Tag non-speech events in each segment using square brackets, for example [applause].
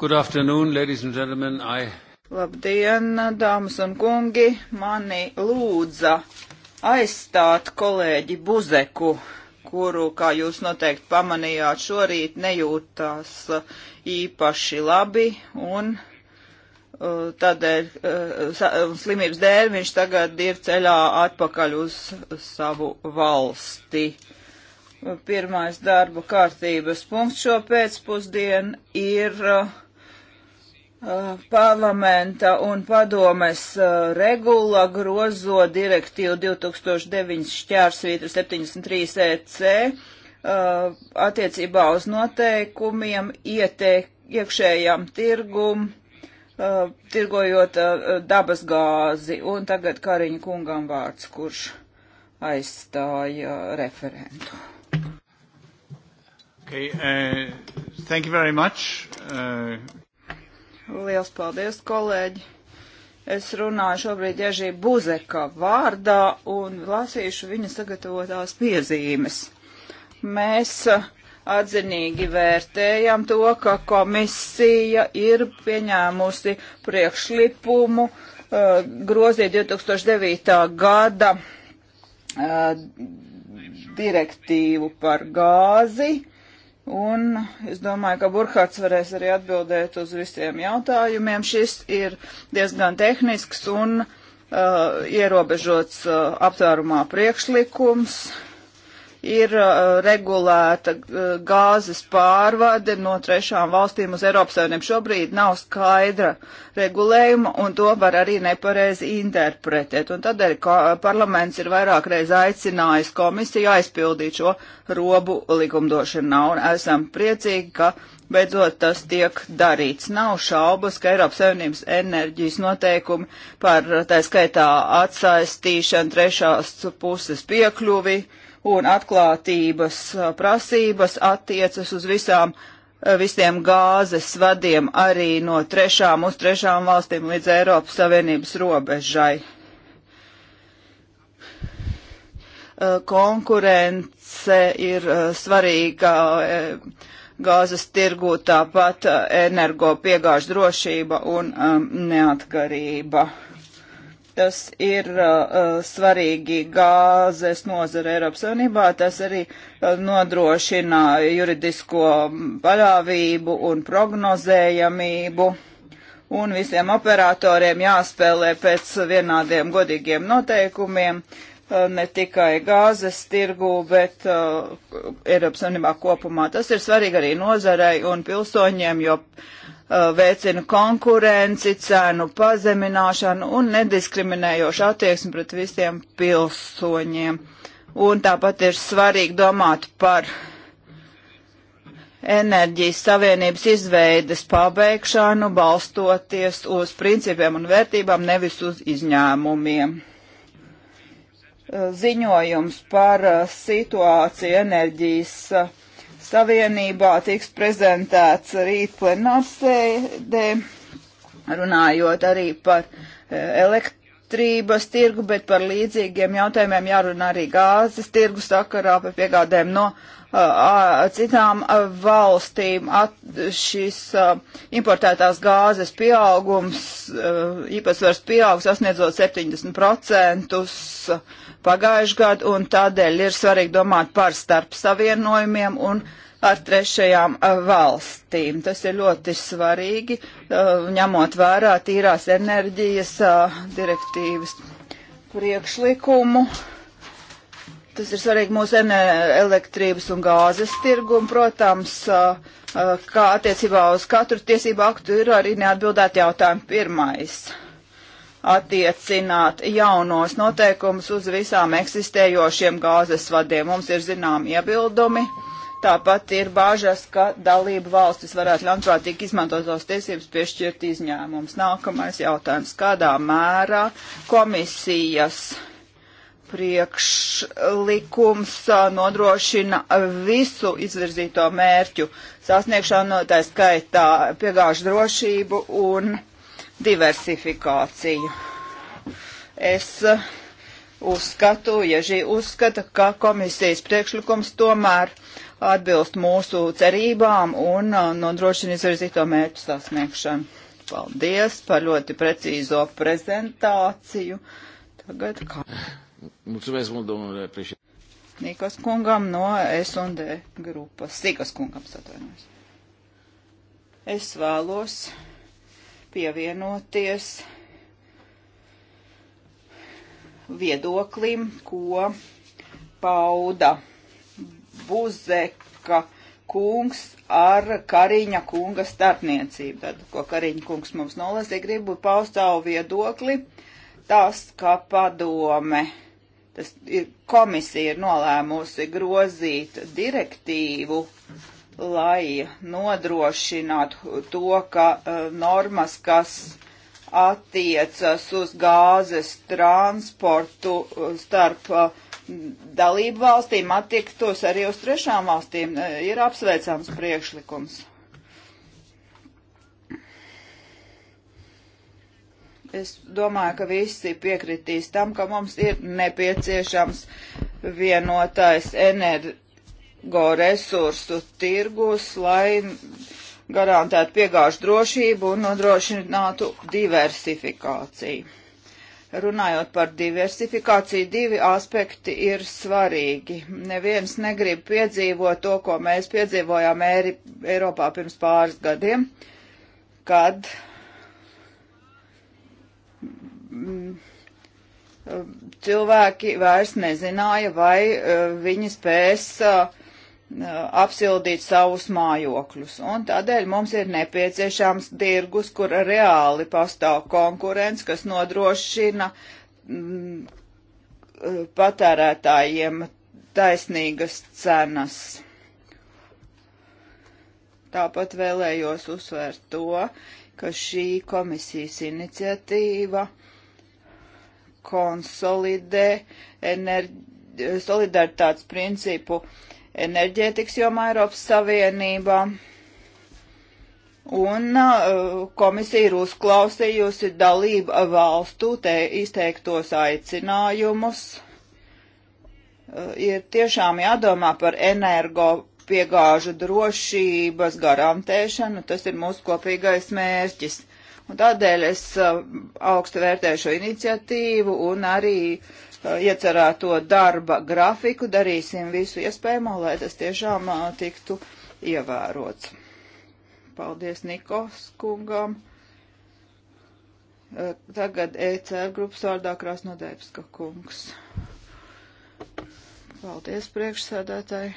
Good afternoon, ladies and gentlemen. I... Labdien, dāmas un kungi! Mani lūdza aizstāt kolēģi Buzeku, kuru, kā jūs noteikti pamanījāt, šorīt nejūtās uh, īpaši labi un uh, tādēļ uh, slimības dēļ viņš tagad ir ceļā atpakaļ uz savu valsti. Pirmais darba kārtības punkts šo pēcpusdienu ir uh, Eh, parlamenta un padomes eh, regula grozo direktīvu 2009 šķērsvītru 73 EC attiecībā uz noteikumiem, ieteik, iekšējām tirgum, uh, tirgojot uh, dabas gāzi. Un tagad Kariņa kungam vārds, kurš aizstāja referentu. Okay, uh, thank you very much. Uh... Liels paldies, kolēģi! Es runāju šobrīd Ježī Buzeka vārdā un lasīšu viņa sagatavotās piezīmes. Mēs atzinīgi vērtējam to, ka komisija ir pieņēmusi priekšlikumu uh, grozīt 2009. gada uh, direktīvu par gāzi Un es domāju, ka Burkhards varēs arī atbildēt uz visiem jautājumiem. Šis ir diezgan tehnisks un uh, ierobežots uh, aptvērumā priekšlikums ir uh, regulēta uh, gāzes pārvade no trešām valstīm uz Eiropas Savienību. Šobrīd nav skaidra regulējuma, un to var arī nepareizi interpretēt. Un tādēļ uh, parlaments ir vairāk reiz aicinājis komisiju aizpildīt šo robu likumdošanā, un esam priecīgi, ka beidzot tas tiek darīts. Nav šaubas, ka Eiropas Savienības enerģijas noteikumi par tā skaitā atsaistīšanu trešās puses piekļuvi, uh, un atklātības prasības attiecas uz visām, visiem gāzes vadiem arī no trešām uz trešām valstīm līdz Eiropas Savienības robežai. konkurence ir svarīga gāzes tirgū, tāpat energo piegāžu drošība un neatkarība. Tas ir uh, uh svarīgi gāzes nozara Eiropas Savienībā, tas arī uh, nodrošina juridisko paļāvību un prognozējamību. Un visiem operatoriem jāspēlē pēc vienādiem godīgiem noteikumiem, uh, ne tikai gāzes tirgu, bet uh, Eiropas Savienībā kopumā. Tas ir svarīgi arī nozarei un pilsoņiem, jo Uh, veicina konkurenci, cenu pazemināšanu un nediskriminējošu attieksmi pret visiem pilsoņiem. Un tāpat ir svarīgi domāt par enerģijas savienības izveides pabeigšanu, balstoties uz principiem un vērtībām, nevis uz izņēmumiem. Uh, ziņojums par uh, situāciju enerģijas Savienībā tiks prezentēts rīt plenārsēdē, runājot arī par e, elektrības tirgu, bet par līdzīgiem jautājumiem jārunā arī gāzes tirgu sakarā par piegādēm no uh, citām valstīm at, šis importētās gāzes pieaugums, īpatsvars pieaugs sasniedzot 70% pagājušajā gadu, un tādēļ ir svarīgi domāt par starp savienojumiem un ar trešajām valstīm. Tas ir ļoti svarīgi, ņemot vērā tīrās enerģijas direktīvas priekšlikumu. Tas ir svarīgi mūsu elektrības un gāzes tirgumu, protams, kā attiecībā uz katru tiesību aktu ir arī neatbildēt jautājumu pirmais attiecināt jaunos noteikumus uz visām eksistējošiem gāzes vadiem. Mums ir zinām iebildumi. Tāpat ir bāžas, ka dalību valstis varētu ļaunprātīgi izmantot savas tiesības piešķirt izņēmumus. Nākamais jautājums. Kādā mērā komisijas uh, priekšlikums nodrošina visu izvirzīto mērķu sasniegšanu, tā skaitā piegāžu drošību un diversifikāciju. Es uzskatu, ja šī uzskata, ka komisijas priekšlikums tomēr atbilst mūsu cerībām un nodrošina izvirzīto mērķu sasniegšanu. Paldies par ļoti precīzo prezentāciju. Tagad kā. Mulțumesc mult, domnule președinte. Nikas kungam no S&D grupas. Sikas kungam satvenos. Es vēlos pievienoties viedoklim, ko pauda Buzeka kungs ar Kariņa kunga starpniecību. Tad, ko Kariņa kungs mums nolasīja, gribu paust savu viedokli. Tas, ka padome Tas ir, komisija ir nolēmusi grozīt direktīvu, lai nodrošinātu to, ka uh, normas, kas attiecas uz gāzes transportu e, starp uh, dalību valstīm attiektos arī uz trešām valstīm, ir apsveicams priekšlikums. Es domāju, ka visi piekritīs tam, ka mums ir nepieciešams vienotais energoresursu tirgus, lai garantētu piegāžu drošību un nodrošinātu diversifikāciju. Runājot par diversifikāciju, divi aspekti ir svarīgi. Neviens negrib piedzīvot to, ko mēs piedzīvojām Eiropā pirms pāris gadiem, kad uh, cilvēki vairs nezināja, vai e, viņi spēs e, e, apsildīt savus mājokļus. Un tādēļ mums ir nepieciešams tirgus, kur reāli pastāv konkurence, kas nodrošina patērētājiem taisnīgas cenas. Tāpat vēlējos uzsvērt to, ka šī komisijas iniciatīva konsolidē solidaritātes principu enerģētikas jomā Eiropas Savienībā. Un uh, komisija ir uzklausījusi dalību valstu te izteiktos aicinājumus. Uh, ir tiešām jādomā par energo piegāžu drošības garantēšanu, tas ir mūsu kopīgais mērķis. Un tādēļ es uh, augstu vērtēju šo iniciatīvu un arī uh, iecerēto darba grafiku. Darīsim visu iespējamo, lai tas tiešām uh, tiktu ievērots. Paldies Nikos kungam. Tagad ECR grupas vārdā Krasnodēpska kungs. Paldies priekšsēdētāji.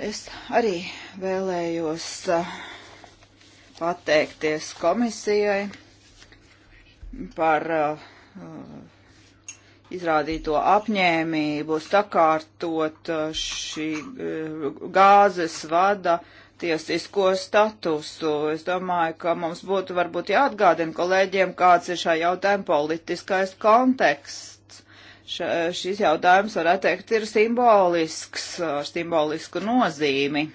Es arī vēlējos eh, pateikties komisijai par eh, izrādīto apņēmību sakārtot eh, šī gāzes vada tiesisko statusu. Es domāju, ka mums būtu varbūt jāatgādina kolēģiem, kāds ir šā jautājuma politiskais konteksts šis jautājums, varētu teikt, ir simbolisks, ar simbolisku nozīmi.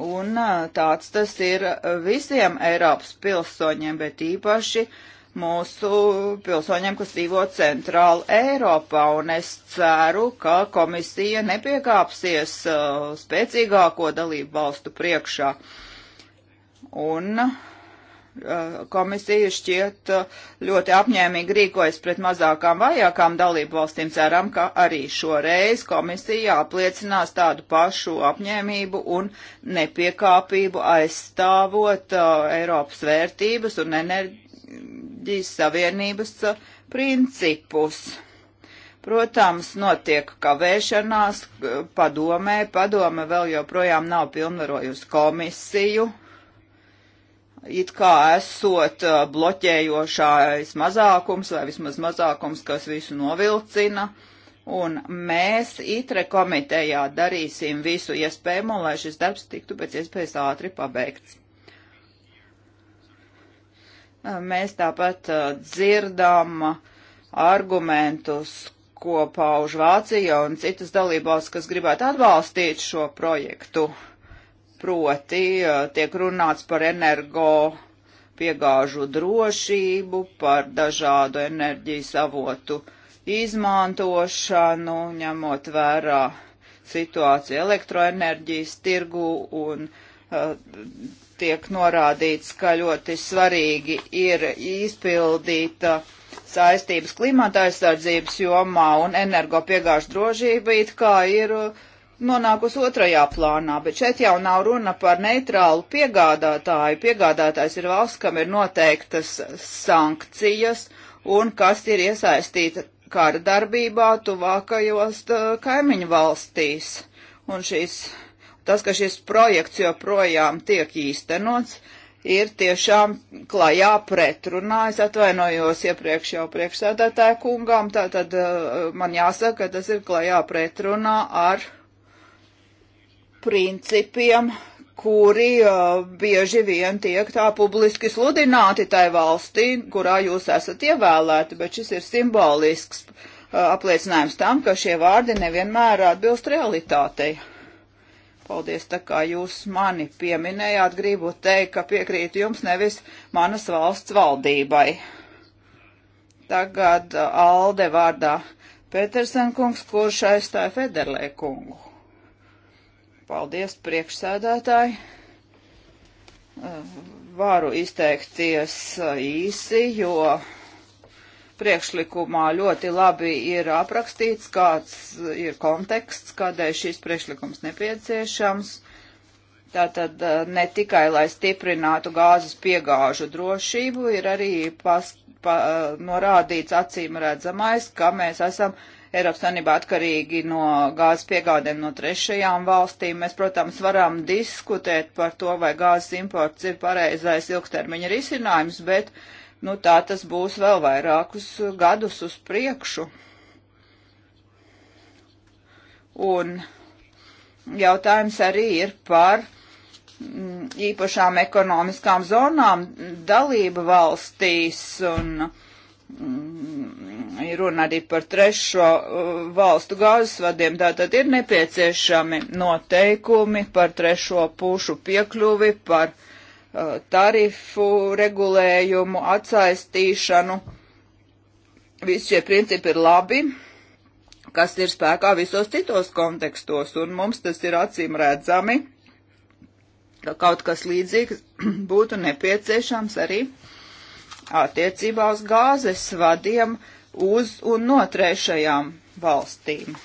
Un tāds tas ir visiem Eiropas pilsoņiem, bet īpaši mūsu pilsoņiem, kas dzīvo centrāla Eiropā. Un es ceru, ka komisija nepiekāpsies spēcīgāko dalību valstu priekšā. Un uh, Eh, komisija šķiet eh, ļoti apņēmīgi rīkojas pret mazākām vajākām dalību valstīm. Ceram, ka arī šoreiz komisija apliecinās tādu pašu apņēmību un nepiekāpību aizstāvot uh, Eiropas vērtības un enerģijas savienības uh, principus. Protams, notiek kavēšanās padomē, padome vēl joprojām nav pilnvarojusi komisiju it kā esot uh, bloķējošais mazākums vai vismaz mazākums, kas visu novilcina. Un mēs itre komitejā darīsim visu iespējamo, lai šis darbs tiktu pēc iespējas ātri pabeigts. Uh, mēs tāpat uh, dzirdam argumentus, ko pauž Vācija un citas dalībās, kas gribētu atbalstīt šo projektu. Uh, Proti tiek runāts par energo piegāžu drošību, par dažādu enerģijas avotu izmantošanu, ņemot vērā situāciju elektroenerģijas tirgu un uh, tiek norādīts, ka ļoti svarīgi ir izpildīta saistības klimata aizsardzības jomā un energopiegāžu drošība it kā ir uh, nonākusi otrajā plānā, bet šeit jau nav runa par neitrālu piegādātāju. Piegādātājs ir valsts, kam ir noteiktas sankcijas un kas ir iesaistīta kara darbībā tuvākajos kaimiņu valstīs. Un šis, tas, ka šis projekts joprojām tiek īstenots, ir tiešām klajā pretrunā. Es atvainojos iepriekš jau priekšsēdētāju kungām, tātad man jāsaka, ka tas ir klajā pretrunā ar principiem, kuri uh, bieži vien tiek tā publiski sludināti tai valstī, kurā jūs esat ievēlēti, bet šis ir simbolisks uh, apliecinājums tam, ka šie vārdi nevienmēr atbilst realitātei. Paldies, tā kā jūs mani pieminējāt, gribu teikt, ka piekrītu jums nevis manas valsts valdībai. Tagad uh, Alde vārdā Petersen kungs, kurš aizstāja Federlē kungu. Paldies, priekšsēdētāji. Varu izteikties uh, īsi, jo priekšlikumā ļoti labi ir aprakstīts, kāds ir konteksts, kādēļ šis priekšlikums nepieciešams. Tātad uh, ne tikai, lai stiprinātu gāzes piegāžu drošību, ir arī pas, pa, uh, norādīts acīm redzamais, ka mēs esam Eiropas Sanībā atkarīgi no gāzes piegādēm no trešajām valstīm. Mēs, protams, varam diskutēt par to, vai gāzes imports ir pareizais ilgtermiņa risinājums, bet nu, tā tas būs vēl vairākus gadus uz priekšu. Un jautājums arī ir par mm, īpašām ekonomiskām zonām dalība valstīs un mm, ir runa arī par trešo uh, valstu gāzes vadiem, tātad ir nepieciešami noteikumi par trešo pušu piekļuvi, par uh, tarifu regulējumu, atsaistīšanu. Visi šie principi ir labi, kas ir spēkā visos citos kontekstos, un mums tas ir acīm redzami, ka kaut kas līdzīgs [clears throat] būtu nepieciešams arī attiecībā uz gāzes vadiem uz un no trešajām valstīm.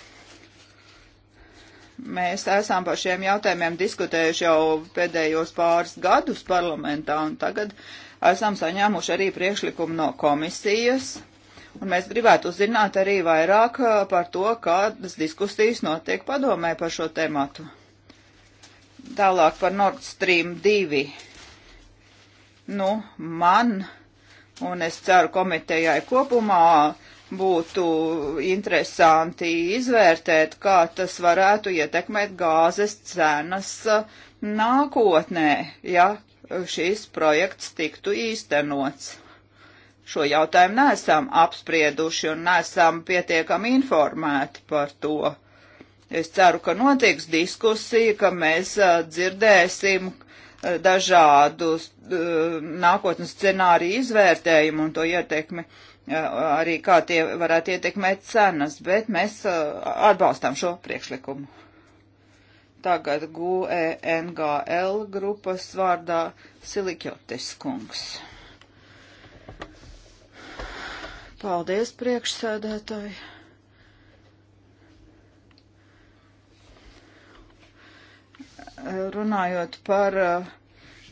Mēs esam par šiem jautājumiem diskutējuši jau pēdējos pāris gadus parlamentā, un tagad esam saņēmuši arī priekšlikumu no komisijas. Un mēs gribētu uzzināt arī vairāk uh, par to, kādas diskusijas notiek padomē par šo tēmatu. Tālāk par Nord Stream 2. Nu, man Un es ceru komitejai kopumā būtu interesanti izvērtēt, kā tas varētu ietekmēt gāzes cenas nākotnē, ja šis projekts tiktu īstenots. Šo jautājumu neesam apsprieduši un neesam pietiekami informēti par to. Es ceru, ka notiks diskusija, ka mēs dzirdēsim, dažādu eh, nākotnes scenāriju izvērtējumu un to ietekmi eh, arī kā tie varētu ietekmēt cenas, bet mēs eh, atbalstām šo priekšlikumu. Tagad GUENGL grupas vārdā Silikjotis kungs. Paldies, priekšsēdētāji! runājot par uh,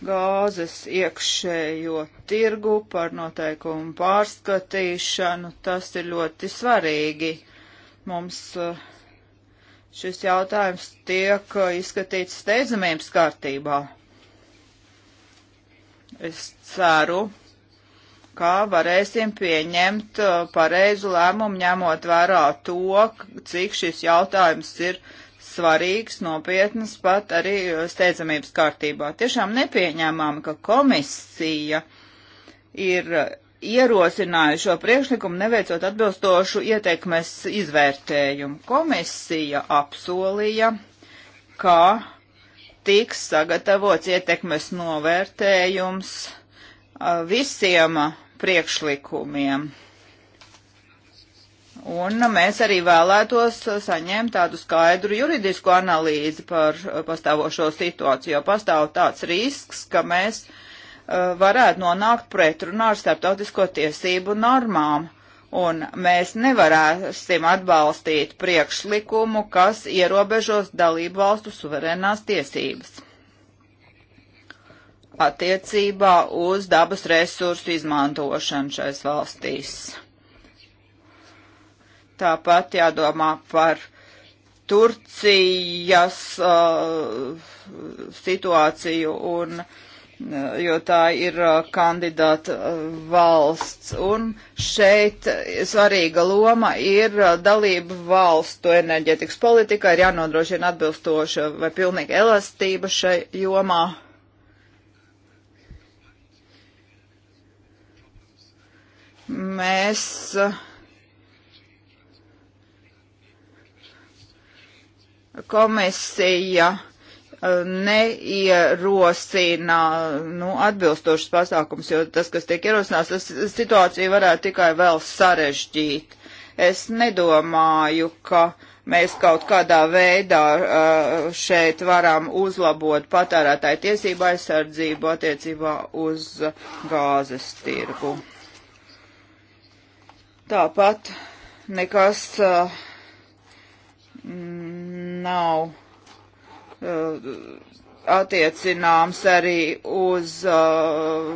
gāzes iekšējo tirgu, par noteikumu pārskatīšanu, tas ir ļoti svarīgi. Mums uh, šis jautājums tiek uh, izskatīts steidzamības kārtībā. Es ceru, kā varēsim pieņemt pareizu lēmumu, ņemot vērā to, cik šis jautājums ir uh, svarīgs, nopietnas, pat arī uh, steidzamības kārtībā. Tiešām nepieņēmām, ka komisija ir uh, ierosināja šo priekšlikumu, neveicot atbilstošu ietekmes izvērtējumu. Komisija apsolīja, ka tiks sagatavots ietekmes novērtējums uh, visiem priekšlikumiem Un mēs arī vēlētos saņemt tādu skaidru juridisku analīzi par uh, pastāvošo situāciju, jo pastāv tāds risks, ka mēs uh, varētu nonākt pretrunā ar starptautisko tiesību normām. Un mēs nevarēsim atbalstīt priekšlikumu, kas ierobežos dalību valstu suverēnās tiesības attiecībā uz dabas resursu izmantošanu šais valstīs. Tāpat jādomā par Turcijas uh, situāciju un uh, jo tā ir uh, kandidāta uh, valsts. Un šeit svarīga loma ir uh, dalība valstu enerģetikas politikā, ir jānodrošina atbilstoša vai pilnīga elastība šai jomā. Mēs uh, komisija uh, neierosina nu, atbilstošas pasākums, jo tas, kas tiek ierosināts, tas situācija varētu tikai vēl sarežģīt. Es nedomāju, ka mēs kaut kādā veidā uh, šeit varam uzlabot patērētāju tiesību aizsardzību attiecībā uz gāzes tirgu. Tāpat nekas. Mm, nav uh, attiecināms arī uz uh,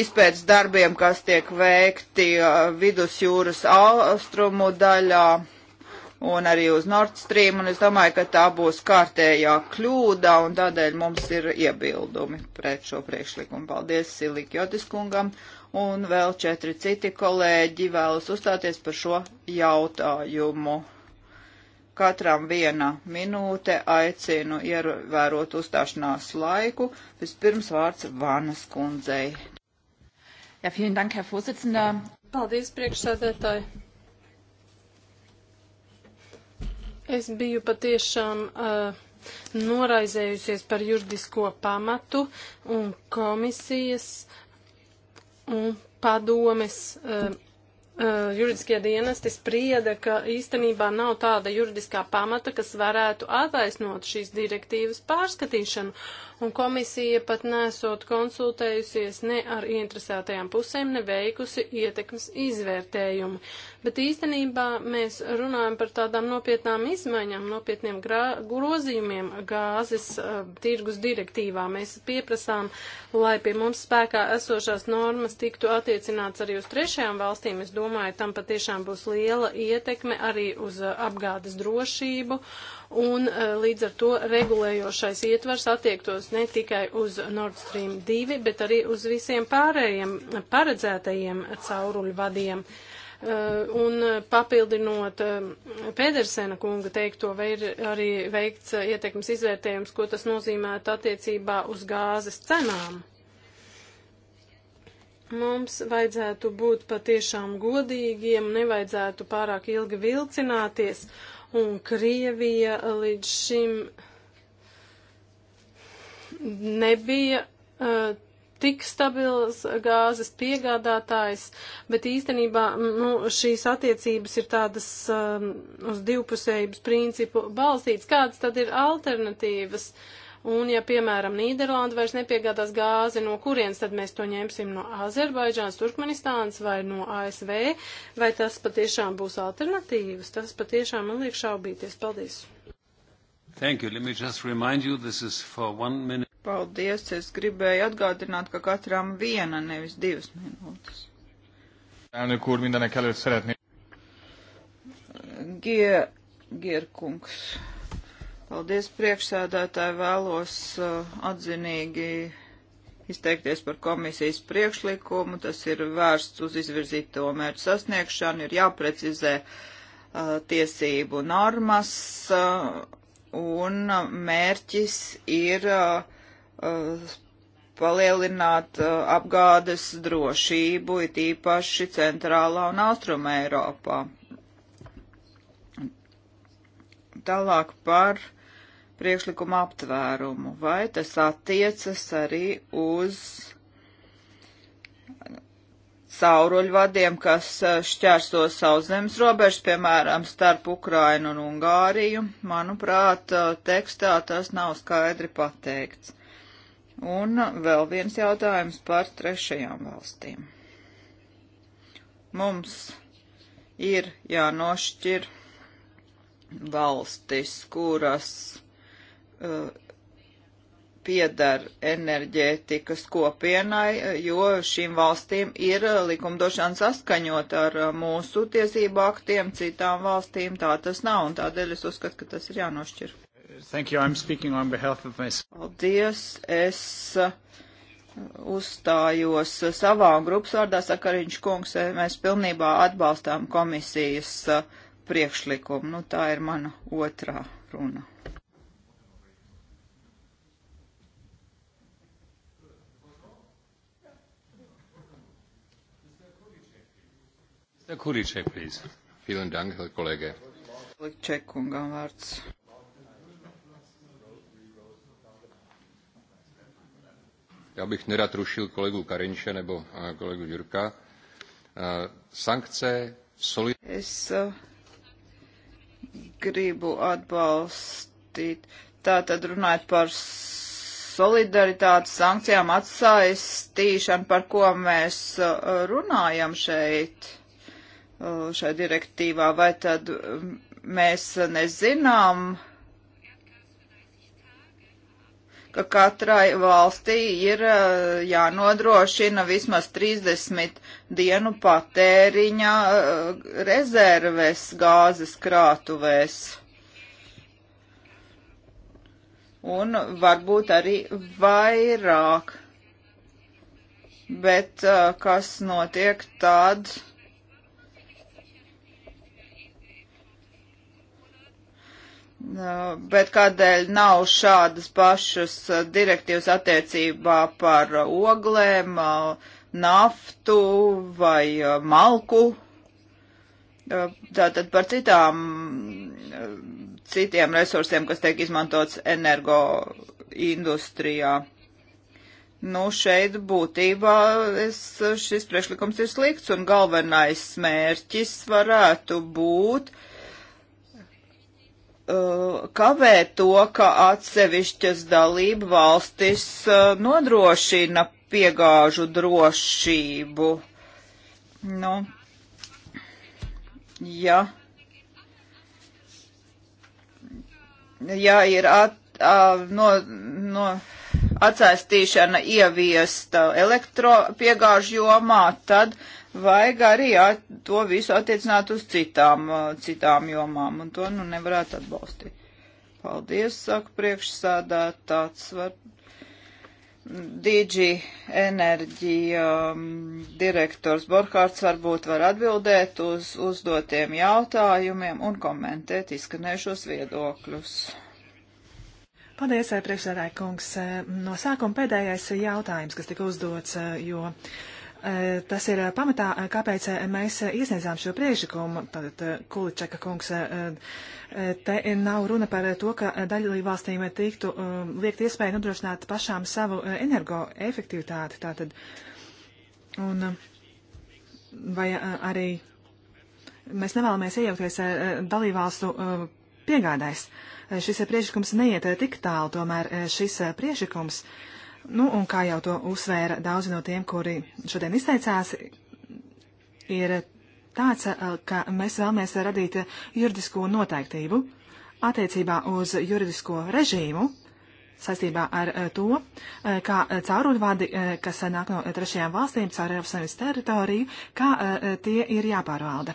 izpētes darbiem, kas tiek veikti uh, vidusjūras austrumu daļā un arī uz Nord Stream, un es domāju, ka tā būs kārtējā kļūda, un tādēļ mums ir iebildumi pret šo priekšlikumu. Paldies Silik Jotiskungam, un vēl četri citi kolēģi vēlas uzstāties par šo jautājumu. Katram viena minūte aicinu ievērot uzstāšanās laiku. Vispirms vārds Vānas kundzei. Ja, vielen Dank, Herr Vorsitzender. Paldies, priekšsēdētāji. Es biju patiešām uh, noraizējusies par juridisko pamatu un komisijas un padomes uh, Uh, juridiskie dienesti sprieda, ka īstenībā nav tāda juridiskā pamata, kas varētu attaisnot šīs direktīvas pārskatīšanu un komisija pat nesot konsultējusies ne ar interesētajām pusēm, ne veikusi ietekmes izvērtējumu. Bet īstenībā mēs runājam par tādām nopietnām izmaiņām, nopietniem grozījumiem gāzes uh, tirgus direktīvā. Mēs pieprasām, lai pie mums spēkā esošās normas tiktu attiecināts arī uz trešajām valstīm. Es domāju, tam patiešām būs liela ietekme arī uz uh, apgādes drošību. Uh, un e, līdz ar to regulējošais ietvers attiektos ne tikai uz Nord Stream 2, bet arī uz visiem pārējiem paredzētajiem cauruļu vadiem. E, un e, papildinot Pedersena kunga teikto, vai ir arī veikts ietekmes izvērtējums, ko tas nozīmētu attiecībā uz gāzes cenām? Mums vajadzētu būt patiešām godīgiem, nevajadzētu pārāk ilgi vilcināties un Krievija līdz šim nebija uh, tik stabils gāzes piegādātājs, bet īstenībā nu, šīs attiecības ir tādas um, uz divpusējības principu balstītas. Kādas tad ir alternatīvas? Uh, Un ja, piemēram, Nīderlanda vairs nepiegādās gāzi, no kurienes tad mēs to ņemsim no Azerbaidžānas, Turkmenistānas vai no ASV, vai tas patiešām būs alternatīvas? Tas patiešām man liek šaubīties. Paldies! Thank you. Let me just remind you, this is for one minute. Paldies, es gribēju atgādināt, ka katram viena, nevis divas minūtes. Elnök úr, mindenek előtt szeretném. Gier, Gierkungs. Paldies priekšsēdētāji, vēlos uh, atzinīgi izteikties par komisijas priekšlikumu. Tas ir vērsts uz izvirzīto mērķu sasniegšanu, ir jāprecizē uh, tiesību normas uh, un mērķis ir uh, uh, palielināt uh, apgādes drošību, it īpaši centrālā un austruma Eiropā. Tālāk par uh, priekšlikuma aptvērumu, vai tas attiecas arī uz sauruļvadiem, kas eh, šķērso sauszemes robežas, piemēram, starp Ukrainu un Ungāriju. Manuprāt, eh, tekstā tas nav skaidri pateikts. Un vēl viens jautājums par trešajām valstīm. Mums ir jānošķir valstis, kuras Uh, piedar enerģētikas kopienai, uh, jo šīm valstīm ir uh, likumdošana saskaņot ar mūsu tiesību aktiem, citām valstīm tā tas nav, un tādēļ es uzskatu, ka tas ir jānošķir. Thank you. I'm speaking on behalf of my... Paldies. Es uzstājos savā un grupas vārdā, saka Riņš kungs, eh, mēs pilnībā atbalstām komisijas priekšlikumu. Nu, tā ir mana otrā runa. Kurīčai, please. Vielen Dank, kolēģē. Čekungam vārds. Já bych nerad rušil kolegu Karinče nebo eh, kolegu Jurka. Eh, sankce, solid... Es uh, gribu atbalstīt. Tātad runājot par solidaritāti, sankcijām, atsaistīšanu, par ko mēs runājam šeit Uh, šai direktīvā, vai tad um, mēs nezinām, ka katrai valstī ir uh, jānodrošina vismaz 30 dienu patēriņa uh, rezerves gāzes krātuvēs. Un varbūt arī vairāk. Bet kas notiek tāds? Bet kādēļ nav šādas pašas uh, direktīvas attiecībā par uh, oglēm, uh, naftu vai malku? Tātad par citām, citiem resursiem, kas tiek izmantots energo industrijā. Nu, šeit būtībā es, šis priekšlikums ir slikts un galvenais mērķis varētu būt uh, Uh, kavē to, ka atsevišķas dalību valstis uh, nodrošina piegāžu drošību. Nu, ja, ja ir at, uh, no, no, atsaistīšana ieviesta elektro piegāžu jomā, tad uh, vajag arī to visu attiecināt uz citām, citām jomām, un to nu nevarētu atbalstīt. Paldies, saka priekšsādātāts. Var... Digi enerģija um, direktors Borhārds varbūt var atbildēt uz uzdotiem jautājumiem un komentēt izskanējušos viedokļus. Paldies, eh, priekšsēdāja kungs. Eh, no sākuma pēdējais jautājums, kas tika uzdots, eh, jo. Uh, E, tas ir e, pamatā, e, kāpēc mēs iesniedzām šo priekšlikumu. Tātad, Kuličeka kungs, te nav runa par to, ka daļvalstīm tiktu liekt iespēju nodrošināt pašām savu energoefektivitāti. Tātad, un, vai arī mēs nevēlamies iejaukties dalībvalstu piegādājs. Šis priekšlikums neiet tik tālu, tomēr šis priekšlikums. Uh, Nu, un kā jau to uzsvēra daudzi no tiem, kuri šodien izteicās, ir tāds, eh, ka mēs vēlamies radīt juridisko noteiktību attiecībā uz juridisko režīmu saistībā ar eh, to, eh, kā cauruļvadi, kas nāk no trešajām valstīm caur Eiropas Savienības teritoriju, kā tie ir jāpārvalda.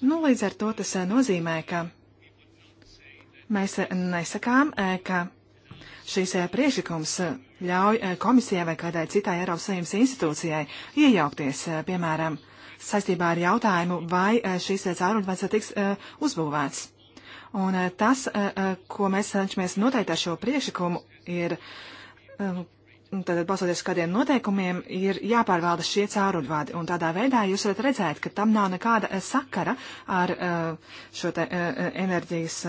Nu, līdz ar to tas nozīmē, ka mēs nesakām, ka Šīs eh, priekšlikums eh, ļauj eh, komisijai vai kādai citai Eiropas Savienības institūcijai iejaukties, piemēram, saistībā ar jautājumu, vai šīs caurulvats tiks uzbūvēts. Un tas, ko mēs cenšamies noteikt ar šo priekšlikumu, ir, tātad balsoties uz kādiem noteikumiem, ir jāpārvalda šie cauruļvadi. Un tādā veidā jūs varat redzēt, ka tam nav nekāda sakara ar šo te enerģijas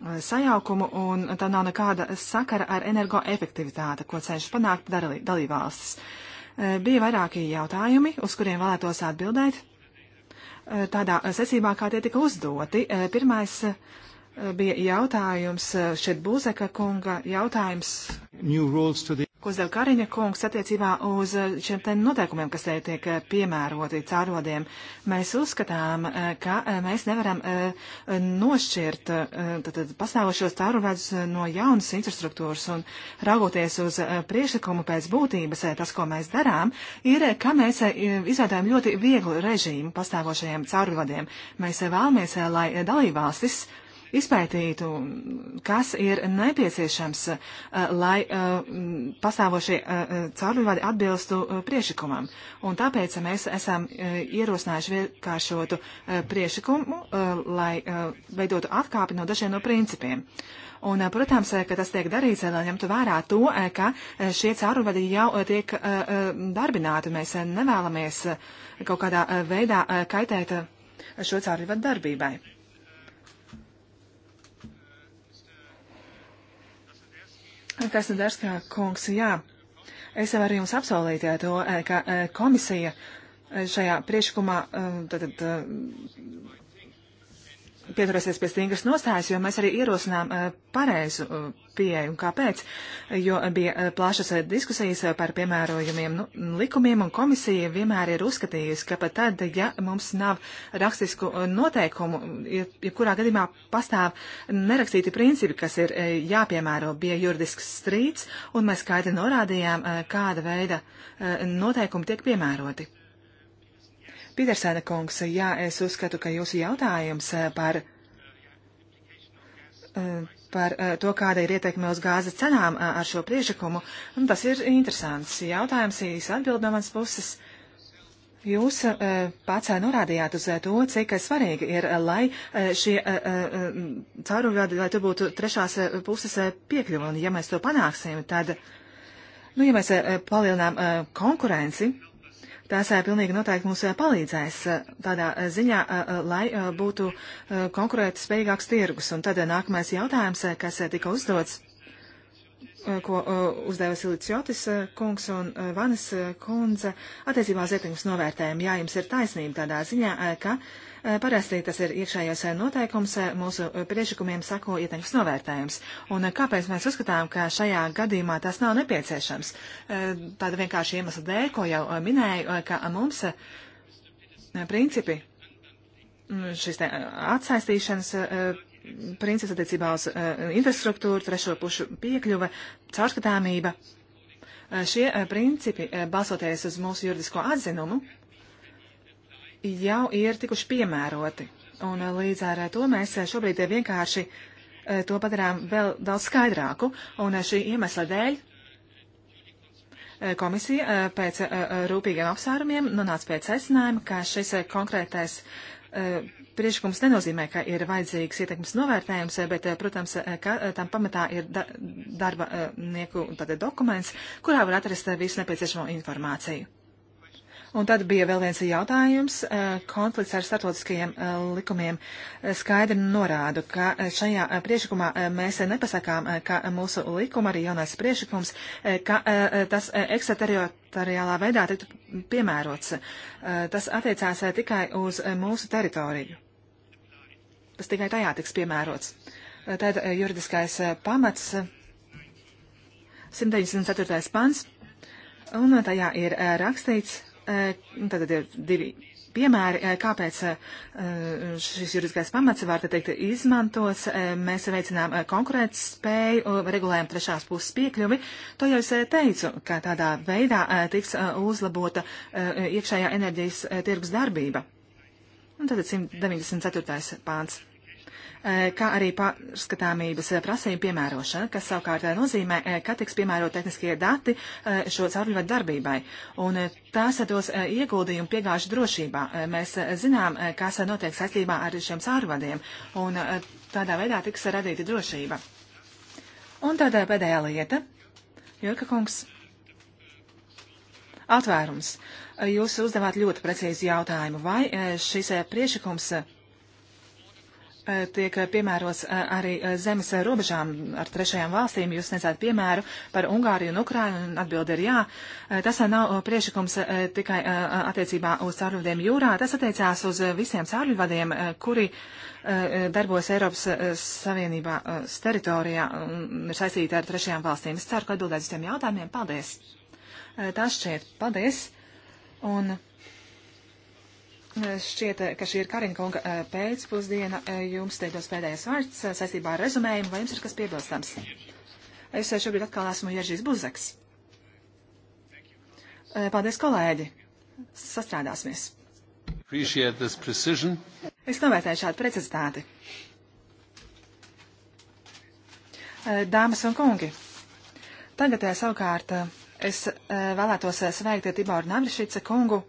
Uh, sajaukumu, un tā nav nekāda sakara ar energoefektivitāti, ko cenšas panākt dalībvalstis. Uh, bija vairāki jautājumi, uz kuriem vēlētos atbildēt uh, tādā secībā, kā tie tika uzdoti. Pirmais bija jautājums šeit Buzeka kunga jautājums. The ko uzdev Kariņa kungs attiecībā uz eh, šiem te noteikumiem, kas te tiek eh, piemēroti cārodiem. Mēs uzskatām, eh, ka mēs nevaram nošķirt tātad, pastāvošos cāruvedus no jaunas infrastruktūras un raugoties uz priekšlikumu pēc būtības, tas, ko mēs darām, ir, ka mēs izveidojam ļoti vieglu režīmu pastāvošajiem cāruvediem. Mēs vēlamies, lai dalībvalstis izpētītu, kas ir nepieciešams, eh, lai eh, pastāvošie eh, caurvivadi atbilstu priešakumam. Un tāpēc mēs esam ierosinājuši vienkāršotu priešakumu, lai veidotu atkāpi no dažiem no principiem. Un, protams, ka tas tiek darīts, lai ņemtu vērā to, ka šie caurvadi jau tiek darbināti. Mēs nevēlamies kaut kādā veidā kaitēt šo caurvadu darbībai. Kas tad dars, kā kungs? Jā, es varu jums apsolīt to, eh, ka eh, komisija eh, šajā priekšlikumā tad, pieturēsies pie stingras nostājas, jo mēs arī ierosinām eh, pareizu eh, pieeju. Kāpēc? Jo bija eh, plašas diskusijas par piemērojumiem nu, likumiem, un komisija vienmēr ir uzskatījusi, ka pat tad, ja mums nav rakstisku noteikumu, jebkurā ja gadījumā pastāv nerakstīti principi, kas ir jāpiemēro, bija juridisks strīds, un mēs skaidri norādījām, kāda veida noteikumi tiek piemēroti. Pītersēna kungs, jā, es uzskatu, ka jūsu jautājums eh, par, eh, par eh, to, kāda ir ieteikme uz gāzes cenām ar šo priešakumu, nu, tas ir interesants jautājums, īsa atbild no manas puses. Jūs pats norādījāt uz to, cik svarīgi ir, lai šie caurumvadi, lai tur būtu trešās puses piekļuva, un ja mēs to panāksim, tad, nu, ja mēs palielinām konkurenci, tās pilnīgi noteikti mums palīdzēs tādā ziņā, lai būtu konkurētas spējīgāks tirgus. Un tad nākamais jautājums, kas tika uzdots Eh, ko eh, uzdeva Siliciotis eh, kungs un Vanas kundze attiecībā uz ietekmes novērtējumu. Jā, jums ir taisnība tādā ziņā, ka parasti tas ir iekšējos noteikums, mūsu priekšlikumiem sako ietekmes novērtējums. Un kāpēc mēs uzskatām, ka šajā gadījumā tas nav nepieciešams? Tāda vienkārši iemesla dēļ, ko jau minēju, ka mums principi mm, šis te atsaistīšanas princis attiecībā uz eh, infrastruktūru, trešo pušu piekļuve, caurskatāmība. Eh, šie eh, principi, balsoties uz mūsu juridisko atzinumu, jau ir tikuši piemēroti. Un līdz ar to mēs šobrīd vienkārši to padarām vēl daudz skaidrāku. Un šī iemesla dēļ komisija pēc rūpīgiem apsvērumiem nonāca pie secinājuma, ka šis konkrētais E, priekšlikums nenozīmē, ka ir vajadzīgs ietekmes novērtējums, bet, e, protams, e, ka tam pamatā ir da darba nieku dokuments, kurā var atrast visu nepieciešamo informāciju. Un tad bija vēl viens jautājums eh, - konflikts ar startautiskajiem eh, likumiem. Eh, skaidri norādu, ka šajā priešakumā mēs nepasakām, ka mūsu likuma, arī jaunais priešakums, ka tas ekstrateritoriālā veidā tiktu piemērots. Tas attiecās tikai uz mūsu teritoriju. Tas tikai tajā tiks piemērots. Tad juridiskais pamats 194. pants. Un tajā ir rakstīts, Eh, nu, tātad ir divi piemēri, eh, kāpēc eh, šis juridiskais pamats var te teikt izmantots. Mēs veicinām konkurētas spēju, regulējam trešās puses piekļuvi. To jau es teicu, ka tādā veidā tiks uzlabota iekšējā enerģijas tirgus darbība. Un tātad 194. pāns. Eh, kā arī pārskatāmības eh, prasību piemērošana, kas savukārt eh, nozīmē, ka tiks piemērot tehniskie dati šo caurļuvadu darbībai. Un tās dos ieguldījumu piegāžu drošībā. Mēs zinām, kas notiek saistībā ar šiem caurvadiem, un tādā veidā tiks radīta drošība. Un tādā pēdējā lieta, Jurka kungs, atvērums. Jūs uzdevāt ļoti precīzi jautājumu, vai šis priešakums E, tiek e, piemērots e, arī zemes robežām ar trešajām valstīm. Jūs nesāt piemēru par Ungāriju un Ukrainu, un atbildi ir jā. Tas nav priešakums tikai attiecībā uz caurļuvadiem jūrā, tas attiecās uz visiem caurļuvadiem, kuri darbojas Eiropas Savienībā teritorijā un ir saistīti ar trešajām valstīm. Es ceru, ka atbildēs uz tiem jautājumiem. Paldies! Tas šķiet. Paldies! Un Eh, šķiet, eh, ka šī ir Karina kunga eh, pēcpusdiena. Jums teiktos pēdējais vārds saistībā ar rezumējumu, vai jums ir kas piebilstams? Es šobrīd atkal esmu Jeržīs Buzeks. Paldies, kolēģi! Sastrādāsimies! Es novērtēju šādu precizitāti. Dāmas un kungi, tagad savukārt es vēlētos sveikt Tiboru Navrišica kungu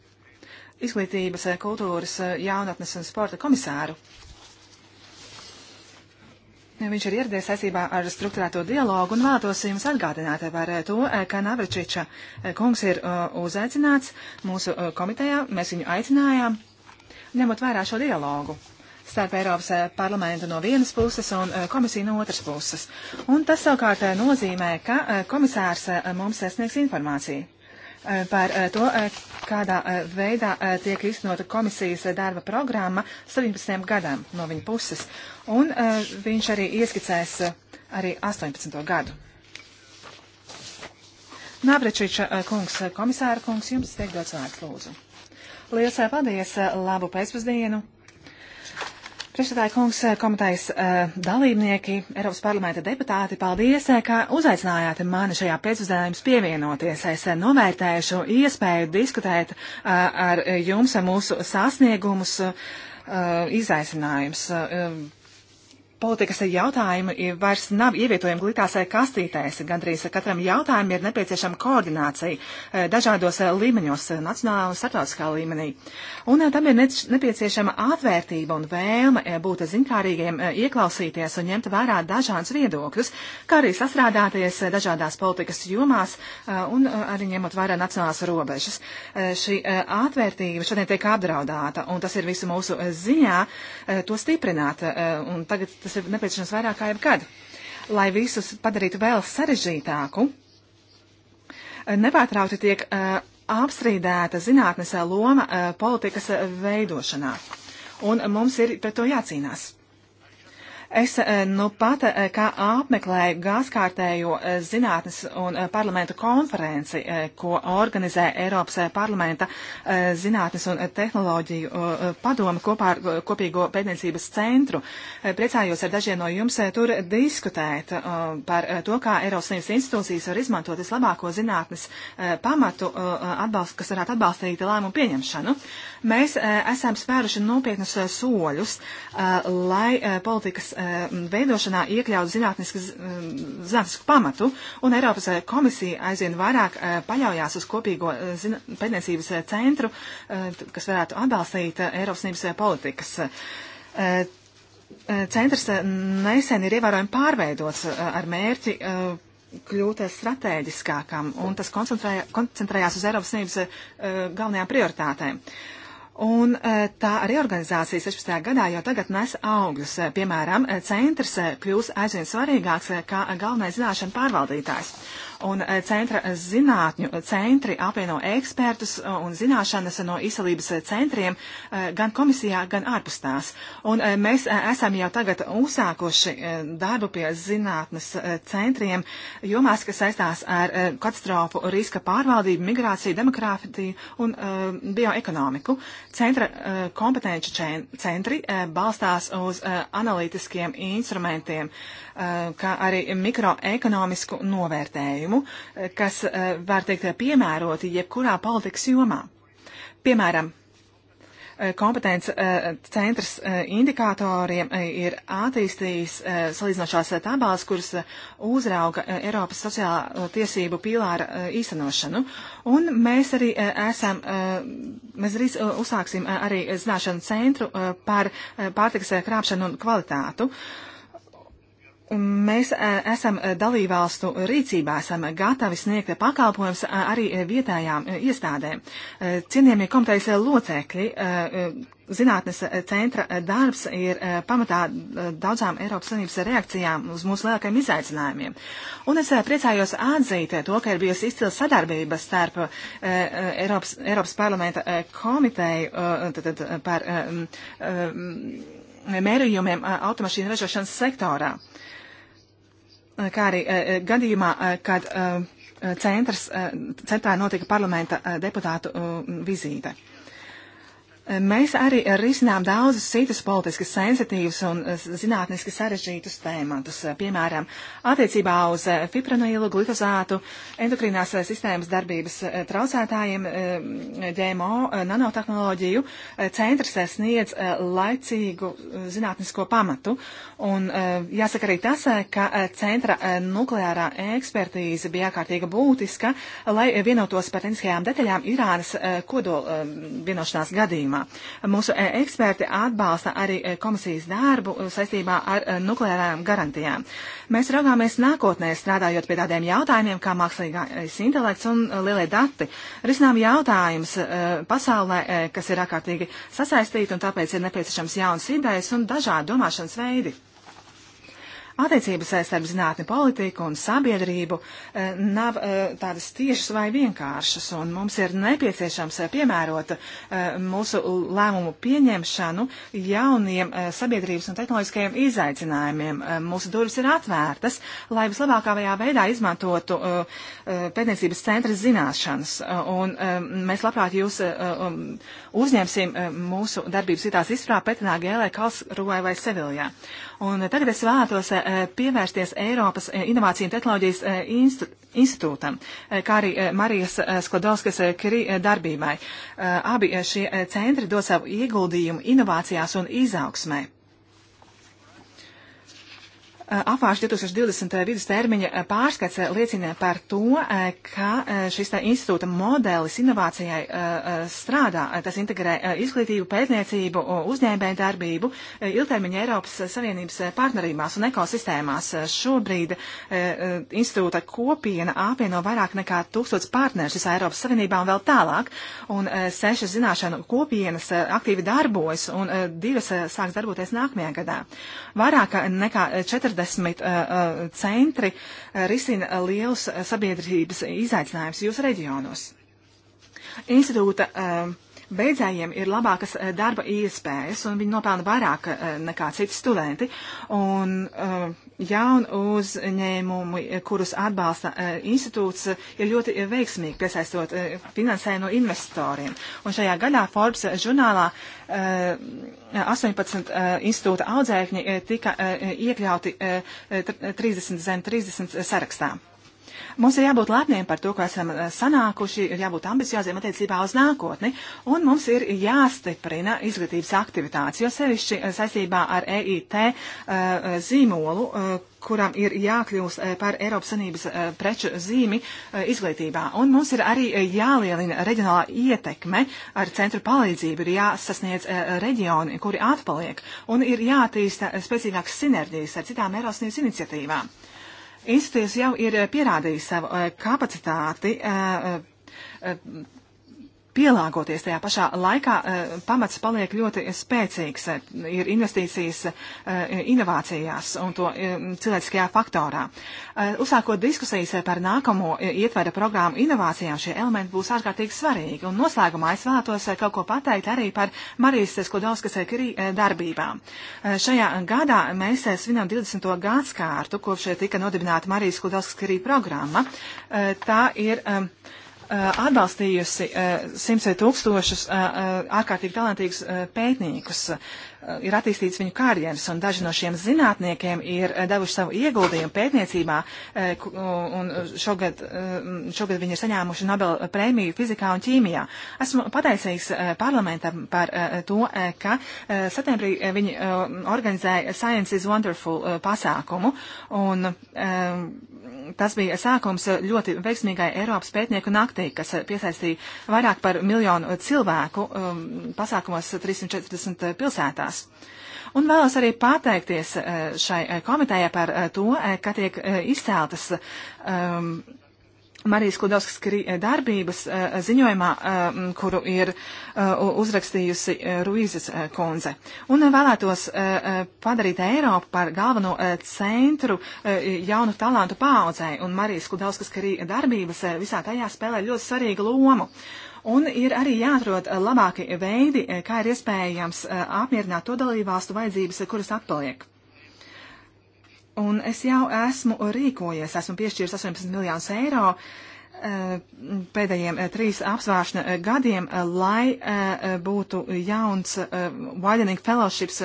izglītības, eh, kultūras, eh, jaunatnes un sporta komisāru. Viņš ir ieradies saistībā ar struktūrēto dialogu un vēlētos jums atgādināt par eh, to, ka Navračiča kungs ir uzaicināts mūsu komitejā. Mēs viņu aicinājām, ņemot vērā šo dialogu starp Eiropas parlamentu no vienas puses un komisiju no otras puses. Un tas savukārt nozīmē, ka komisārs mums sniegs informāciju. Eh, par eh, to, eh, kādā veidā tiek iznota komisijas darba programma 17 gadām no viņa puses. Un viņš arī ieskicēs arī 18. gadu. Navrečiča kungs, komisāra kungs, jums tiek dots vārds lūdzu. Lielas paldies, labu pēcpusdienu! Priekšstādāja kungs, eh, komitejas eh, dalībnieki, Eiropas parlamenta deputāti, paldies, eh, ka uzaicinājāt mani šajā pēcuzdevums pievienoties. Es novērtēšu iespēju diskutēt ar jums mūsu sasniegumus, izaicinājums politikas jautājumi vairs nav ievietojami glītās eh, kastītēs. Gandrīz katram jautājumam ir nepieciešama koordinācija eh, dažādos eh, līmeņos, nacionālā un starptautiskā līmenī. Un tam ir nepieciešama atvērtība un vēlme būt zinkārīgiem, ieklausīties un ņemt vērā dažādus viedokļus, kā arī sastrādāties dažādās politikas jomās un arī ņemot vērā nacionālās robežas. Šī atvērtība šodien tiek apdraudēta, un tas ir visu mūsu ziņā to stiprināt. Un tagad tas ir nepieciešams vairāk kā jebkad, lai visus padarītu vēl sarežģītāku. Nepārtraukti tiek apstrīdēta zinātnes loma politikas veidošanā, un mums ir pret to jācīnās. Es eh, nu pat eh, kā apmeklēju gāzkārtējo eh, zinātnes un parlamentu konferenci, ko organizē Eiropas parlamenta zinātnes un tehnoloģiju padome kopā ar kopīgo pētniecības centru. Priecājos ar dažiem no jums tur diskutēt par to, kā Eiropas Savienības institūcijas var izmantot vislabāko zinātnes pamatu, atbalst, kas varētu atbalstīt lēmumu pieņemšanu. Uh, Mēs eh, esam spēruši nopietnus eh, soļus, eh, lai politikas veidošanā iekļautu zinātnisku pamatu, un Eiropas komisija aizvien vairāk paļaujās uz kopīgo pētniecības centru, kas varētu atbalstīt Eiropas Savienības politikas centrs nesen ir ievērojami pārveidots ar mērķi kļūt strateģiskākam, un tas koncentrējās uz Eiropas Savienības galvenajām prioritātēm. Uh, Un e, tā arī organizācija 16. gadā jau tagad nes augļus. E, piemēram, e, centrs kļūs aizvien svarīgāks kā galvenais zināšana pārvaldītājs. Un eh, centra zinātņu centri apvieno ekspertus eh, un zināšanas no izcelības eh, centriem gan komisijā, gan ārpus tās. Un mēs esam jau tagad uzsākoši darbu pie zinātnes centriem jomās, kas saistās ar katastrofu riska pārvaldību, migrāciju, demokrātiju un bioekonomiku. Centra kompetenci centri balstās uz analītiskiem instrumentiem, kā arī mikroekonomisku novērtējumu grozījumu, eh, kas eh, var teikt eh, piemēroti jebkurā politikas jomā. Piemēram, kompetents centrs indikatoriem ir attīstījis salīdzinošās tabās, kuras uzrauga Eiropas sociālā tiesību pīlāra īstenošanu. Un mēs arī esam, mēs arī uzsāksim arī zināšanu centru par pārtikas krāpšanu un kvalitātu. Uh, Mēs e, esam e, dalībvalstu rīcībā, esam gatavi sniegt pakalpojums e, arī vietējām iestādēm. Cienījamie komitejas locekļi, zinātnes centra darbs ir pamatā daudzām Eiropas Savienības reakcijām uz mūsu lielākajiem izaicinājumiem. Un es priecājos atzīt to, ka ir bijusi izcila sadarbība starp Eiropas, Eiropas parlamenta komiteju tad, tad, par mērījumiem automašīnu ražošanas sektorā. Uh, kā arī eh, eh, gadījumā, eh, kad centrs, centrā notika parlamenta deputātu vizīte. Mēs arī risinām daudzas citas politiski sensitīvas un eh, zinātniski sarežģītus tēmatus, piemēram, attiecībā uz eh, fipranoilu, glifozātu, endokrinās eh, sistēmas darbības traucētājiem, ģēmo, nanotehnoloģiju. Centrs sniedz laicīgu zinātnisko pamatu. Un jāsaka arī tas, ka centra nukleārā ekspertīze bija ārkārtīgi būtiska, lai vienotos par tehniskajām detaļām Irānas kodola vienošanās gadījumā jomā. Mūsu e, eksperti atbalsta arī e, komisijas darbu e, saistībā ar nukleārām garantijām. Mēs raugāmies nākotnē, strādājot pie tādiem jautājumiem kā mākslīgais intelekts un lielie dati. Risinām jautājumus pasaulē, kas ir ārkārtīgi sasaistīti, un tāpēc ir nepieciešams jauns idejas un dažādi domāšanas veidi. Attiecības starp zinātni, politiku un sabiedrību eh, nav eh, tādas tiešas vai vienkāršas, un mums ir nepieciešams eh, piemērot mūsu lēmumu pieņemšanu jauniem sabiedrības un tehnoloģiskajiem izaicinājumiem. Mūsu durvis ir atvērtas, lai vislabākajā veidā izmantotu pētniecības centra zināšanas, un mēs labprāt jūs um, uzņemsim mūsu darbības citās izstrā Petrināgēlē, Kalsruē vai Seviljā. Uh, Un tagad es vēlētos eh, pievērsties Eiropas eh, Inovāciju un Tehnoloģijas eh, institūtam, kā arī Marijas Sklodovskas Kri darbībai. Abi šie centri dod savu ieguldījumu inovācijās un izaugsmē. Apvārš 2020. vidus termiņa eh, pārskats eh, liecina par to, eh, ka šis institūta modelis inovācijai strādā. Tas integrē izglītību, pētniecību, uzņēmēju darbību ilgtermiņa Eiropas Savienības partnerībās un ekosistēmās. Šobrīd institūta kopiena apvieno vairāk nekā tūkstots partneri šis Eiropas Savienībā un vēl tālāk. Un sešas zināšanu kopienas aktīvi darbojas un divas sāks darboties nākamajā gadā. Vairāk nekā 40 60 eh, eh, centri eh, risina lielus sabiedrības izaicinājumus jūsu reģionos. Institūta uh, Beidzējiem ir labākas eh, darba iespējas, un viņi nopelna vairāk eh, nekā citi studenti. Un eh, jaunu uzņēmumu, kurus atbalsta institūts, ir ļoti veiksmīgi piesaistot finansējumu no investoriem. Un šajā gadā Forbes žurnālā 18 institūta audzēkņi tika iekļauti 30 zem 30 sarakstā. Mums ir jābūt lepniem par to, ko esam eh, sanākuši, ir jābūt ambicioziem attiecībā uz nākotni, un mums ir jāstiprina izglītības aktivitātes, jo sevišķi eh, saistībā ar EIT eh, zīmolu, kuram ir jākļūst par Eiropas Sanības preču zīmi izglītībā. Un mums ir arī jālielina reģionālā ietekme ar centru palīdzību, ir jāsasniedz reģioni, kuri atpaliek, un ir jātīsta spēcīgākas sinerģijas ar citām Eiropas Sanības iniciatīvām institūts jau ir eh, pierādījis savu eh, kapacitāti eh, pielāgoties tajā pašā laikā, eh, pamats paliek ļoti spēcīgs. Eh, ir investīcijas eh, inovācijās un to cilvēciskajā faktorā. Uzsākot diskusijas par nākamo ietvera programmu inovācijām, šie elementi būs ārkārtīgi svarīgi. Un noslēgumā es vēlētos kaut ko pateikt arī par Marijas Skudovskas darbībām. Šajā gadā mēs svinam 20. gadskārtu, kopš tika nodibināta Marijas Skudovskas programma. Tā ir Uh, atbalstījusi uh, simtiem tūkstošus uh, ārkārtīgi talantīgus pētniekus. Ir attīstīts viņu karjeras, un daži no šiem zinātniekiem ir devuši savu ieguldījumu pētniecībā, un šogad, šogad viņi ir saņēmuši Nobel prēmiju fizikā un ķīmijā. Esmu pateicīgs parlamentam par to, ka septembrī viņi organizēja Science is Wonderful pasākumu, un tas bija sākums ļoti veiksmīgai Eiropas pētnieku naktī, kas piesaistīja vairāk par miljonu cilvēku um, pasākumos 340 pilsētās. Un vēlos arī pateikties uh, šai uh, komitējai par uh, to, ka tiek izceltas um, Marijas Kudovskas darbības eh, ziņojumā, eh, kuru ir eh, uzrakstījusi Ruizes kundze. Un vēlētos padarīt Eiropu par galveno centru jaunu talantu paaudzē, un Marijas Kudovskas darbības visā tajā spēlē ļoti svarīgu lomu. Un ir arī jāatrod labāki veidi, kā ir iespējams apmierināt to dalībvalstu vajadzības, kuras atpaliek. Un es jau esmu rīkojies, esmu piešķīris 18 miljonus eiro uh, Eh, pēdējiem eh, trīs apsvēršana eh, gadiem, lai būtu jauns Widening Fellowships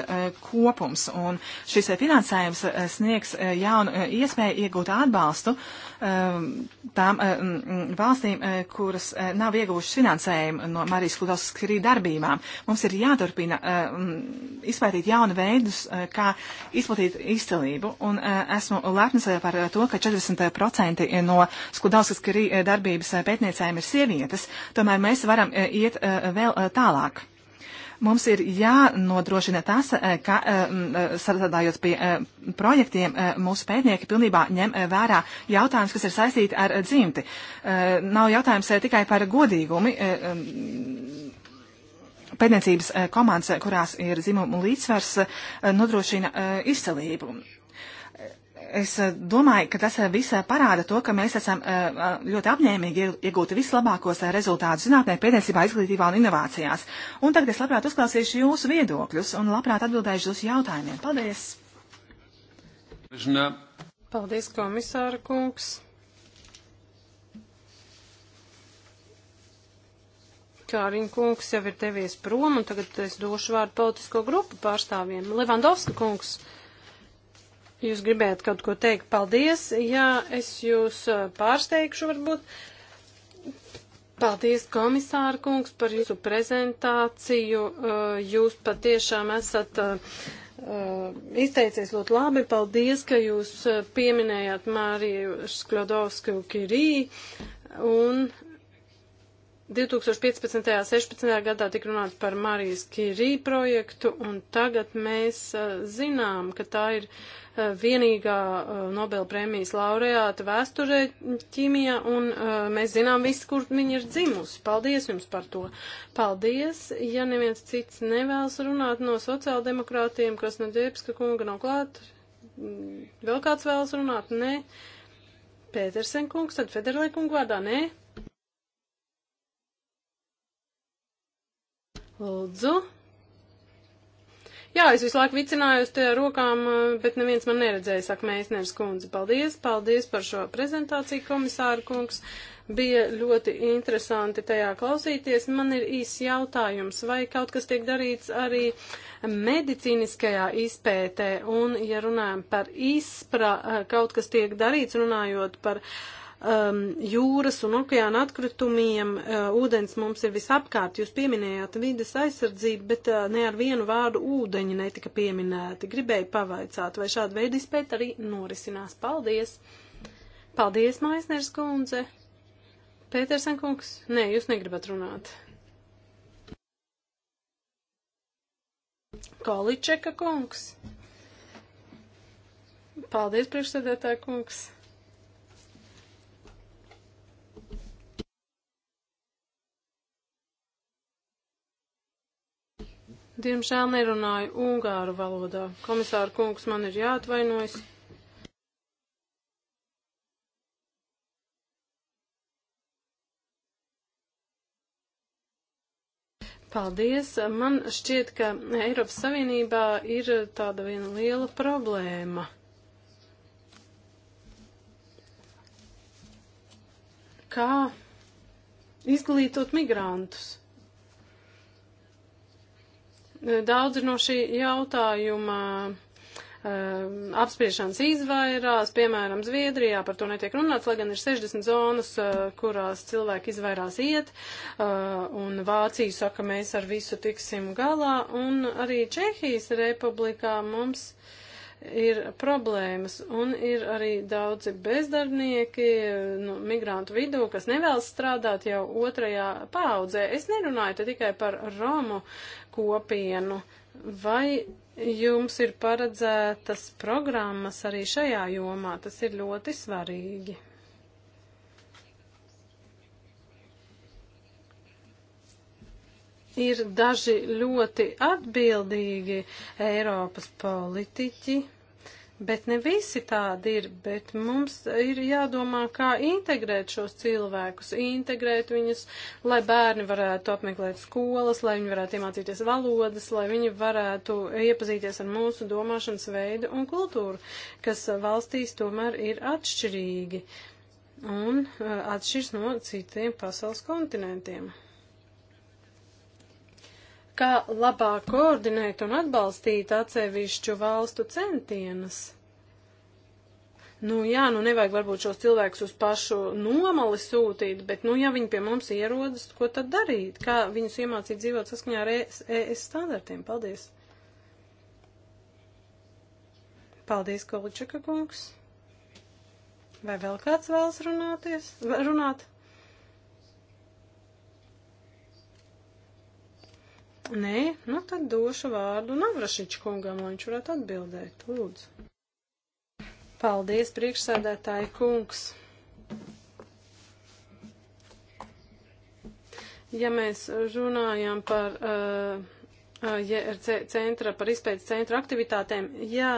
kopums. Un šis finansējums sniegs jaunu iespēju iegūt atbalstu tām valstīm, kuras nav ieguvušas finansējumu no Marijas Kudovskas krī darbībām. Mums ir jāturpina izpētīt jaunu veidus, kā izplatīt izcelību. Un esmu lepnas par to, ka 40% no Skudovskas krī darbības eh, pētniecēm ir sievietes, tomēr mēs varam eh, iet eh, vēl tālāk. Mums ir jānodrošina tas, ka strādājot pie projektiem, mūsu pētnieki pilnībā ņem vērā jautājumus, kas ir saistīti ar dzimti. Nav jautājums tikai par godīgumi pētniecības komandas, kurās ir dzimumu līdzsvars, nodrošina izcelību. Es eh, domāju, ka tas eh, visai parāda to, ka mēs esam eh, ļoti apņēmīgi iegūti vislabākos rezultātus zinātnē, pētniecībā, izglītībā un inovācijās. Un tagad es labprāt uzklausīšu jūsu viedokļus un labprāt atbildēšu uz jautājumiem. Paldies! Paldies, komisāra kungs! Kārīņa kungs jau ir devies prom, un tagad es došu vārdu politisko grupu pārstāvjiem. Levandovska kungs! Uh, Jūs gribējāt kaut ko teikt. Paldies. Jā, es jūs pārsteigšu varbūt. Paldies, komisāra kungs, par jūsu prezentāciju. Jūs patiešām esat izteicies ļoti labi. Paldies, ka jūs pieminējāt Māriju Skļodovsku Kirī. Un 2015. un 16. gadā tika runāts par Marijas Kirī projektu, un tagad mēs zinām, ka tā ir uh, Eh, vienīgā eh, Nobela prēmijas laureāta vēsturē ķīmijā, un eh, mēs zinām visu, kur viņa ir dzimusi. Paldies jums par to. Paldies, ja neviens cits nevēlas runāt no sociāldemokrātiem, kas Nadiebska kunga nav klāt. Mm, vēl kāds vēlas runāt? Nē. Pētersen kungs, tad Federlai kungu vārdā, nē. Lūdzu. Jā, es visu laiku vicinājos te rokām, eh, bet neviens man neredzēja, saka Meisners kundze. Paldies, paldies par šo prezentāciju, komisāra kungs. Bija ļoti interesanti tajā klausīties. Man ir īsts jautājums, vai kaut kas tiek darīts arī medicīniskajā izpētē, un ja runājam par izpra, eh, kaut kas tiek darīts runājot par uh, um, jūras un okeāna atkritumiem. Uh, ūdens mums ir visapkārt. Jūs pieminējāt vides aizsardzību, bet uh, ne ar vienu vārdu ūdeņi netika pieminēti. Gribēju pavaicāt, vai šāda veida izpēta arī norisinās. Paldies! Paldies, Maisners kundze! Pētersen kungs? Nē, jūs negribat runāt. Količeka kungs. Paldies, priekšsēdētāja kungs. Diemžēl nerunāju ungāru valodā. Komisāra kungs, man ir jāatvainojas. Paldies. Man šķiet, ka Eiropas Savienībā ir tāda viena liela problēma. Kā izglītot migrantus? Daudz no šī jautājuma eh, apspriešanas izvairās, piemēram, Zviedrijā par to netiek runāts, lai gan ir 60 zonas, eh, kurās cilvēki izvairās iet, eh, un Vācija saka, mēs ar visu tiksim galā, un arī Čehijas republikā mums. Uh, ir problēmas, un ir arī daudzi bezdarbnieki nu, migrantu vidū, kas nevēlas strādāt jau otrajā paudzē. Es nerunāju te tikai par Romu kopienu. Vai jums ir paredzētas programmas arī šajā jomā? Tas ir ļoti svarīgi. Ir daži ļoti atbildīgi Eiropas politiķi, Bet ne visi tādi ir, bet mums ir jādomā, kā integrēt šos cilvēkus, integrēt viņus, lai bērni varētu apmeklēt skolas, lai viņi varētu iemācīties valodas, lai viņi varētu iepazīties ar mūsu domāšanas veidu un kultūru, kas valstīs tomēr ir atšķirīgi un eh, atšķirs no citiem pasaules kontinentiem kā labāk koordinēt un atbalstīt atsevišķu valstu centienas. Nu jā, nu nevajag varbūt šos cilvēkus uz pašu nomali sūtīt, bet nu ja viņi pie mums ierodas, ko tad darīt? Kā viņus iemācīt dzīvot saskaņā ar ES e standartiem? Paldies! Paldies, Količaka kungs! Vai vēl kāds vēlas runāties? Runāt? Nē, nu tad došu vārdu Navrašiņš kungam, lai viņš varētu atbildēt. Lūdzu. Paldies, priekšsēdētāji kungs. Ja mēs runājam par uh, uh JRC centra, par izpētes centra aktivitātēm, jā.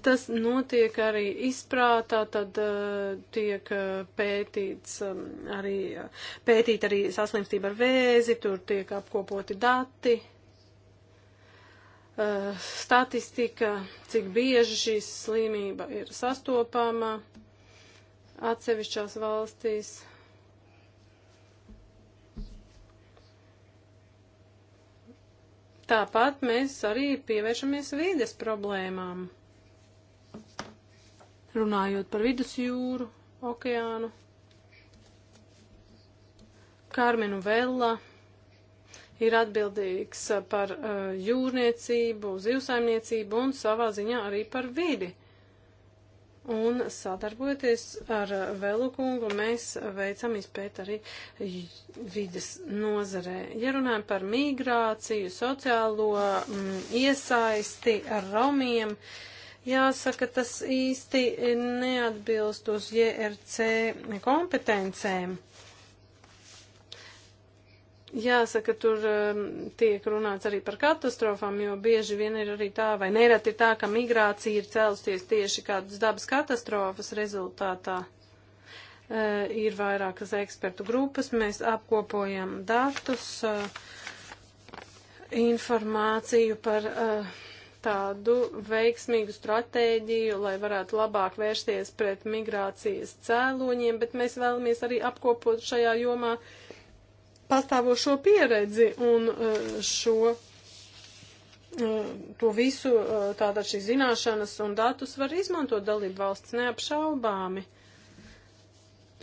Tas notiek arī izprātā, tad uh, tiek uh, pētīts um, arī, uh, pētīt arī saslimstība ar vēzi, tur tiek apkopoti dati, uh, statistika, cik bieži šī slimība ir sastopama atsevišķās valstīs. Tāpat mēs arī pievēršamies vīdes problēmām. Runājot par vidusjūru, okeānu, Kārmenu Vella ir atbildīgs par uh, jūrniecību, zivsaimniecību un savā ziņā arī par vidi. Un sadarbojoties ar uh, Velu kungu, mēs veicam izpēt arī vidas nozarē. Ja runājam par migrāciju, sociālo mm, iesaisti ar romiem, uh, Jāsaka, tas īsti neatbilst uz JRC kompetencēm. Jāsaka, tur um, tiek runāts arī par katastrofām, jo bieži vien ir arī tā, vai nereti ir tā, ka migrācija ir cēlusies tieši kādas dabas katastrofas rezultātā. Uh, ir vairākas ekspertu grupas, mēs apkopojam datus, uh, informāciju par uh, tādu veiksmīgu stratēģiju, lai varētu labāk vērsties pret migrācijas cēloņiem, bet mēs vēlamies arī apkopot šajā jomā pastāvošo pieredzi un eh, šo eh, to visu, eh, tātad šīs zināšanas un datus var izmantot dalību valsts neapšaubāmi.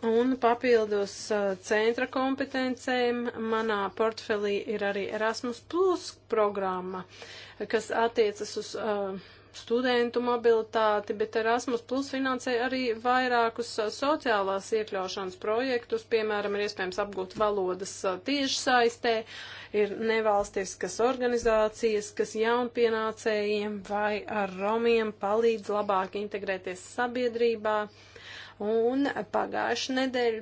Un papildus uh, centra kompetencēm manā portfelī ir arī Erasmus Plus programma, kas attiecas uz uh, studentu mobilitāti, bet Erasmus Plus finansē arī vairākus uh, sociālās iekļaušanas projektus, piemēram, ir iespējams apgūt valodas uh, tiešsaistē, ir nevalstiskas organizācijas, kas jaunpienācējiem vai ar romiem palīdz labāk integrēties sabiedrībā. Uh, Un pagājuši nedēļu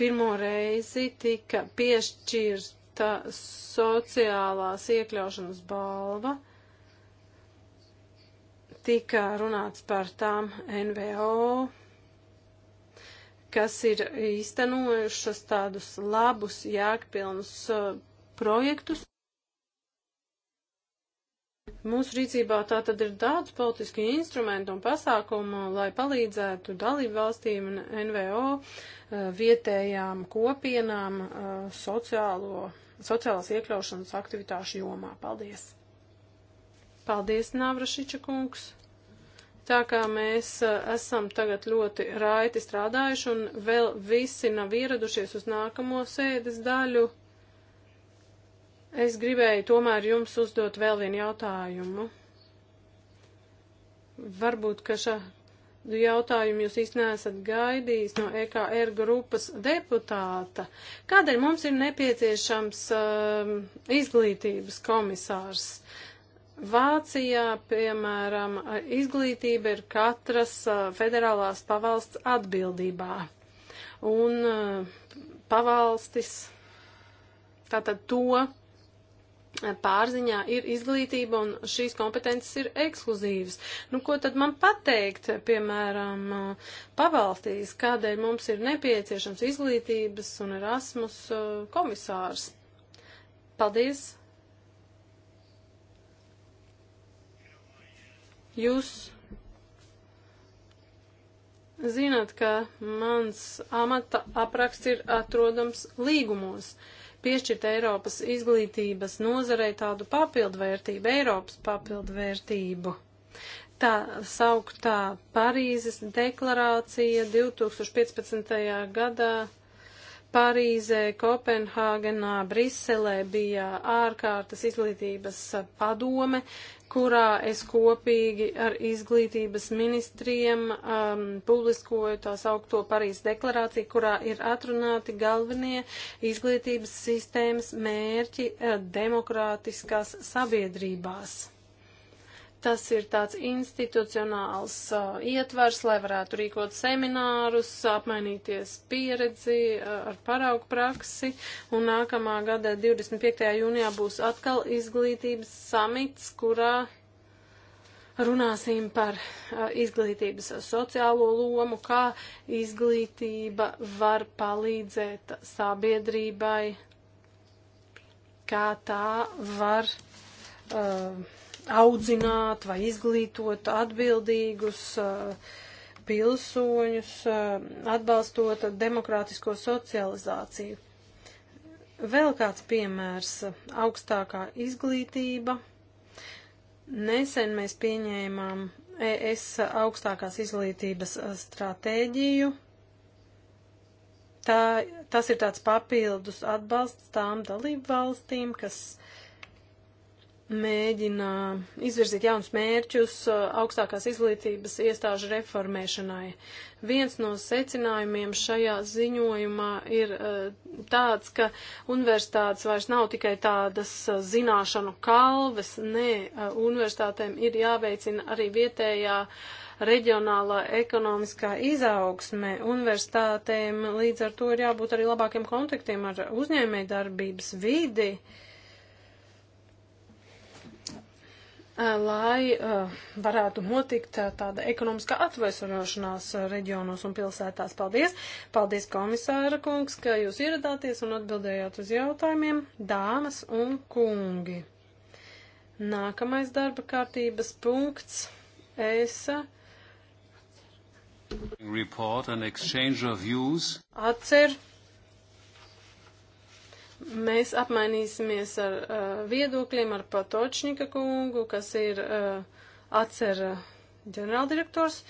pirmo reizi tika piešķirta sociālās iekļaušanas balva tika runāts par tām NVO, kas ir īstenojušas tādus labus, jēgpilnus uh, projektus. Mūsu rīcībā tā tad ir daudz politiski instrumentu un pasākumu, lai palīdzētu dalību valstīm un NVO eh, vietējām kopienām eh, sociālo, sociālās iekļaušanas aktivitāšu jomā. Paldies! Paldies, Navrašiča kungs! Tā kā mēs eh, esam tagad ļoti raiti strādājuši un vēl visi nav ieradušies uz nākamo sēdes daļu. Es gribēju tomēr jums uzdot vēl vienu jautājumu. Varbūt, ka šā jautājumu jūs īsti neesat gaidījis no EKR grupas deputāta. Kādēļ mums ir nepieciešams um, izglītības komisārs? Vācijā, piemēram, izglītība ir katras uh, federālās pavalsts atbildībā. Un uh, pavalstis, tātad to, pārziņā ir izglītība un šīs kompetences ir ekskluzīvas. Nu, ko tad man pateikt, piemēram, pavalstīs, kādēļ mums ir nepieciešams izglītības un Erasmus uh, komisārs? Paldies! Jūs zināt, ka mans amata apraksts ir atrodams līgumos. Uh, piešķirt Eiropas izglītības nozarei tādu papildvērtību, Eiropas papildvērtību. Tā sauktā Parīzes deklarācija 2015. gadā Parīzē, Kopenhāgenā, Briselē bija ārkārtas izglītības padome, kurā es kopīgi ar izglītības ministriem um, publiskoju tā saukto Parīs deklarāciju, kurā ir atrunāti galvenie izglītības sistēmas mērķi uh, demokrātiskās sabiedrībās. Tas ir tāds institucionāls uh, ietvers, lai varētu rīkot seminārus, apmainīties pieredzi uh, ar paraugu praksi. Un nākamā gada 25. jūnijā būs atkal izglītības samits, kurā runāsim par uh, izglītības sociālo lomu, kā izglītība var palīdzēt sabiedrībai, kā tā var uh, audzināt vai izglītot atbildīgus eh, pilsoņus, eh, atbalstot demokrātisko socializāciju. Vēl kāds piemērs - augstākā izglītība. Nesen mēs pieņēmām ES augstākās izglītības eh, stratēģiju. Tā, tas ir tāds papildus atbalsts tām dalību valstīm, kas uh, mēģina izvirzīt jaunus mērķus uh, augstākās izglītības iestāžu reformēšanai. Viens no secinājumiem šajā ziņojumā ir uh, tāds, ka universitātes vairs nav tikai tādas uh, zināšanu kalves, nē, universitātēm ir jāveicina arī vietējā reģionālā ekonomiskā izaugsme. Universitātēm līdz ar to ir jābūt arī labākiem kontaktiem ar uzņēmējdarbības vidi. Uh, Eh, lai eh, varētu notikt eh, tāda ekonomiskā atvesarošanās reģionos un pilsētās. Paldies! Paldies, komisāra kungs, ka jūs ieradāties un atbildējāt uz jautājumiem, dāmas un kungi. Nākamais darba kārtības punkts ESA. Report and exchange of views. Atcer Mēs apmainīsimies ar uh, viedokļiem ar Patočņika kungu, kas ir uh, eh, atcera eh, ģenerāldirektors.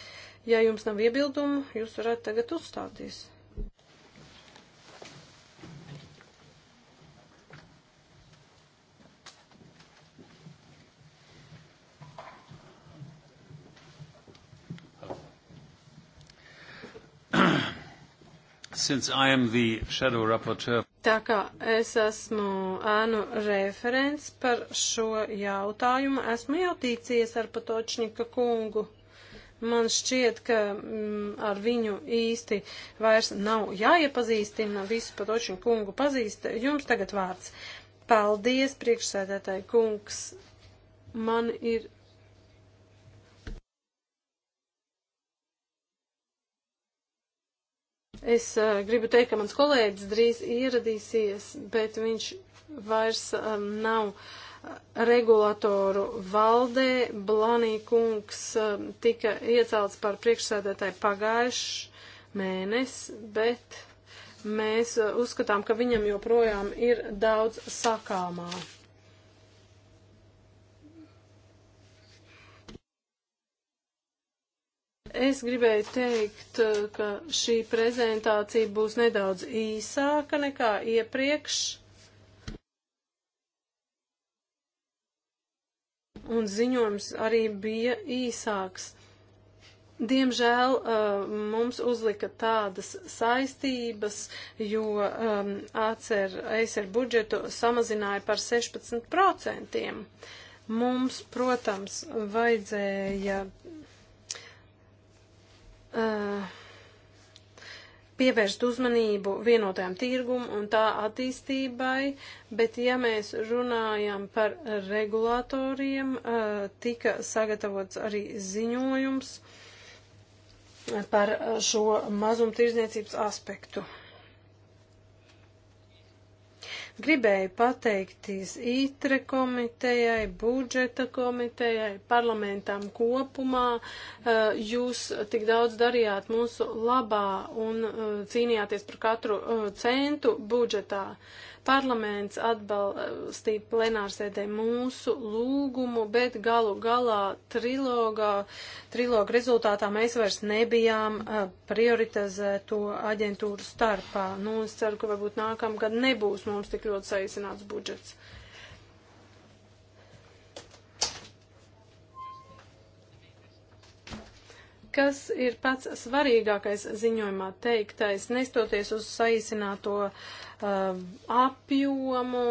Ja jums nav iebildumu, jūs varat tagad uzstāties. Since I am the shadow rapporteur Tā kā es esmu ēnu referents par šo jautājumu, esmu jau tīcies ar Patočņika kungu. Man šķiet, ka mm, ar viņu īsti vairs nav jāiepazīstina, visu Patočņu kungu pazīst. Jums tagad vārds. Paldies, priekšsēdētāji kungs. Man ir Es uh, gribu teikt, ka mans kolēģis drīz ieradīsies, bet viņš vairs um, nav eh, regulatoru valdē. Blanī kungs um, tika iecelts par priekšsēdētāju pagājuši mēnesi, bet mēs uh, uzskatām, ka viņam joprojām ir daudz sakāmā. Es gribēju teikt, uh, ka šī prezentācija būs nedaudz īsāka nekā iepriekš. Un ziņojums arī bija īsāks. Diemžēl uh, mums uzlika tādas saistības, jo um, ACR, ACR budžetu samazināja par 16%. Mums, protams, vajadzēja uh, pievērst uzmanību vienotajam tirgum un tā attīstībai, bet ja mēs runājam par regulatoriem, tika sagatavots arī ziņojums par šo mazumtirdzniecības aspektu. Gribēju pateikties ITRE komitejai, budžeta komitejai, parlamentām kopumā. Eh, jūs tik daudz darījāt mūsu labā un eh, cīnījāties par katru eh, centu budžetā. Parlaments atbalstīja plenārsēdē mūsu lūgumu, bet galu galā trilogā, trilogu rezultātā mēs vairs nebijām eh, prioritizēto aģentūru starpā. Nu, es ceru, ka varbūt nākamgad nebūs mums tik ļoti saīsināts budžets. kas ir pats svarīgākais ziņojumā teiktais, nestoties uz saīsināto uh, apjomu.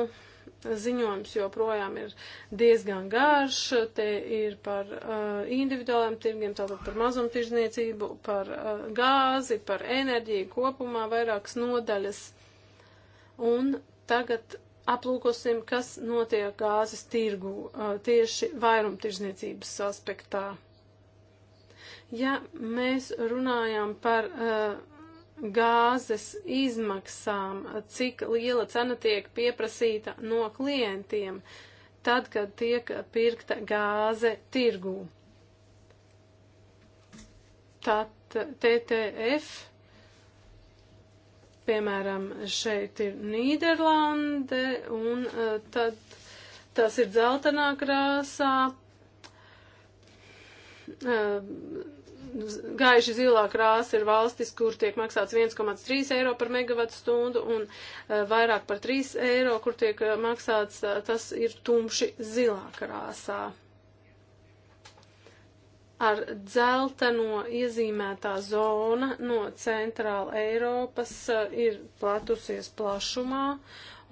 Ziņojums joprojām ir diezgan garš, te ir par uh, individuāliem tirgiem, tātad par mazumtirzniecību, par uh, gāzi, par enerģiju kopumā vairākas nodaļas. Un tagad aplūkosim, kas notiek gāzes tirgu uh, tieši vairumtirzniecības aspektā. Ja mēs runājam par uh, gāzes izmaksām, cik liela cena tiek pieprasīta no klientiem, tad, kad tiek pirkta gāze tirgū. Tad TTF piemēram, šeit ir Nīderlande, un uh, tad tas ir dzeltenā krāsā, Ehm, gaiši zilā krāsa ir valstis, kur tiek maksāts 1,3 eiro par megavatu stundu un eh, vairāk par 3 eiro, kur tiek eh, maksāts, eh, tas ir tumši zilā krāsā. Ar dzelteno iezīmētā zona no centrāla Eiropas ir platusies plašumā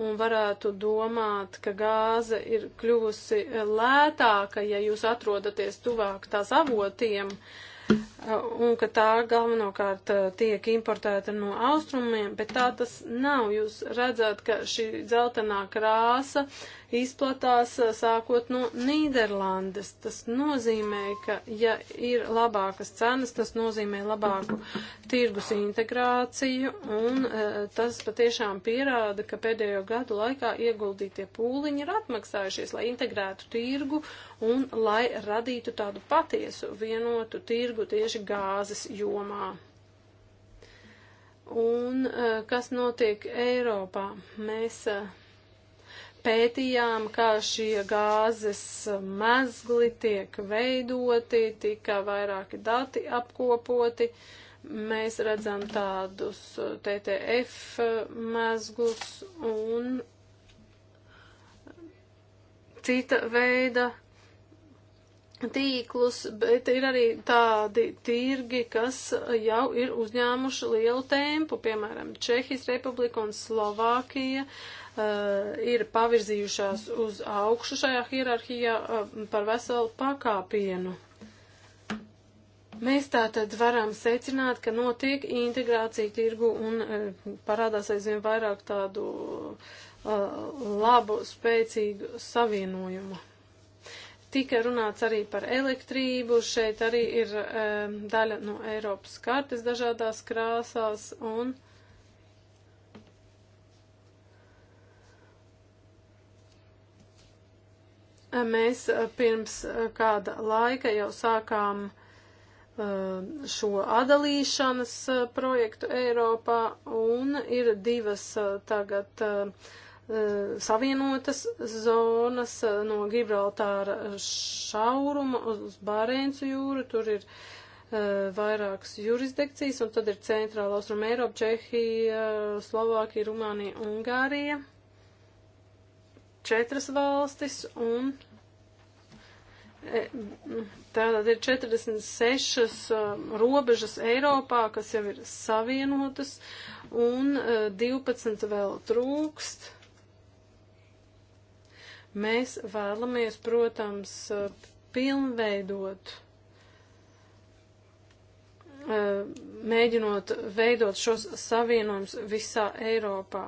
un varētu domāt, ka gāze ir kļuvusi lētāka, ja jūs atrodaties tuvāk tās avotiem, uh, un ka tā galvenokārt uh, tiek importēta no austrumiem, bet tā tas nav. Jūs redzat, ka šī dzeltenā krāsa izplatās sākot no Nīderlandes. Tas nozīmē, ka ja ir labākas cenas, tas nozīmē labāku tirgus integrāciju un tas patiešām pierāda, ka pēdējo gadu laikā ieguldītie pūliņi ir atmaksājušies, lai integrētu tirgu un lai radītu tādu patiesu vienotu tirgu tieši gāzes jomā. Un kas notiek Eiropā? Mēs pētījām, kā šie gāzes mezgli tiek veidoti, tika vairāki dati apkopoti. Mēs redzam tādus uh, TTF uh, mezglus un cita veida tīklus, bet ir arī tādi tirgi, kas jau ir uzņēmuši lielu tempu, piemēram, Čehijas republika un Slovākija Eh, ir pavirzījušās uz augšu šajā hierarhijā eh, par veselu pakāpienu. Mēs tā tad varam secināt, ka notiek integrācija tirgu un eh, parādās aizvien vairāk tādu labu, spēcīgu savienojumu tika runāts arī par elektrību, šeit arī ir um, daļa no Eiropas kartes dažādās krāsās, un uh, Mēs eh, pirms eh, kāda laika jau sākām eh, šo atdalīšanas projektu Eiropā un ir divas tagad savienotas zonas no Gibraltāra šauruma uz Bārēncu jūru. Tur ir vairākas jurisdikcijas un tad ir Centrāla Austruma Eiropa, Čehija, Slovākija, Rumānija, Ungārija četras valstis un e, tātad ir 46 e, robežas Eiropā, kas jau ir savienotas un 12 e, vēl trūkst. Mēs vēlamies, protams, pilnveidot E, mēģinot veidot šos savienojumus visā Eiropā.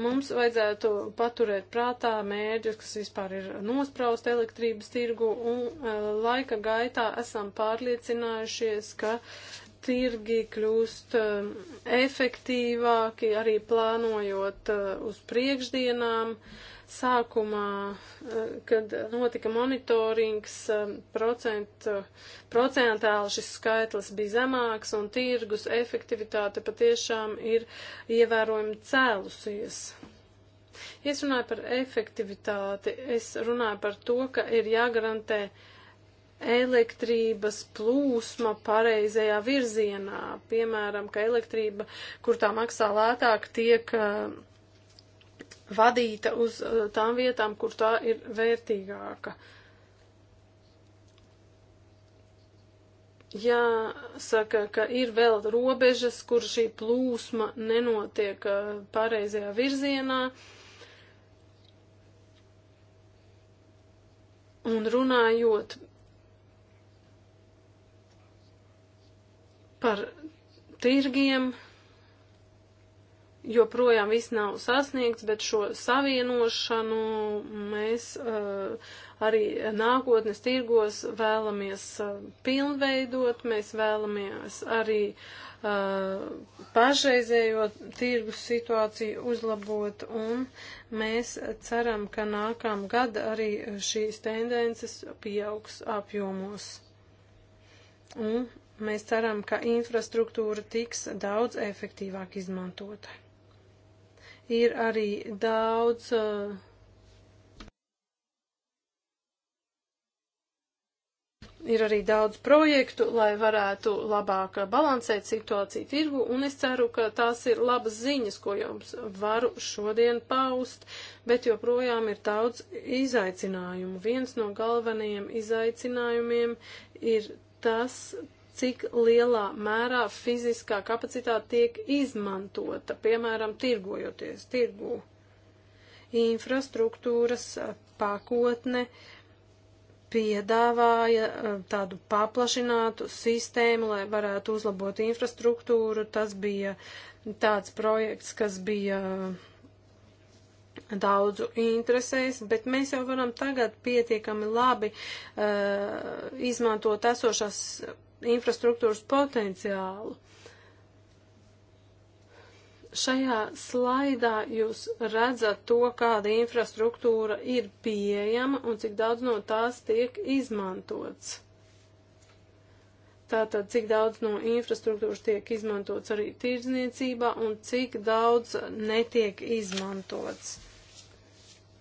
Mums vajadzētu paturēt prātā mērķus, kas vispār ir nospraust elektrības tirgu, un e, laika gaitā esam pārliecinājušies, ka tirgi kļūst e, efektīvāki, arī plānojot uz priekšdienām. Uh, Sākumā, eh, kad notika monitorings, eh, procentu, procentāli šis skaitlis bija zemāks un tirgus efektivitāte patiešām ir ievērojami cēlusies. Ja es runāju par efektivitāti, es runāju par to, ka ir jāgarantē elektrības plūsma pareizajā virzienā. Piemēram, ka elektrība, kur tā maksā lētāk, tiek uh, vadīta uz eh, tām vietām, kur tā ir vērtīgāka. Jāsaka, ka ir vēl robežas, kur šī plūsma nenotiek eh, pareizajā virzienā. Un runājot par tirgiem, joprojām viss nav sasniegts, bet šo savienošanu mēs uh, arī nākotnes tirgos vēlamies uh, pilnveidot, mēs vēlamies arī uh, pašreizējo tirgus situāciju uzlabot, un mēs ceram, ka nākam gad arī šīs tendences pieaugs apjomos. Un mēs ceram, ka infrastruktūra tiks daudz efektīvāk izmantota. Ir arī daudz. Eh, ir arī daudz projektu, lai varētu labāk balansēt situāciju tirgu, un es ceru, ka tās ir labas ziņas, ko jums varu šodien paust, bet joprojām ir daudz izaicinājumu. Viens no galvenajiem izaicinājumiem ir tas, cik lielā mērā fiziskā kapacitāte tiek izmantota, piemēram, tirgojoties tirgū. Infrastruktūras pakotne piedāvāja tādu paplašinātu sistēmu, lai varētu uzlabot infrastruktūru. Tas bija tāds projekts, kas bija daudzu interesēs, bet mēs jau varam tagad pietiekami labi uh, izmantot esošās infrastruktūras potenciālu. Šajā slaidā jūs redzat to, kāda infrastruktūra ir pieejama un cik daudz no tās tiek izmantots. Tātad, cik daudz no infrastruktūras tiek izmantots arī tirdzniecībā un cik daudz netiek izmantots.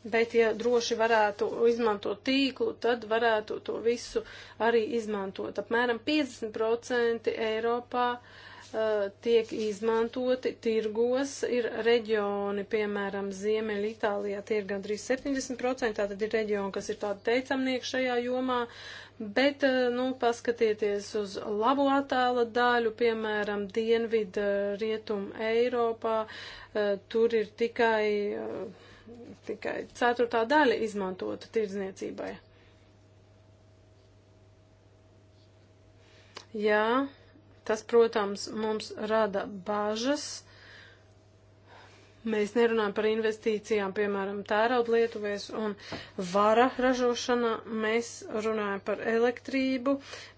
Bet, ja droši varētu izmantot tīklu, tad varētu to visu arī izmantot. Apmēram 50% Eiropā uh, tiek izmantoti tirgos, ir reģioni, piemēram, Ziemeļa Itālijā tie ir gandrīz 70%, tātad ir reģioni, kas ir tādi teicamnieki šajā jomā, bet, uh, nu, paskatieties uz labo attēla daļu, piemēram, Dienvidu, eh, Rietumu Eiropā, uh, tur ir tikai tikai ceturtā daļa izmantota tirdzniecībai. Jā, tas, protams, mums rada bažas Mēs nerunājam par investīcijām, piemēram, tērauda lietuvēs un vara ražošanā. Mēs runājam par elektrību,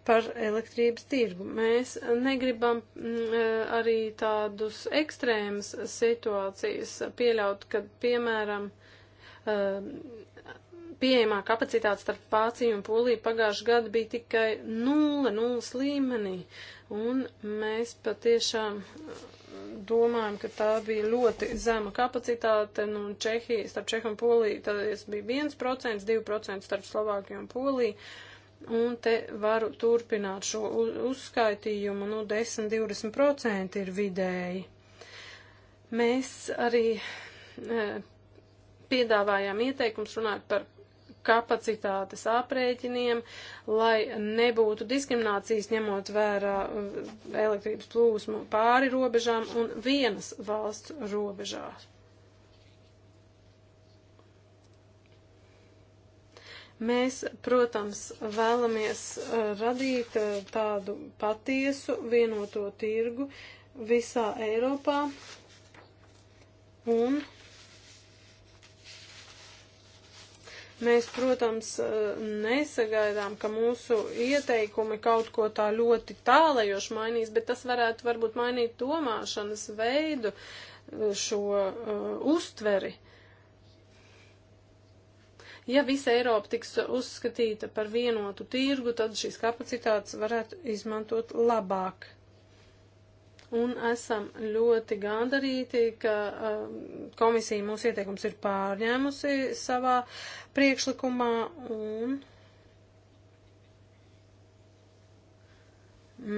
par elektrības tirgu. Mēs negribam mm, e, arī tādus ekstrēmas situācijas pieļaut, kad, piemēram, e, pieejamā kapacitāte starp Vāciju un Poliju pagājušajā gadā bija tikai nulle, nulles līmenī. Un mēs patiešām domājam, ka tā bija ļoti zema kapacitāte, nu, Čehija, starp Čehiju un Poliju, tad bija 1%, 2% starp Slovākiju un Poliju, un te varu turpināt šo uzskaitījumu, nu, 10-20% ir vidēji. Mēs arī e, piedāvājām ieteikums runāt par kapacitātes aprēķiniem, lai nebūtu diskriminācijas ņemot vērā uh, elektrības plūsmu pāri robežām un vienas valsts robežās. Mēs, protams, vēlamies uh, radīt uh, tādu patiesu vienoto tirgu visā Eiropā un Mēs, protams, eh, nesagaidām, ka mūsu ieteikumi kaut ko tā ļoti tālajoši mainīs, bet tas varētu varbūt mainīt domāšanas veidu, eh, šo uh, uztveri. Ja visa Eiropa tiks uzskatīta par vienotu tirgu, tad šīs kapacitātes varētu izmantot labāk un esam ļoti gandarīti, ka um, komisija mūsu ieteikums ir pārņēmusi savā priekšlikumā un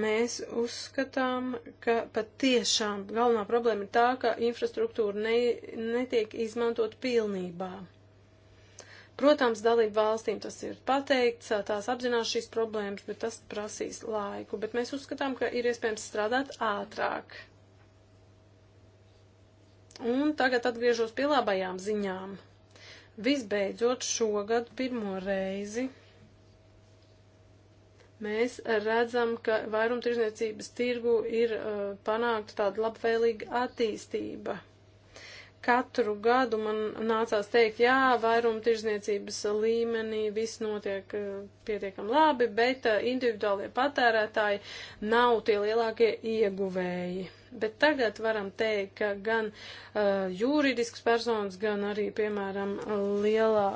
mēs uzskatām, ka pat tiešām galvenā problēma ir tā, ka infrastruktūra ne, netiek izmantot pilnībā. Protams, dalību valstīm tas ir pateikts, tās apzinās šīs problēmas, bet tas prasīs laiku. Bet mēs uzskatām, ka ir iespējams strādāt ātrāk. Un tagad atgriežos pie labajām ziņām. Visbeidzot, šogad pirmo reizi mēs redzam, ka vairumtirdzniecības tirgu ir uh, panākta tāda labvēlīga attīstība katru gadu man nācās teikt, jā, vairuma tirzniecības līmenī viss notiek eh, pietiekam labi, bet eh, individuālie patērētāji nav tie lielākie ieguvēji. Bet tagad varam teikt, ka gan uh, juridisks personas, gan arī, piemēram, lielā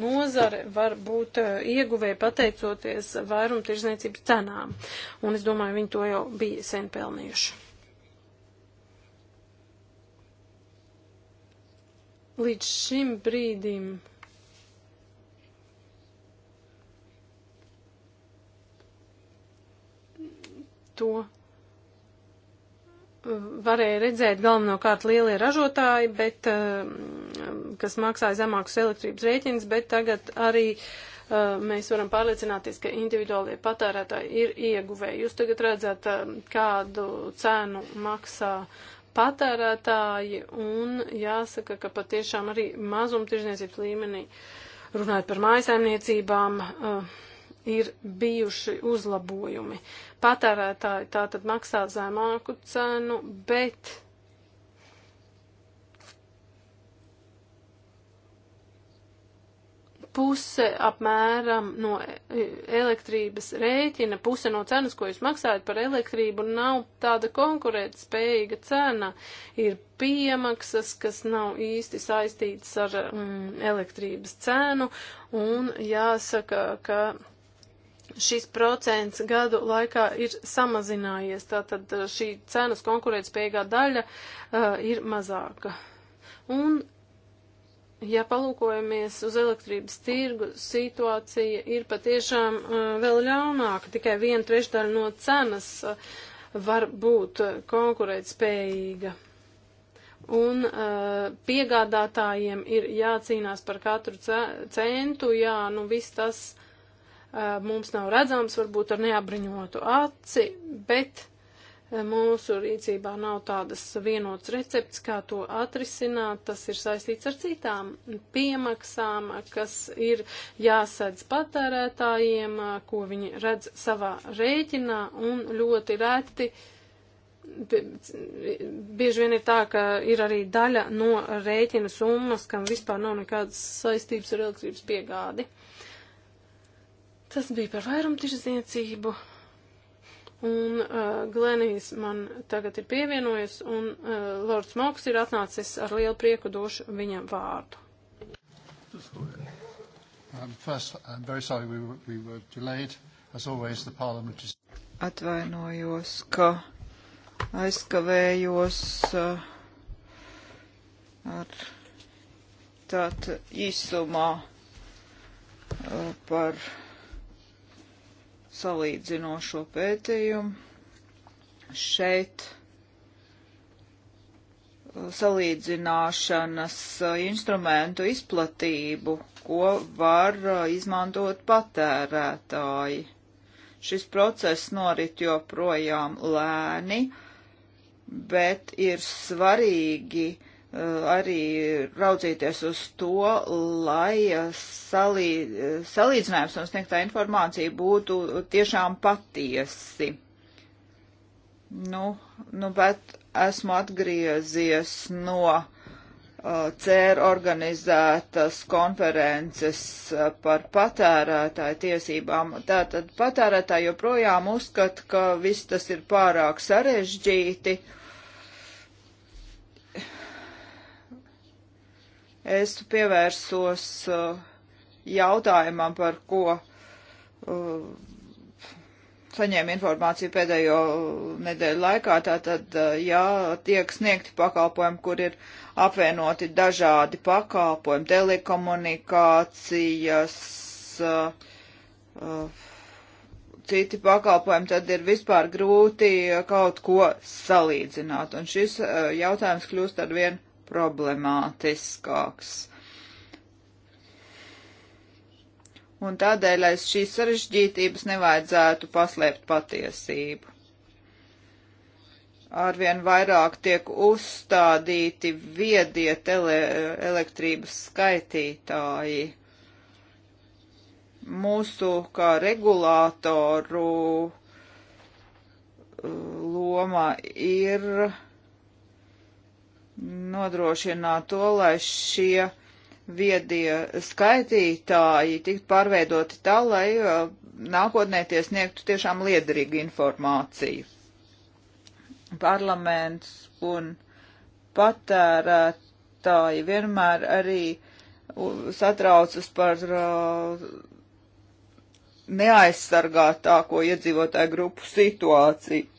nozare var būt uh, ieguvēja pateicoties vairuma tirzniecības cenām. Un es domāju, viņi to jau bija sen pelnījuši. līdz šim brīdim to uh, varēja redzēt galvenokārt lielie ražotāji, bet, uh, kas maksāja zemākus elektrības rēķinus, bet tagad arī uh, mēs varam pārliecināties, ka individuālie patērētāji ir ieguvēji. Jūs tagad redzat, kādu cenu maksā uh, patērētāji un jāsaka, ka patiešām arī mazumtirdzniecības līmenī, runājot par mājasaimniecībām, eh, ir bijuši uzlabojumi. Patērētāji tātad maksā zemāku cenu, bet puse apmēram no e, e, elektrības rēķina, puse no cenas, ko jūs maksājat par elektrību, nav tāda konkurētspējīga cena. Ir piemaksas, kas nav īsti saistītas ar mm, elektrības cenu, un jāsaka, ka šis procents gadu laikā ir samazinājies, tātad e, šī cenas konkurētspējīgā daļa uh, ir mazāka. Un ja palūkojamies uz elektrības tirgu, situācija ir patiešām uh, vēl ļaunāka. Tikai viena trešdaļa no cenas uh, var būt konkurētspējīga. Un uh, piegādātājiem ir jācīnās par katru centu, jā, nu viss tas uh, mums nav redzams, varbūt ar neabriņotu aci, bet uh, Mūsu rīcībā nav tādas vienotas recepts, kā to atrisināt. Tas ir saistīts ar citām piemaksām, kas ir jāsēdz patērētājiem, ko viņi redz savā rēķinā un ļoti reti. Bieži vien ir tā, ka ir arī daļa no rēķina summas, kam vispār nav nekādas saistības ar elektrības piegādi. Tas bija par vairumtirdzniecību. Un uh, Glenijas man tagad ir pievienojies, un uh, Lords Moks ir atnācis ar lielu prieku došu viņam vārdu. Um, first, I'm very sorry we were, we were delayed. As always, the parliament is... Atvainojos, ka aizkavējos uh, ar tātad īsumā uh, par salīdzinošo pētījumu. Šeit uh, salīdzināšanas uh, instrumentu izplatību, ko var uh, izmantot patērētāji. Šis process norit joprojām lēni, bet ir svarīgi Eh, arī raudzīties uz to, lai eh, salī, eh, salīdzinājums un sniegtā informācija būtu tiešām patiesi. Nu, nu bet esmu atgriezies no uh, CER organizētas konferences par patērētāju tiesībām. Tātad patērētāji joprojām uzskata, ka viss tas ir pārāk sarežģīti. Uh, Es pievērsos uh, jautājumam, par ko uh, saņēma informāciju pēdējo nedēļu laikā, tātad, uh, ja tiek sniegti pakalpojumi, kur ir apvienoti dažādi pakalpojumi, telekomunikācijas, citi pakalpojumi, tad ir vispār grūti kaut ko salīdzināt. Un šis jautājums kļūst ar vien problemātiskāks. Un tādēļ aiz šīs sarežģītības nevajadzētu paslēpt patiesību. Arvien vairāk tiek uzstādīti viedie tele, elektrības skaitītāji. Mūsu kā regulātoru uh, loma ir nodrošināt to, lai šie viedie skaitītāji tiktu pārveidoti tā, lai uh, nākotnē tie sniegtu tiešām liederīgu informāciju. Parlaments un patērētāji vienmēr arī satraucas par uh, neaizsargātāko iedzīvotāju grupu situāciju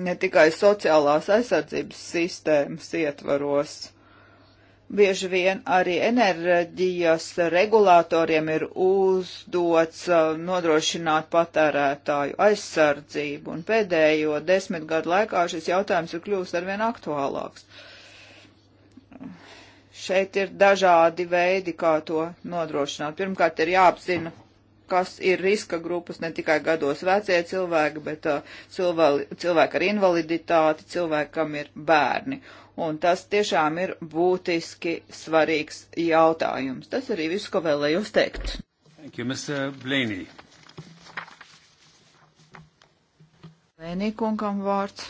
ne tikai sociālās aizsardzības sistēmas ietvaros. Bieži vien arī enerģijas regulātoriem ir uzdots uh, nodrošināt patērētāju aizsardzību, un pēdējo desmit gadu laikā šis jautājums ir kļūst arvien aktuālāks. Šeit ir dažādi veidi, kā to nodrošināt. Pirmkārt, ir jāapzina kas ir riska grupas, ne tikai gados vecie cilvēki, bet uh, cilvēki, cilvēki ar invaliditāti, cilvēkam ir bērni. Un tas tiešām ir būtiski svarīgs jautājums. Tas arī viss, ko vēlējos teikt. Thank you, Mr. Blaney. Blaney kungam vārds.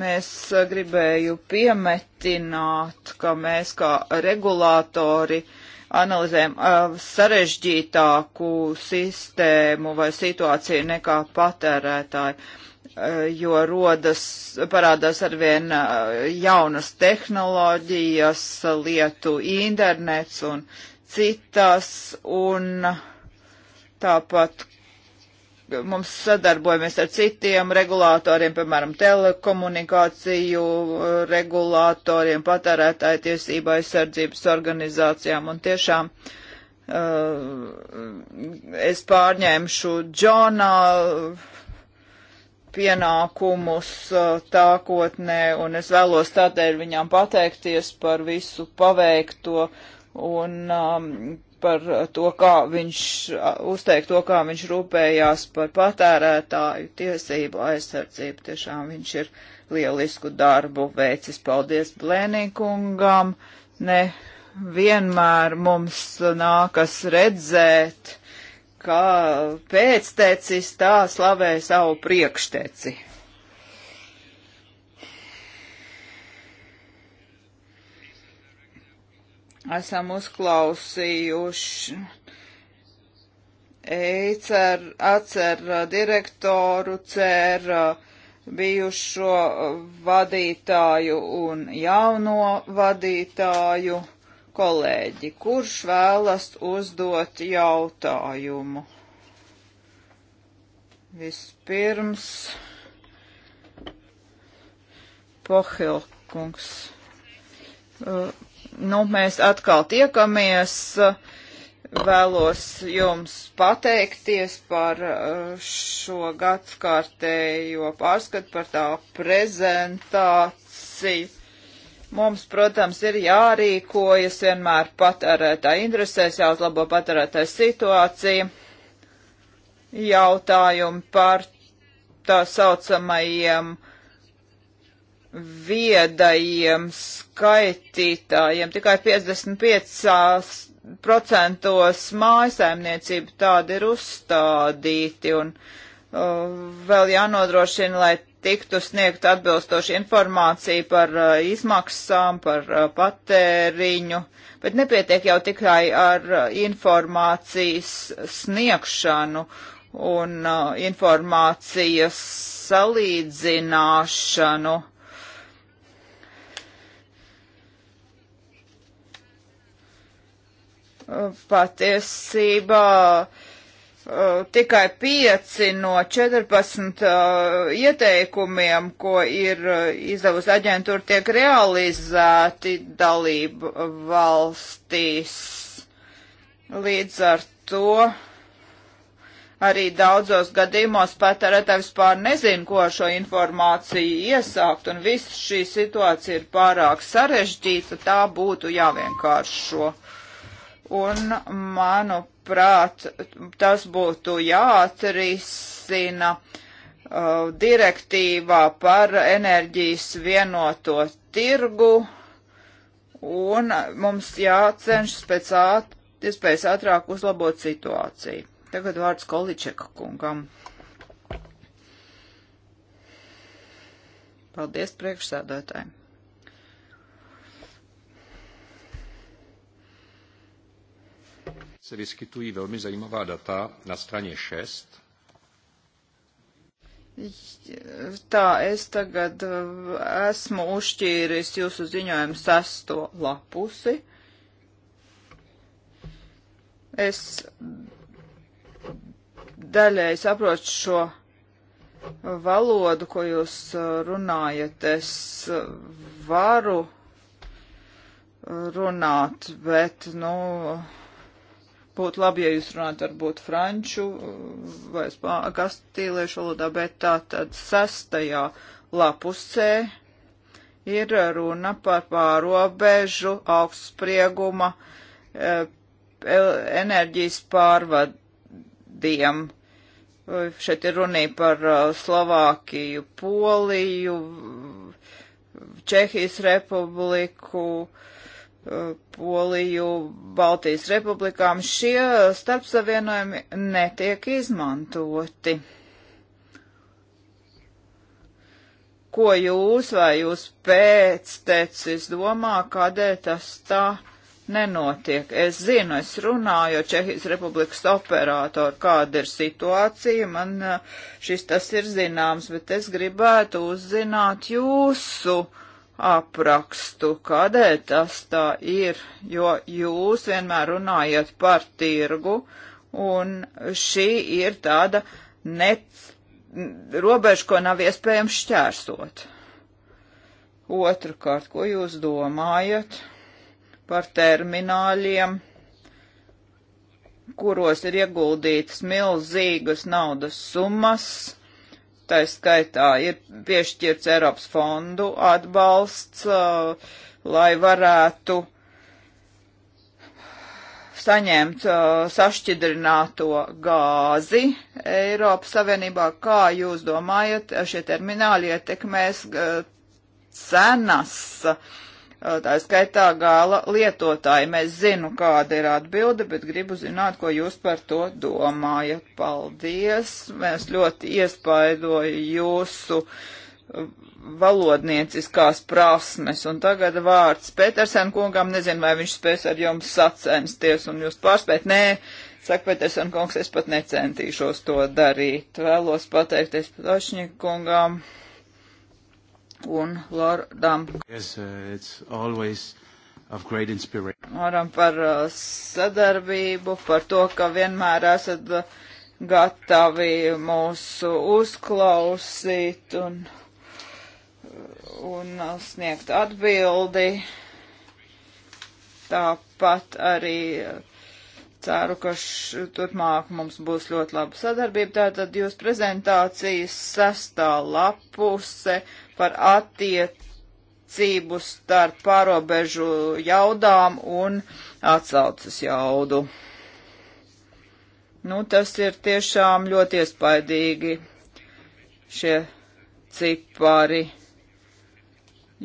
Mēs uh, gribēju piemetināt, ka mēs kā regulātori uh, analizējam uh, sarežģītāku sistēmu vai situāciju nekā patērētāji, uh, jo rodas, parādās arvien uh, jaunas tehnoloģijas, lietu internets un citas, un tāpat mums sadarbojamies ar citiem regulātoriem, piemēram, telekomunikāciju uh, regulātoriem, patērētāju tiesību aizsardzības organizācijām un tiešām uh, es pārņēmušu Džona pienākumus uh, tākotnē, un es vēlos tādēļ viņām pateikties par visu paveikto un um, par eh, to, kā viņš eh, uzteikt to, kā viņš rūpējās par patērētāju tiesību aizsardzību. Tiešām viņš ir lielisku darbu veicis. Paldies Blēnīkungam. Ne vienmēr mums nākas redzēt, kā pēctecis tā slavē savu priekšteci. esam uzklausījuši ECR, ACER eh, direktoru, CER eh, bijušo vadītāju un jauno vadītāju kolēģi, kurš vēlas uzdot jautājumu. Vispirms Pohilkungs. Uh, eh, nu, mēs atkal tiekamies. Vēlos jums pateikties par uh, šo gadskārtējo pārskatu, par tā prezentāciju. Mums, protams, ir jārīkojas vienmēr patērētāji interesēs, jāuzlabo patērētāji situācija. Jautājumi par tā saucamajiem uh, viedajiem skaitītājiem. Tikai 55% mājasēmniecību tādi ir uzstādīti un uh, vēl jānodrošina, lai tiktu sniegt atbilstoši informācija par uh, izmaksām, par uh, patēriņu, bet nepietiek jau tikai ar uh, informācijas sniegšanu un uh, informācijas salīdzināšanu. Uh, patiesībā eh, tikai pieci no 14 eh, ieteikumiem, ko ir eh, izdevusi aģentūra, tiek realizēti dalību valstīs. Līdz ar to arī daudzos gadījumos patērētājs pār nezin, ko ar šo informāciju iesākt, un viss šī situācija ir pārāk sarežģīta, tā būtu jāvienkāršo. Un, manuprāt, tas būtu jāatrisina uh, direktīvā par enerģijas vienoto tirgu, un mums jācenšas pēc āt, iespējas ātrāk uzlabot situāciju. Tagad vārds Količeka kungam. Paldies priekšsēdētājiem! se vyskytují velmi zajímavá data na straně 6. Tā, es tagad esmu uzšķīris jūsu ziņojumu sesto lapusi. Es daļai saprotu šo valodu, ko jūs runājat, es varu runāt, bet, nu, Būtu labi, ja jūs runātu varbūt franču uh, vai kastīliešu valodā, bet tā tad sastajā lapusē ir runa par pārobežu augstsprieguma uh, enerģijas pārvadiem. Šeit ir runa par uh, Slovākiju, Poliju, Čehijas republiku, uh, Poliju, Baltijas republikām, šie starpsavienojumi netiek izmantoti. Ko jūs vai jūs pēctecis domā, kādēļ tas tā nenotiek? Es zinu, es runāju Čehijas republikas operātoru, kāda ir situācija, man eh, šis tas ir zināms, bet es gribētu uzzināt jūsu uh, aprakstu, kādēļ tas tā ir, jo jūs vienmēr runājat par tirgu, un šī ir tāda net robeža, ko nav iespējams šķērsot. Otrakārt, ko jūs domājat par termināļiem, kuros ir ieguldītas milzīgas naudas summas? tā skaitā ir piešķirts Eiropas fondu atbalsts, uh, lai varētu saņemt uh, sašķidrināto gāzi Eiropas Savienībā. Kā jūs domājat, šie termināli ietekmēs uh, cenas? Uh, tā skaitā gala lietotāji. Mēs zinu, kāda ir atbilde, bet gribu zināt, ko jūs par to domājat. Paldies! Mēs ļoti iespaidoju jūsu valodnieciskās prasmes, un tagad vārds Petersen kungam, nezinu, vai viņš spēs ar jums sacensties un jūs pārspēt. Nē, saka Petersen kungs, es pat necentīšos to darīt. Vēlos pateikties Patošņikungam. kungam un Lordam. Yes, uh, Lordam par uh, sadarbību, par to, ka vienmēr esat uh, gatavi mūsu uzklausīt un, un uh, sniegt atbildi. Tāpat arī uh, ceru, ka turpmāk mums būs ļoti laba sadarbība. Tātad jūs prezentācijas sestā lapuse par attiecību starp pārobežu jaudām un atsaucas jaudu. Nu, tas ir tiešām ļoti iespaidīgi šie cipari.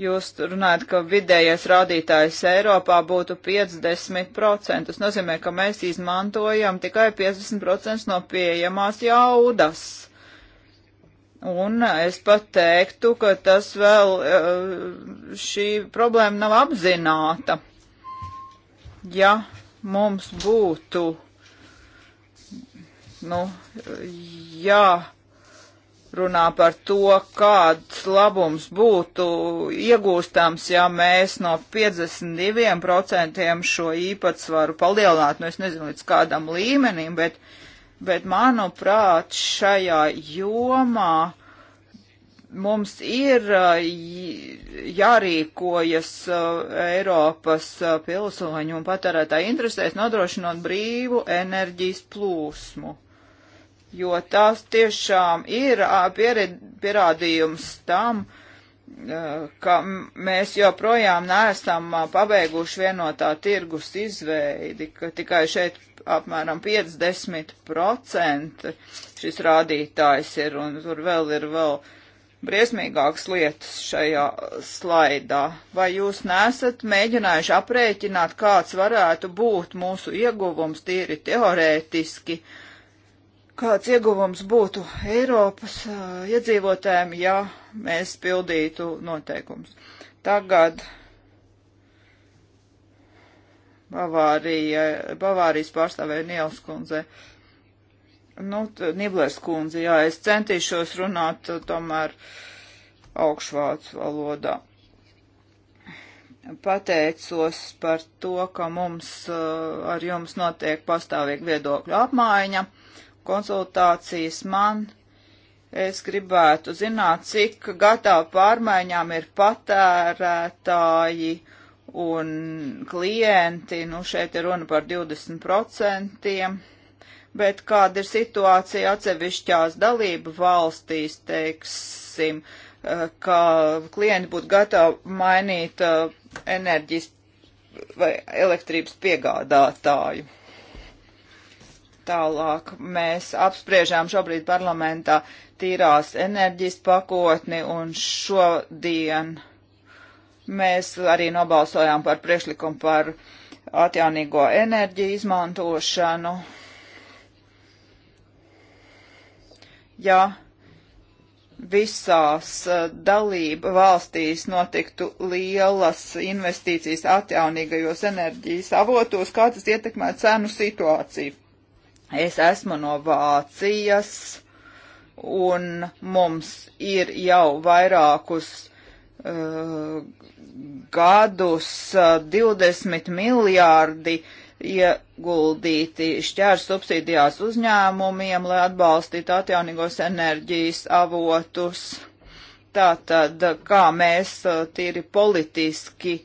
Jūs runājat, ka vidējais rādītājs Eiropā būtu 50%. Tas nozīmē, ka mēs izmantojam tikai 50% no pieejamās jaudas. Un es pat teiktu, ka tas vēl eh, šī problēma nav apzināta. Ja mums būtu, nu, jārunā par to, kāds labums būtu iegūstams, ja mēs no 52% šo īpatsvaru palielinātu, nu, es nezinu, līdz kādam līmenim, bet uh, bet manuprāt šajā jomā mums ir uh, jārīkojas uh, Eiropas uh, pilsoņu un patērētāju interesēs nodrošinot brīvu enerģijas plūsmu, jo tas tiešām ir pierādījums tam, uh, ka mēs joprojām neesam pabeiguši vienotā tirgus izveidi, ka tikai šeit apmēram 50% šis rādītājs ir, un tur vēl ir vēl briesmīgākas lietas šajā slaidā. Vai jūs nesat mēģinājuši aprēķināt, kāds varētu būt mūsu ieguvums tīri teorētiski? Kāds ieguvums būtu Eiropas uh, iedzīvotājiem, ja mēs pildītu noteikumus. Tagad Bavārija, Bavārijas pārstāvēja Niels kundze. Nu, Niblers kundze, jā, es centīšos runāt uh, tomēr augšvācu valodā pateicos par to, ka mums uh, ar jums notiek pastāvīgi viedokļu apmaiņa, konsultācijas man Es gribētu zināt, cik gatavi pārmaiņām ir patērētāji un klienti. Nu, šeit ir runa par 20%, bet kāda ir situācija atsevišķās dalību valstīs, teiksim, ka klienti būtu gatavi mainīt uh, enerģijas vai elektrības piegādātāju. Tālāk mēs apspriežām šobrīd parlamentā tīrās enerģijas pakotni un šodien mēs arī nobalsojām par priekšlikumu par atjaunīgo enerģiju izmantošanu. Ja visās eh, dalība valstīs notiktu lielas investīcijas atjaunīgajos enerģijas avotos, kā tas ietekmē cenu situāciju. Es esmu no Vācijas un mums ir jau vairākus uh, gadus uh, 20 miljārdi ieguldīti šķērs subsīdijās uzņēmumiem, lai atbalstītu atjaunīgos enerģijas avotus. Tātad, kā mēs uh, tīri politiski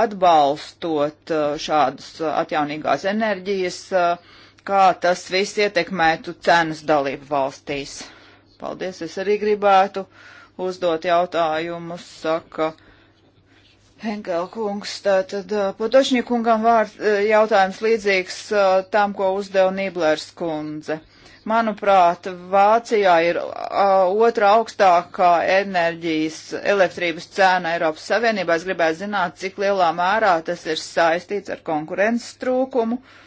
atbalstot uh, šādas uh, atjaunīgās enerģijas, uh, kā tas viss ietekmētu cenas dalību valstīs. Paldies, es arī gribētu uzdot jautājumus, saka Henkel kungs. Tātad Potošņikungam vārds jautājums līdzīgs tam, ko uzdeva Niblers kundze. Manuprāt, Vācijā ir a, otra augstākā enerģijas elektrības cēna Eiropas Savienībā. Es gribētu zināt, cik lielā mērā tas ir saistīts ar konkurences trūkumu. Uh,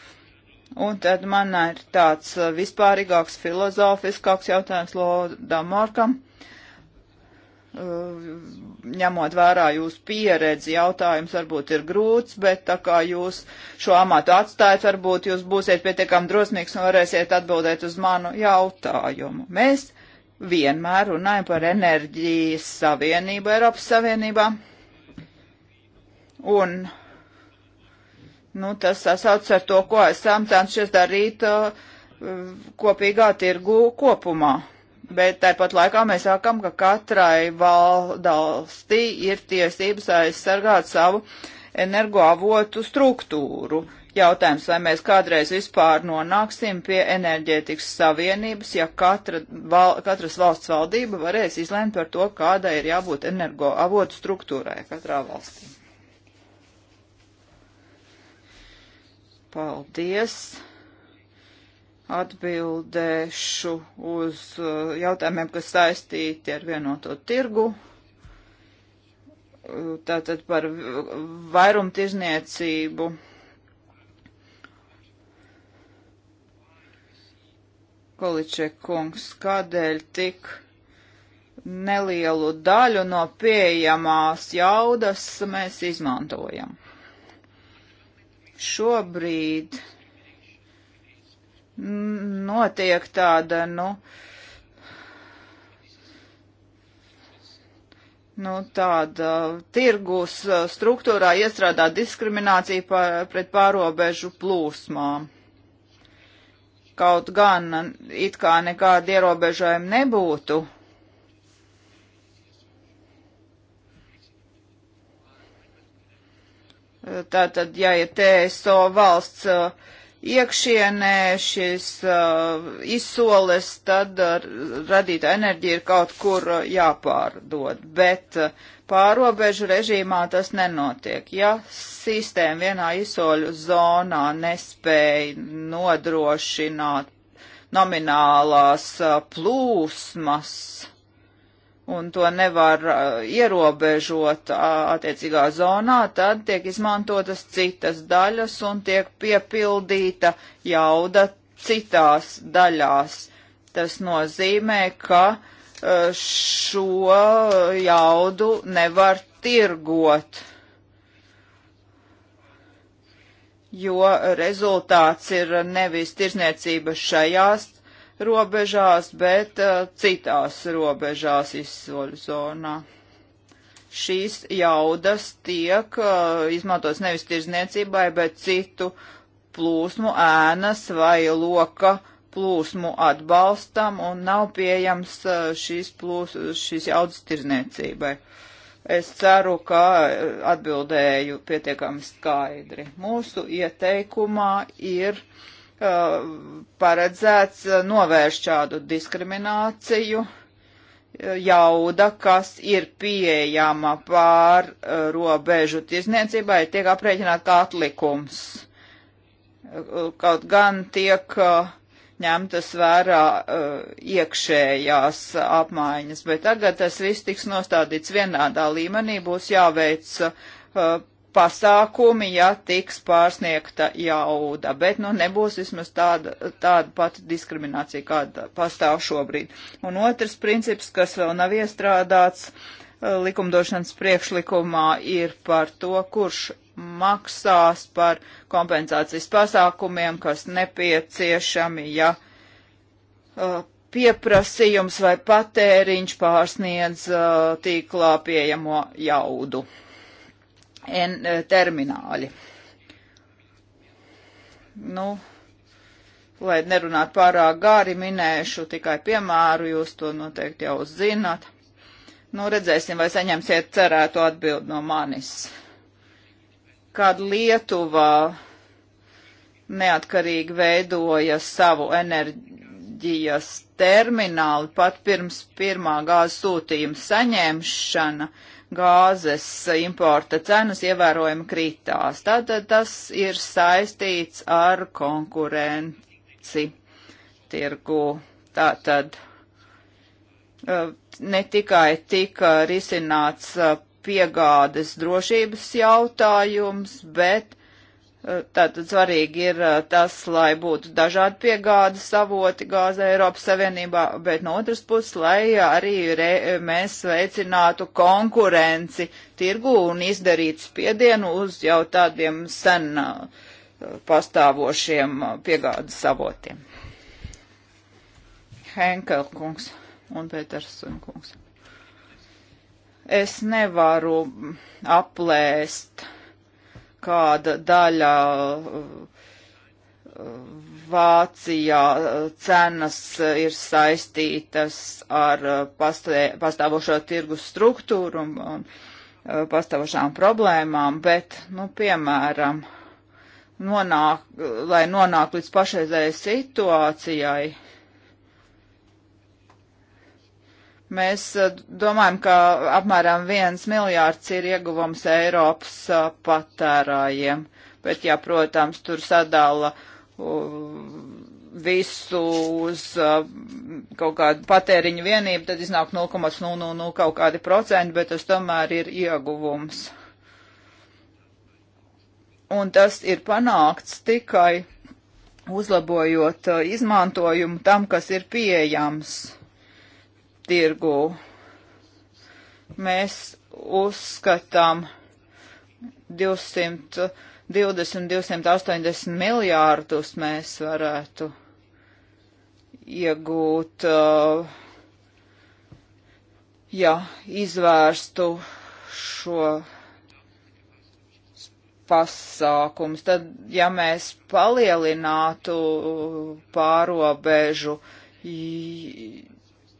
Un tad man ir tāds uh, vispārīgāks filozofiskāks jautājums Lodam Morkam. Uh, ņemot vērā jūsu pieredzi, jautājums varbūt ir grūts, bet tā kā jūs šo amatu atstājat, varbūt jūs būsiet pietiekami drosmīgs un varēsiet atbildēt uz manu jautājumu. Mēs vienmēr runājam par enerģijas savienību Eiropas Savienībā. Un Nu, tas sasauc ar to, ko esam cenšies darīt uh, kopīgā tirgu kopumā. Bet tāpat laikā mēs sākam, ka katrai valstī ir tiesības aizsargāt savu energoavotu struktūru. Jautājums, vai mēs kādreiz vispār nonāksim pie enerģētikas savienības, ja katra, val, katras valsts valdība varēs izlēmt par to, kādai ir jābūt energoavotu struktūrai katrā valstī. Paldies! Atbildēšu uz uh, jautājumiem, kas saistīti ar vienoto tirgu. Uh, tātad par vairumtirzniecību. Količek kungs, kādēļ tik nelielu daļu no pieejamās jaudas mēs izmantojam šobrīd notiek tāda, nu, nu tāda tirgus struktūrā iestrādā diskriminācija par, pret pārobežu plūsmām. Kaut gan it kā nekāda ierobežojuma nebūtu Tātad, ja ir TSO valsts uh, iekšienē šis uh, izsoles, tad uh, radīta enerģija ir kaut kur jāpārdod, bet pārobežu režīmā tas nenotiek. Ja sistēma vienā izsoļu zonā nespēja nodrošināt nominālās plūsmas, un to nevar uh, ierobežot uh, attiecīgā zonā, tad tiek izmantotas citas daļas un tiek piepildīta jauda citās daļās. Tas nozīmē, ka uh, šo jaudu nevar tirgot, jo rezultāts ir nevis tirzniecība šajās robežās, bet uh, citās robežās izsoļu zonā. Šīs jaudas tiek uh, izmantotas nevis tirzniecībai, bet citu plūsmu ēnas vai loka plūsmu atbalstam un nav pieejams uh, šīs, plūs, šīs jaudas tirzniecībai. Es ceru, ka uh, atbildēju pietiekami skaidri. Mūsu ieteikumā ir uh, paredzēts eh, novērst šādu diskrimināciju eh, jauda, kas ir pieejama pār eh, robežu tirzniecībai, tiek aprēķināta kā atlikums. Kaut gan tiek ņemtas vērā iekšējās apmaiņas, bet tagad tas viss tiks nostādīts vienādā līmenī, būs jāveic pasākumi, ja tiks pārsniegta jauda, bet nu nebūs vismaz tāda, tāda pati diskriminācija, kāda pastāv šobrīd. Un otrs princips, kas vēl nav iestrādāts eh, likumdošanas priekšlikumā, ir par to, kurš maksās par kompensācijas pasākumiem, kas nepieciešami, ja eh, pieprasījums vai patēriņš pārsniedz eh, tīklā pieejamo jaudu. E, termināļi. Nu, lai nerunātu pārāk gāri, minēšu tikai piemēru, jūs to noteikti jau zināt. Nu, redzēsim, vai saņemsiet cerēto atbildi no manis. Kad Lietuvā neatkarīgi veidoja savu enerģijas termināli, pat pirms pirmā gāzes sūtījuma saņemšana, uh, gāzes importa cenas ievērojami kritās. Tātad tas ir saistīts ar konkurenci tirgu. Tātad eh, ne tikai tika risināts eh, piegādes drošības jautājums, bet Tātad svarīgi ir tas, lai būtu dažādi piegādes avoti gāze Eiropas Savienībā, bet no otras puses, lai arī re, mēs veicinātu konkurenci tirgu un izdarītu spiedienu uz jau tādiem sen pastāvošiem piegādes avotiem. Henkel kungs un Petersen kungs. Es nevaru aplēst kāda daļa uh, Vācijā uh, cenas ir saistītas ar uh, pastāvošo tirgus struktūru un, un pastāvošām problēmām, bet, nu, piemēram, nonāk, lai nonāk līdz pašreizējai situācijai, Mēs eh, domājam, ka apmēram viens miljārds ir ieguvums Eiropas eh, patērājiem, bet, jā, protams, tur sadala visu uz eh, kaut kādu patēriņu vienību, tad iznāk 0,00 nu, nu, nu, kaut kādi procenti, bet tas tomēr ir ieguvums. Un tas ir panākts tikai uzlabojot izmantojumu tam, kas ir pieejams tirgū. Mēs uzskatām 220, 280 miljārdus mēs varētu iegūt, uh, ja izvērstu šo pasākums, tad, ja mēs palielinātu pārobežu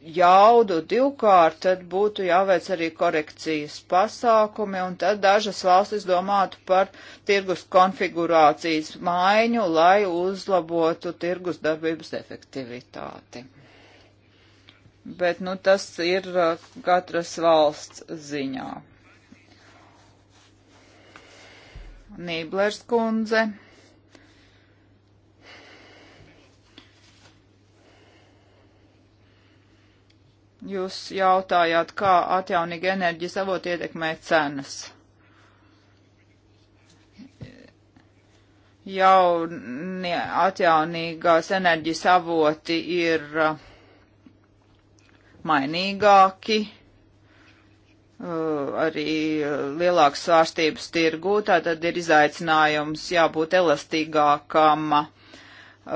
jaudu divkārt, tad būtu jāveic arī korekcijas pasākumi, un tad dažas valstis domātu par tirgus konfigurācijas maiņu, lai uzlabotu tirgus darbības efektivitāti. Bet, nu, tas ir uh, katras valsts ziņā. Nīblers kundze. Jūs jautājāt, kā atjaunīgi enerģijas avot ietekmē cenas. Jaunie atjaunīgās enerģijas avoti ir uh, mainīgāki, Uh, arī uh, lielākas svārstības tirgū, tātad ir izaicinājums jābūt elastīgākam uh,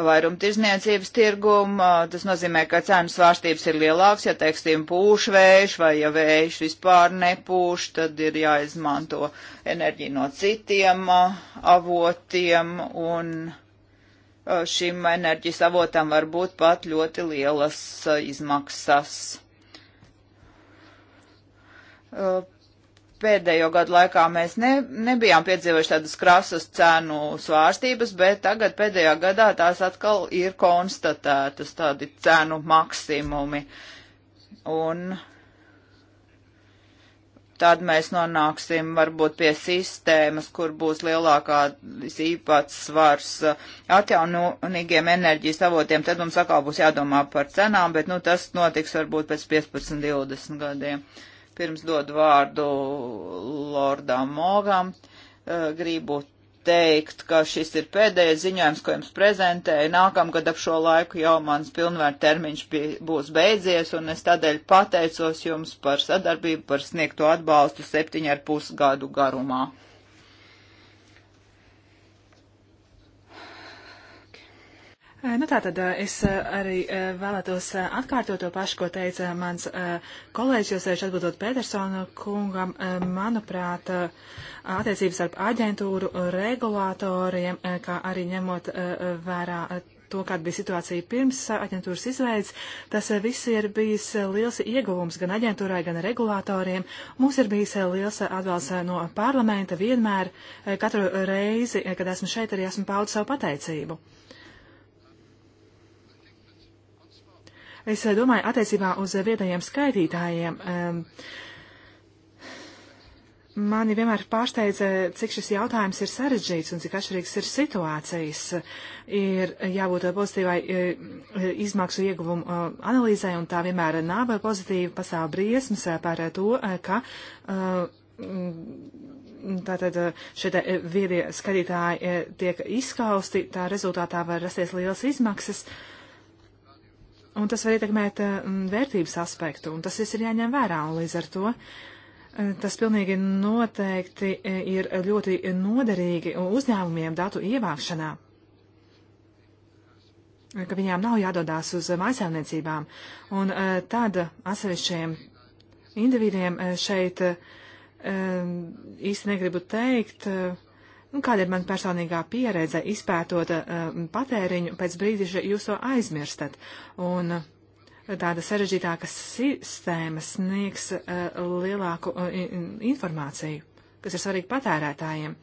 vairumtirzniecības tirgumu. Tas nozīmē, ka cenu svārstības ir lielāks, ja tekstīm pūš vējš vai ja vējš vispār nepūš, tad ir jāizmanto enerģija no citiem avotiem un šim enerģijas avotam var būt pat ļoti lielas izmaksas pēdējo gadu laikā mēs ne, nebijām piedzīvojuši tādas krasas cenu svārstības, bet tagad pēdējā gadā tās atkal ir konstatētas tādi cenu maksimumi. Un tad mēs nonāksim varbūt pie sistēmas, kur būs lielākā īpatsvars atjaunīgiem enerģijas avotiem, tad mums atkal būs jādomā par cenām, bet nu, tas notiks varbūt pēc 15-20 gadiem. Uh, Pirms dodu vārdu Lordam Mogam, e, gribu teikt, ka šis ir pēdējais ziņojums, ko jums prezentēju. Nākamgad ap šo laiku jau mans pilnvērt termiņš bija, būs beidzies, un es tādēļ pateicos jums par sadarbību, par sniegto atbalstu septiņu ar pusgadu garumā. Eh, nu, tātad eh, es eh, arī vēlētos atkārtot to pašu, ko teica mans kolēģis, jo sevišķi atbildot Petersona kungam, manuprāt, attiecības ar aģentūru regulātoriem, kā arī ņemot vērā to, kāda bija situācija pirms aģentūras izveids, tas viss ir bijis liels ieguvums gan aģentūrai, gan regulātoriem. Mums ir bijis liels atbalsts no parlamenta vienmēr, katru reizi, kad esmu šeit, arī esmu paudu savu pateicību. Es eh, domāju, attiecībā uz eh, vietējiem skaitītājiem. Um, Mani vienmēr pārsteidz, eh, cik šis jautājums ir sarežģīts un cik atšķirīgs ir situācijas. Ir jābūt pozitīvai izmaksu ieguvumu analīzē, un tā vienmēr nav pozitīva. Pastāv briesmas par to, ka mm, tātad šie viedie skatītāji tiek izskausti, tā rezultātā var rasties lielas izmaksas. Uh, un tas var ietekmēt eh, vērtības aspektu, un tas viss ir jāņem vērā, un līdz ar to eh, tas pilnīgi noteikti eh, ir ļoti noderīgi uzņēmumiem datu ievākšanā ka viņām nav jādodās uz mājasēmniecībām, un tad atsevišķiem individiem šeit īsti negribu teikt, uh, Un kāda ir man personīgā pieredze izpētot uh, patēriņu, pēc brīdiša jūs to aizmirstat. Un uh, tāda sarežģītāka sistēma sniegs uh, lielāku uh, informāciju, kas ir svarīga patērētājiem.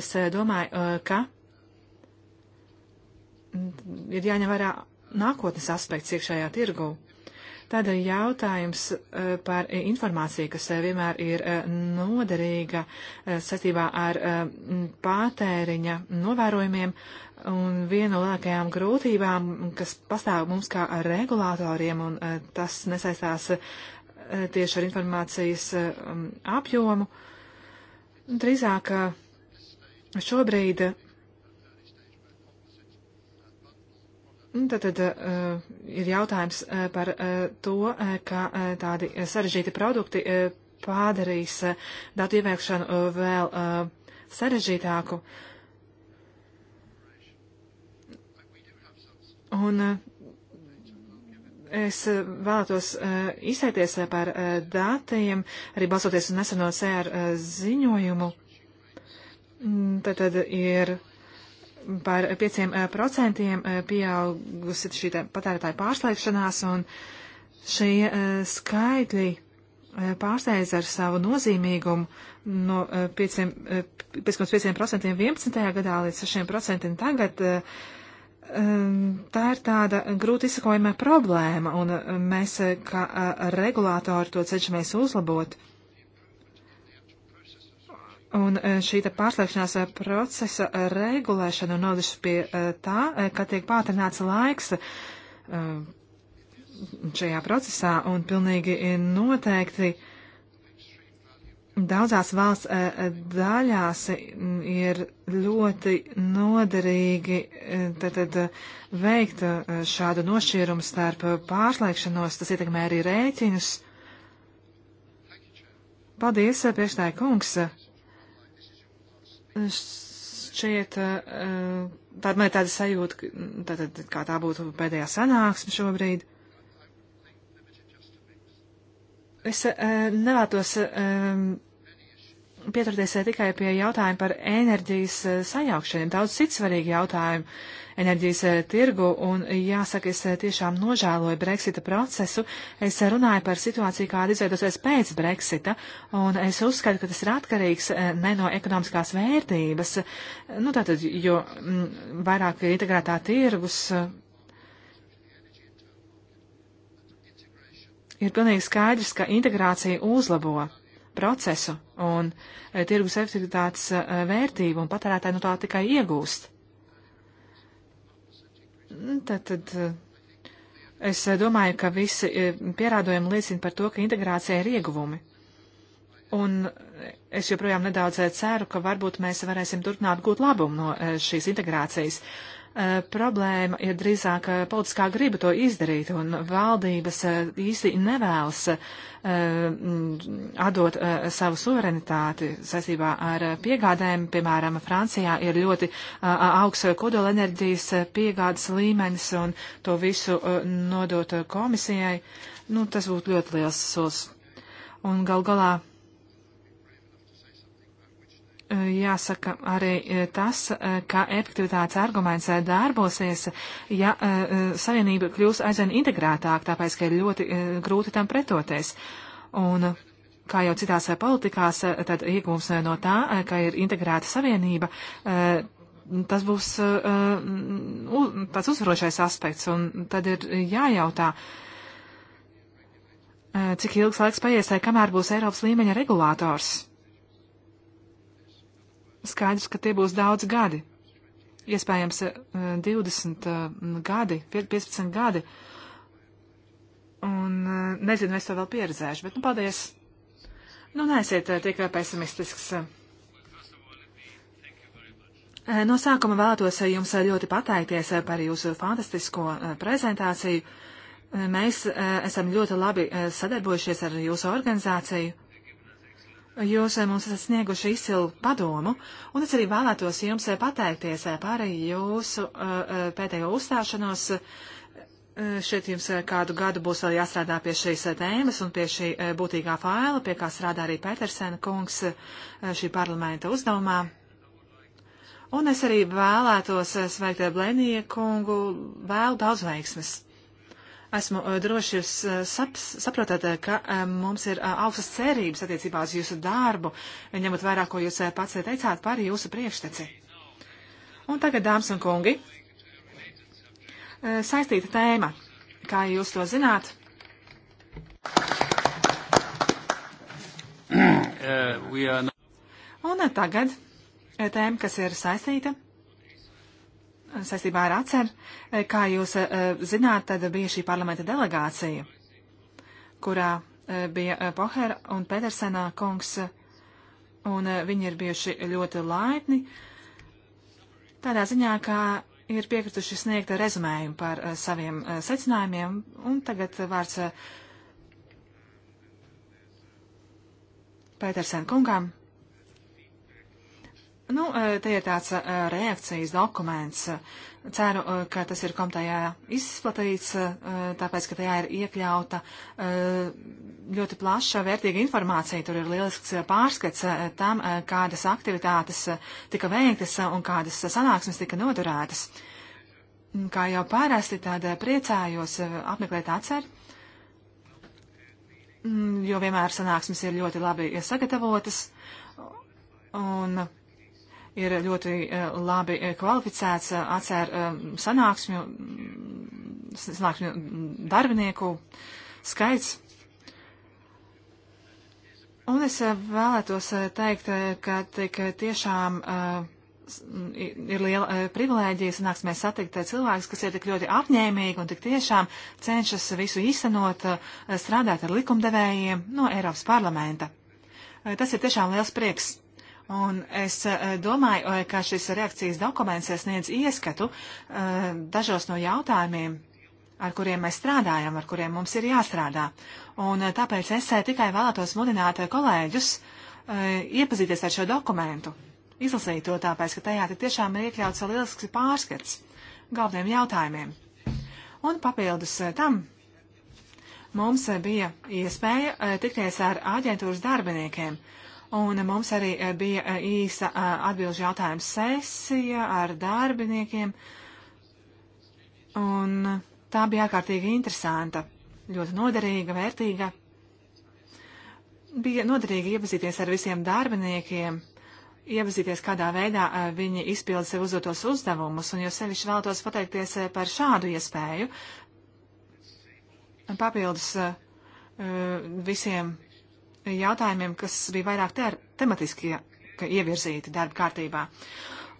Es uh, domāju, uh, ka mm, ir jāņem vērā nākotnes aspekts iekšējā tirgū. Tad jautājums eh, par informāciju, kas eh, vienmēr ir eh, noderīga saistībā ar pātēriņa novērojumiem un viena no lielākajām grūtībām, kas pastāv mums kā regulātoriem, un tas nesaistās tieši ar informācijas apjomu. Drīzāk šobrīd Nu, tad, tad uh, ir jautājums uh, par uh, to, uh, kā uh, tādi sarežģīti produkti uh, padarīs uh, datu ievākšanu uh, vēl uh, sarežģītāku. Un uh, es vēlētos uh, izteikties par uh, datiem, arī balsoties uz neseno sēru uh, ziņojumu. Mm, tad, tad ir par 5% eh, eh, pieaugusi šī patērētāja pārslēgšanās, un šie eh, skaitļi pārsteidz ar savu nozīmīgumu no 5,5% 11. gadā līdz 6% tagad. Tā ir tāda grūti izsakojama problēma, un mēs kā regulātori to cenšamies uzlabot. Un e, šī pārslēgšanās e, procesa e, regulēšana novis pie tā, ka tiek pātrināts laiks šajā procesā un pilnīgi noteikti daudzās valsts daļās ir ļoti noderīgi tad, veikt šādu nošķīrumu starp pārslēgšanos, tas ietekmē arī rēķinus. Paldies, priekšstāja kungs! šeit eh, tāda, man ir tāda sajūta, nu, tātad, kā tā būtu pēdējā sanāksme šobrīd. Es eh, nevētos eh, pieturties eh, tikai pie jautājuma par enerģijas eh, sajaukšanu. Daudz cits svarīgi jautājumi enerģijas eh, tirgu, un jāsaka, es tiešām nožēloju Brexita procesu. Es runāju par situāciju, kāda izveidosies pēc Brexita, un es uzskatu, ka tas ir atkarīgs ne no ekonomiskās vērtības, nu tātad, jo m, mm, vairāk ir integrētā tirgus. Ir pilnīgi skaidrs, ka integrācija uzlabo procesu un e, tirgus efektivitātes e, vērtību, un patērētāji no tā tikai iegūst. Nu, tad, tad e, es domāju, ka visi pierādojumi liecina par to, ka integrācija ir ieguvumi. Un es joprojām nedaudz ceru, ka varbūt mēs varēsim turpināt gūt labumu no šīs integrācijas. Uh, Eh, problēma ir drīzāk eh, politiskā griba to izdarīt, un valdības eh, īsti nevēlas mm, atdot savu suverenitāti saistībā ar piegādēm. Piemēram, Francijā ir ļoti augsts kodolenerģijas piegādes līmenis, un to visu nodot komisijai, nu, tas būtu ļoti liels solis. Un gal galā Jāsaka arī e, tas, e, ka efektivitātes arguments e, darbosies, ja savienība kļūs aizvien integrētāk, tāpēc, ka ir ļoti grūti tam pretoties. Un, kā jau citās politikās, tad iegūms no tā, ka ir integrēta savienība, tas būs tāds uzvarošais aspekts, un tad ir jājautā, cik ilgs laiks paies, kamēr būs Eiropas līmeņa regulators skaidrs, ka tie būs daudz gadi. Iespējams, 20 eh, eh, gadi, 15 gadi. Un eh, nezinu, es to vēl pieredzēšu, bet nu paldies. Nu, neesiet tik pesimistisks. No sākuma vēlētos jums ļoti pateikties par jūsu fantastisko prezentāciju. Mēs esam ļoti labi sadarbojušies ar jūsu organizāciju. Jūs eh, mums esat snieguši izcilu padomu, un es arī vēlētos jums eh, pateikties eh, par jūsu pēdējo uzstāšanos. Šeit jums kādu gadu būs vēl jāstrādā pie šīs tēmas un pie šī būtīgā faila, pie kā strādā arī Petersena kungs šī parlamenta uzdevumā. Un es arī vēlētos sveikt Blenija kungu, vēl daudz veiksmes! Esmu eh, droši jūs eh, sap, saprotat, ka eh, mums ir augstas cerības attiecībā uz jūsu darbu, ņemot vērā, ko jūs pats teicāt par jūsu priekšteci. Un tagad, dāmas un kungi, saistīta tēma. Kā jūs to zināt? [clears throat] Uh, un tagad tēma, kas ir saistīta saistībā ar atceru. Eh, kā jūs eh, zināt, tad bija šī parlamenta delegācija, kurā eh, bija Pohera un Pedersenā kungs, un viņi ir bijuši ļoti laipni. Tādā ziņā, ka ir piekrituši sniegt rezumējumu par saviem secinājumiem, un tagad vārds Pētersen kungām. Nu, e, te ir tāds e, reakcijas dokuments. Ceru, e, ka tas ir komitejā izplatīts, tāpēc, ka tajā ir iekļauta ļoti plaša, vērtīga informācija. Tur ir lielisks pārskats tam, kādas aktivitātes tika veiktas un kādas sanāksmes tika noturētas. Kā jau parasti, tad priecājos apmeklēt atceru. Mm, jo vienmēr sanāksmes ir ļoti labi sagatavotas. Un ir ļoti eh, labi eh, kvalificēts eh, atcer sanāksmju, sanāksmju darbinieku skaits. Un es vēlētos teikt, ka tik tiešām ir liela privilēģija sanāksmē satikt cilvēkus, kas ir tik ļoti apņēmīgi un tik tiešām cenšas visu īstenot, strādāt ar likumdevējiem no Eiropas parlamenta. Tas ir tiešām liels prieks. Un es e, domāju, e, ka šis reakcijas dokuments e, sniedz ieskatu dažos no jautājumiem, ar kuriem mēs strādājam, ar kuriem mums ir jāstrādā. Un tāpēc es tikai vēlētos mudināt kolēģus iepazīties ar šo dokumentu, izlasīt to tāpēc, ka tajā tiešām ir iekļauts lielisks pārskats galveniem jautājumiem. Un papildus tam mums bija iespēja tikties ar aģentūras darbiniekiem Un mums arī eh, bija eh, īsa eh, atbilžu jautājumu sesija ar darbiniekiem. Un tā bija ārkārtīgi interesanta, ļoti noderīga, vērtīga. Bija noderīgi iepazīties ar visiem darbiniekiem, iepazīties, kādā veidā viņi izpilda sev uzdotos uzdevumus, un jo sevišķi vēlētos pateikties par šādu iespēju. Papildus visiem jautājumiem, kas bija vairāk te tematiski ievirzīti darba kārtībā.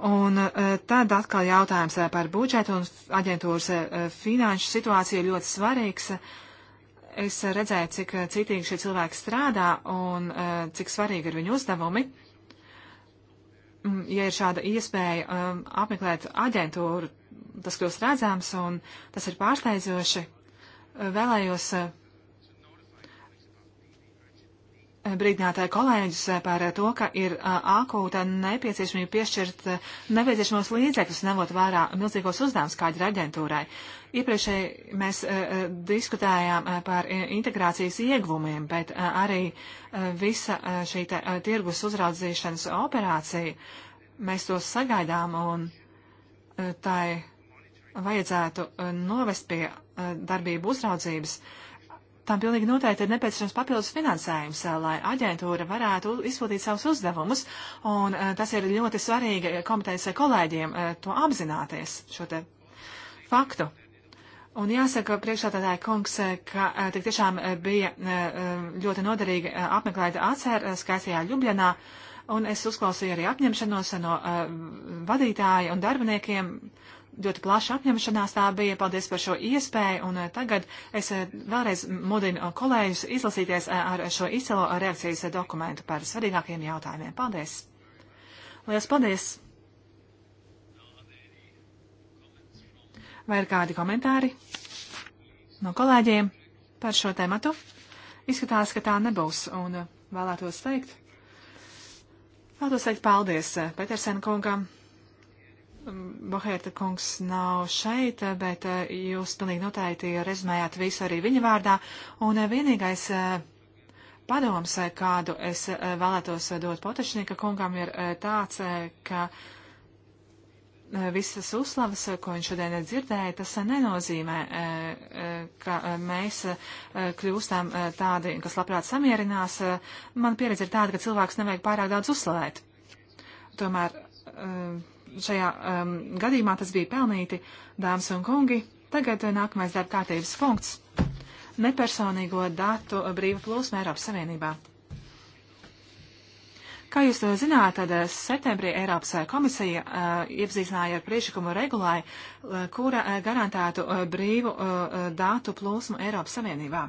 Un e, tad atkal jautājums e, par budžetu un aģentūras e, finanšu situāciju ļoti svarīgs. Es redzēju, cik citīgi šie cilvēki strādā un cik svarīgi ir viņu uzdevumi. Ja ir šāda iespēja apmeklēt aģentūru, tas kļūst redzams un tas ir pārsteidzoši. Vēlējos brīdināt kolēģus par to, ka ir akūta nepieciešamība piešķirt nepieciešamos līdzekļus, nevot vērā milzīgos uzdevumus kādu aģentūrai. Iepriekšēji mēs diskutējām par integrācijas ieguvumiem, bet arī visa šī te, tirgus uzraudzīšanas operācija, mēs to sagaidām un tai vajadzētu novest pie darbību uzraudzības tam pilnīgi noteikti ir nepieciešams papildus finansējums, eh, lai aģentūra varētu izpildīt savus uzdevumus, un eh, tas ir ļoti svarīgi komitejas kolēģiem eh, to apzināties, šo te faktu. Un jāsaka, priekšstādātāja kungs, ka tik tiešām bija ļoti noderīgi apmeklēt atcer skaistajā Ljubljanā, un es uzklausīju arī apņemšanos no vadītāja un darbiniekiem, ļoti plaša apņemšanās tā bija. Paldies par šo iespēju. Un eh, tagad es eh, vēlreiz mudinu eh, kolēģus izlasīties ar šo izcilo reakcijas dokumentu par svarīgākajiem jautājumiem. Paldies! Lielas paldies! Vai ir kādi komentāri no kolēģiem par šo tematu? Izskatās, ka tā nebūs. Un vēlētos teikt, vēlētos teikt paldies Petersen kungam Bohērta kungs nav šeit, bet eh, jūs pilnīgi noteikti rezumējāt visu arī viņa vārdā. Un eh, vienīgais eh, padoms, kādu es vēlētos dot Potešnika kungam, ir tāds, ka visas uzslavas, ko viņš šodien dzirdēja, tas nenozīmē, ka mēs kļūstam tādi, kas labprāt samierinās. Man pieredze ir tāda, ka cilvēks nevajag pārāk daudz uzslavēt. Tomēr šajā um, gadījumā tas bija pelnīti, dāmas un kungi. Tagad uh, nākamais darba kārtības punkts - nepersonīgo datu brīva plūsma Eiropas Savienībā. Kā jūs uh, zināt, tad uh, septembrī Eiropas komisija uh, iepazīstināja ar priekšlikumu regulai, uh, kura uh, garantētu uh, brīvu uh, datu plūsmu Eiropas Savienībā.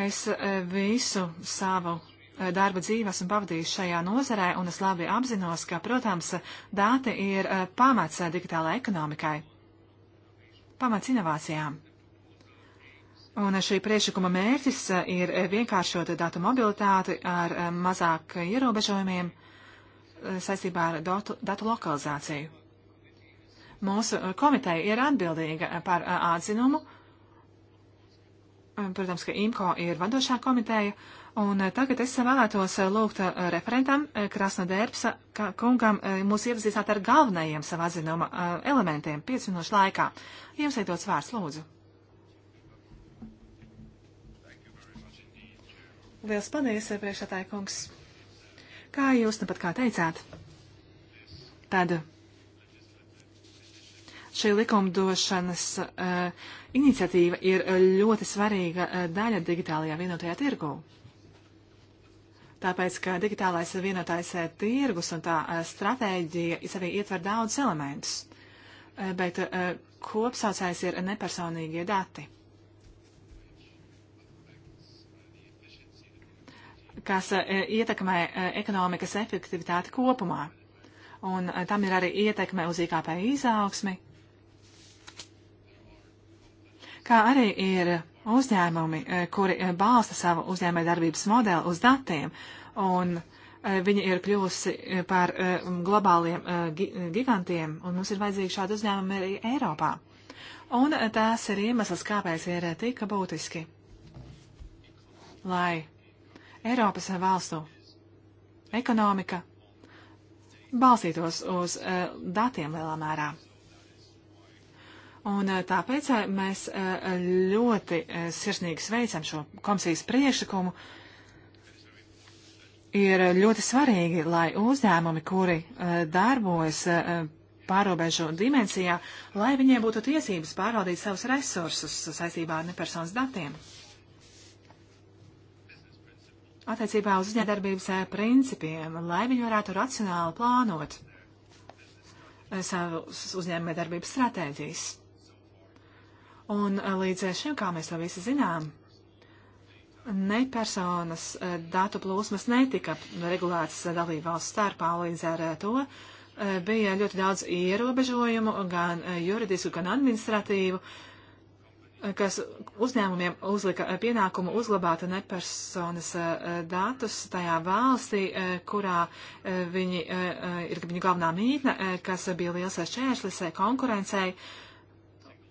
Es uh, visu savu Eh, darba dzīvi esmu pavadījis šajā nozarē, un es labi apzinos, ka, protams, dati ir eh, pamats eh, digitālai ekonomikai, pamats inovācijām. Un šī priekšlikuma mērķis ir vienkāršot datu mobilitāti ar mazāk ierobežojumiem saistībā ar datu, datu lokalizāciju. Mūsu komiteja ir atbildīga par atzinumu. Protams, ka IMCO ir vadošā komiteja, Un eh, tagad es vēlētos eh, lūgt eh, referentam Krasnodērbsa kungam mūs iepazīstināt ar galvenajiem savā zinuma elementiem 5 minūšu laikā. Jums ir dots vārds, lūdzu. Liels paldies, priekšētāji kungs. Kā jūs tepat nu kā teicāt, tad šī likumdošanas uh, iniciatīva ir ļoti svarīga uh, daļa digitālajā vienotajā tirgū. Uh, Tāpēc, ka digitālais vienotājs eh, tirgus un tā eh, stratēģija sevī ietver daudz elementus, eh, bet kopsaucējs ir nepersonīgie dati, kas ietekmē ekonomikas efektivitāti kopumā. Un tam ir arī ietekme uz IKP izaugsmi, kā arī ir uzņēmumi, e, kuri e, balsta savu uzņēmē darbības modeli uz datiem, un e, viņa ir kļuvusi par globāliem gigantiem, un mums ir vajadzīgi šādi uzņēmumi arī Eiropā. Un tās ir iemesls, kāpēc ir tika būtiski, lai Eiropas valstu ekonomika balstītos uz datiem lielā mērā. Un eh, tāpēc eh, mēs eh, ļoti sirsnīgi sveicam šo komisijas priekšlikumu. Ir ļoti svarīgi, lai uzņēmumi, kuri darbojas pārobežu dimensijā, lai viņiem būtu tiesības pārvaldīt savus resursus saistībā ar nepersonas datiem. Attiecībā uz uzņēmdarbības principiem, lai viņi varētu racionāli plānot savus uzņēmē darbības stratēģijas. Un eh, līdz eh, šim, kā mēs to visi zinām, ne personas eh, datu plūsmas netika regulētas dalību valsts starpā līdz ar to. Bija ļoti daudz ierobežojumu, gan juridisku, gan administratīvu, kas uzņēmumiem uzlika pienākumu uzglabāt nepersonas datus tajā valstī, kurā viņi ir viņu galvenā mītne, kas bija liels šķēršlis konkurencei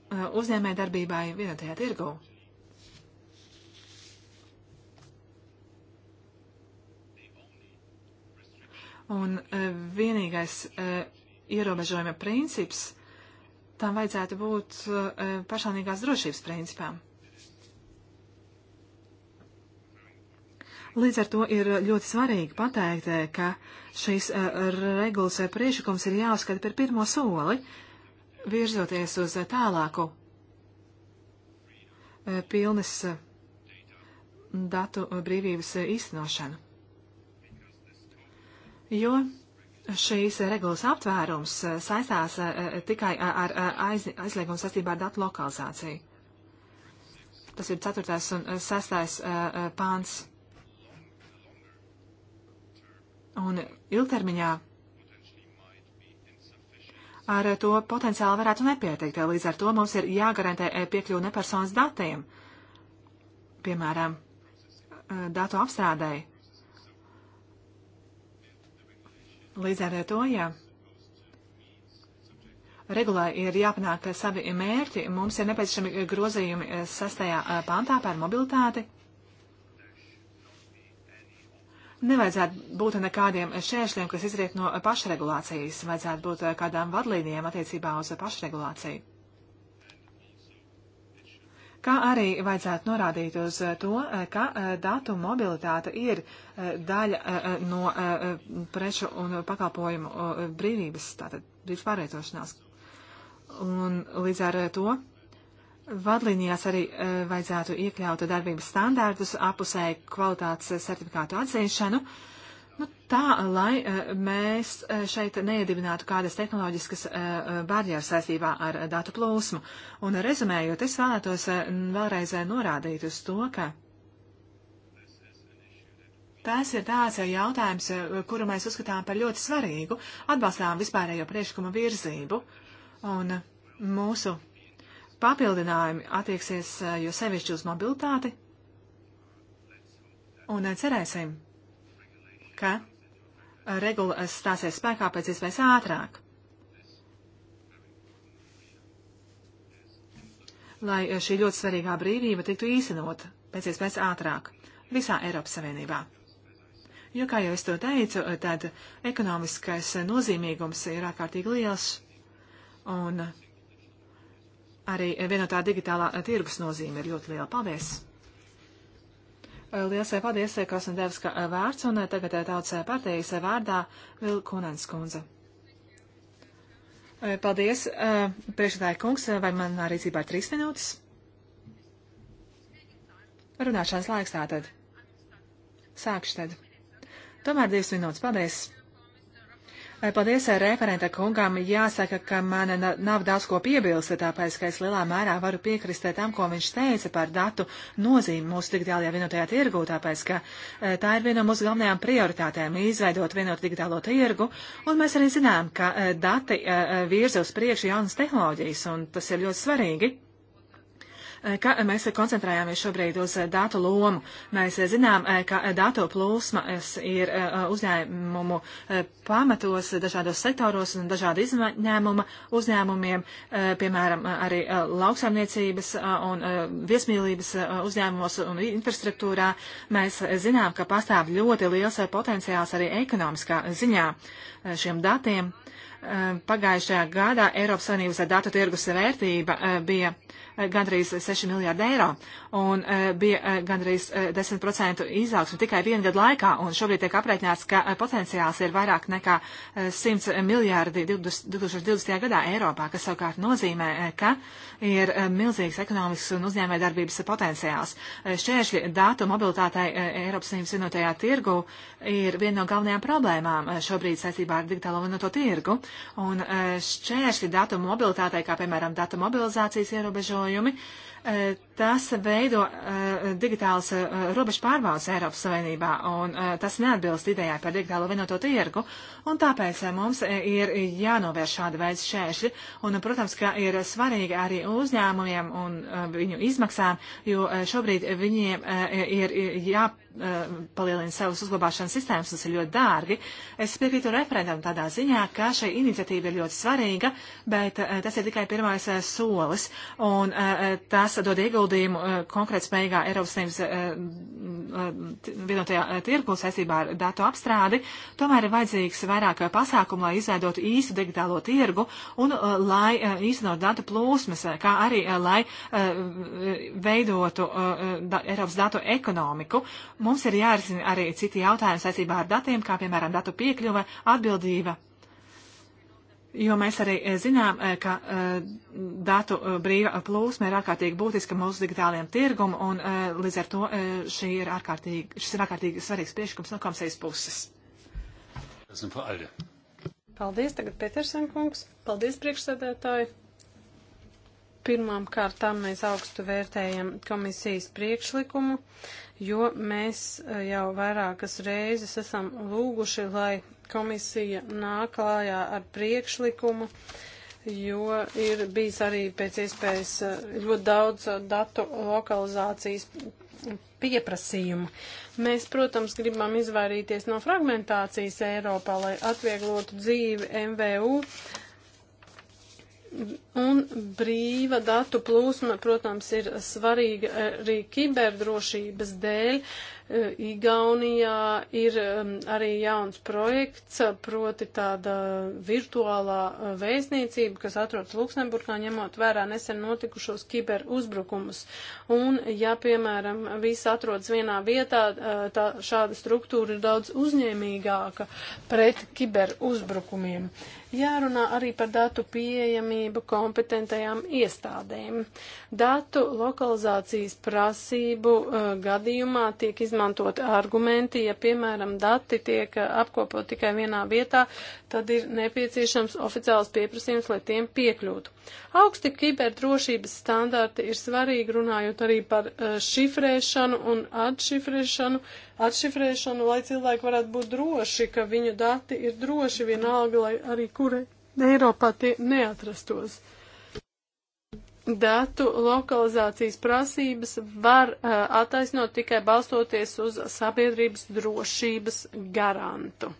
Uh, uzņēmē darbībai vienotajā tirgū. Un uh, vienīgais uh, ierobežojuma princips tam vajadzētu būt personīgās drošības principām. Līdz ar to ir ļoti svarīgi pateikt, eh, ka šīs regulas eh, priekšlikums ir jāuzskata par pirmo soli, uh, Virzoties uz tālāku e, pilnas e, datu brīvības e, īstenošanu. Jo Šīs regulas aptvērums saistās tikai ar aiz, aizliegumu saistībā ar datu lokalizāciju. Tas ir 4. un 6. pāns. Un ilgtermiņā ar to potenciāli varētu nepietikt. Līdz ar to mums ir jāgarantē e, piekļuva nepersonas datiem, piemēram, e, datu apstrādēji. Līdz ar to, ja regulai ir jāpanāk savi mērķi, mums ir nepieciešami grozījumi sastajā e, pantā par mobilitāti. Nevajadzētu būt nekādiem šķēršļiem, kas izriet no pašregulācijas, vajadzētu būt eh, kādām vadlīnijām attiecībā uz pašregulāciju. Kā arī vajadzētu norādīt uz eh, to, eh, ka datu mobilitāte ir daļa no preču un pakalpojumu brīvības, tātad brīvas pārvietošanās. Un līdz ar to Vadlīnijās arī e, vajadzētu iekļaut darbības standārtus, apusēju kvalitātes certifikātu atzīšanu, nu, tā, lai e, mēs e, šeit neiedibinātu kādas tehnoloģiskas barjeras saistībā ar datu plūsmu. Un rezumējot, es vēlētos vēlreiz norādīt uz to, ka Tas ir tāds jautājums, kuru mēs uzskatām par ļoti svarīgu, atbalstām vispārējo priekšlikuma virzību. Un mūsu papildinājumi attieksies eh, jo sevišķi uz mobilitāti. Un eh, cerēsim, ka eh, regula stāsies spēkā pēc iespējas ātrāk. Lai šī ļoti svarīgā brīvība tiktu īstenot pēc iespējas ātrāk visā Eiropas Savienībā. Jo, kā jau es to teicu, tad ekonomiskais nozīmīgums ir ārkārtīgi liels. Un arī vienotā digitālā tirgus nozīme ir ļoti liela. Paldies! Liels paldies, Krasnodevska vārds, un tagad tautas partijas vārdā Vilkunens kundze. Paldies, priekšsēdāja kungs, vai man rīcībā ir trīs minūtes? Runāšanas laiks tātad. Sākšu tad. Tomēr divas minūtes, paldies. Paldies eh, referenta kungām. Jāsaka, ka man nav daudz ko piebilst, tāpēc, ka es lielā mērā varu piekrist tam, ko viņš teica par datu nozīmi mūsu digitālajā vienotajā tirgū, tāpēc, ka eh, tā ir viena no mūsu galvenajām prioritātēm - izveidot vienotu digitālo tirgu. Un mēs arī zinām, ka eh, dati virza uz priekšu jaunas tehnoloģijas, un tas ir ļoti svarīgi. Eh, ka mēs koncentrējāmies šobrīd uz eh, datu lomu. Mēs eh, zinām, ka datu plūsmas ir uzņēmumu pamatos dažādos sektoros un dažādi izņēmuma uzņēmumiem, piemēram, arī lauksaimniecības un viesmīlības uzņēmumos un infrastruktūrā. Mēs zinām, ka pastāv ļoti liels potenciāls arī ekonomiskā ziņā šiem datiem. Pagājušajā gadā Eiropas Savienības datu tirgus vērtība bija Eh, gandrīz 6 miljārdi eiro un eh, bija eh, gandrīz 10% izaugsme tikai vienu gadu laikā, un šobrīd tiek aprēķināts, ka potenciāls ir vairāk nekā 100 miljārdi 2020. gadā Eiropā, kas savukārt nozīmē, ka ir milzīgs ekonomisks un uzņēmējdarbības potenciāls. Šķēršļi datu mobilitātei Eiropas Savienības vienotajā tirgu ir viena no galvenajām problēmām šobrīd saistībā ar digitālo vienoto tirgu, un šķēršļi datu mobilitātei, kā piemēram datu mobilizācijas ierobežojumi, ziņojumi. Eh, tas veido uh, digitālas uh, robežu pārvaldes Eiropas Savienībā, un uh, tas neatbilst idejai par digitālo vienoto tirgu, un tāpēc uh, mums ir jānovērš šāda veida šķēršļi, un, uh, protams, ka ir svarīgi arī uzņēmumiem un uh, viņu izmaksām, jo uh, šobrīd viņiem uh, ir jā palielina savas uzglabāšanas sistēmas, tas ir ļoti dārgi. Es piekrītu referendam tādā ziņā, ka šī iniciatīva ir ļoti svarīga, bet tas ir tikai pirmais solis, un tas dod ieguldījumu ieguldījumu eh, konkrēt spējīgā Eiropas Savienības eh, eh, vienotajā tirgu saistībā ar datu apstrādi, tomēr ir vajadzīgs vairāk pasākumu, lai izveidotu īstu digitālo tirgu un lai īstenot datu plūsmas, kā arī lai veidotu da, Eiropas datu ekonomiku. Mums ir jārisina arī citi jautājumi saistībā ar datiem, kā piemēram datu piekļuve, atbildība Jo mēs arī eh, zinām, eh, ka eh, datu brīva plūsma ir ārkārtīgi būtiska mūsu digitālajiem tirgumu, un līdz ar to ir šis ir ārkārtīgi svarīgs priekšlikums no komisijas puses. Paldies, tagad Petersen kungs. Paldies, priekšsēdētāji. Pirmām kārtām mēs augstu vērtējam komisijas priekšlikumu, jo mēs jau vairākas reizes esam lūguši, lai komisija nāk klājā ar priekšlikumu, jo ir bijis arī pēc iespējas eh, ļoti daudz eh, datu lokalizācijas pieprasījumu. Mēs, protams, gribam izvairīties no fragmentācijas Eiropā, lai atvieglotu dzīvi MVU. Un brīva datu plūsma, protams, ir svarīga arī kiberdrošības dēļ. Uh, Igaunijā ir um, arī jauns projekts, proti tāda virtuālā uh, vēstniecība, kas atrodas Luksemburgā, ņemot vērā nesen notikušos kiberuzbrukumus. Un, ja, piemēram, viss atrodas vienā vietā, uh, tā, šāda struktūra ir daudz uzņēmīgāka pret kiberuzbrukumiem. Jārunā arī par datu pieejamību kompetentajām iestādēm. Datu lokalizācijas prasību uh, gadījumā tiek izmantot izmantot argumenti, ja, piemēram, dati tiek eh, apkopot tikai vienā vietā, tad ir nepieciešams oficiāls pieprasījums, lai tiem piekļūtu. Augsti kiberdrošības standarti ir svarīgi runājot arī par eh, šifrēšanu un atšifrēšanu, atšifrēšanu, lai cilvēki varētu būt droši, ka viņu dati ir droši vienalga, lai arī kurai Eiropā tie neatrastos datu lokalizācijas prasības var uh, attaisnot tikai balstoties uz sabiedrības drošības garantu.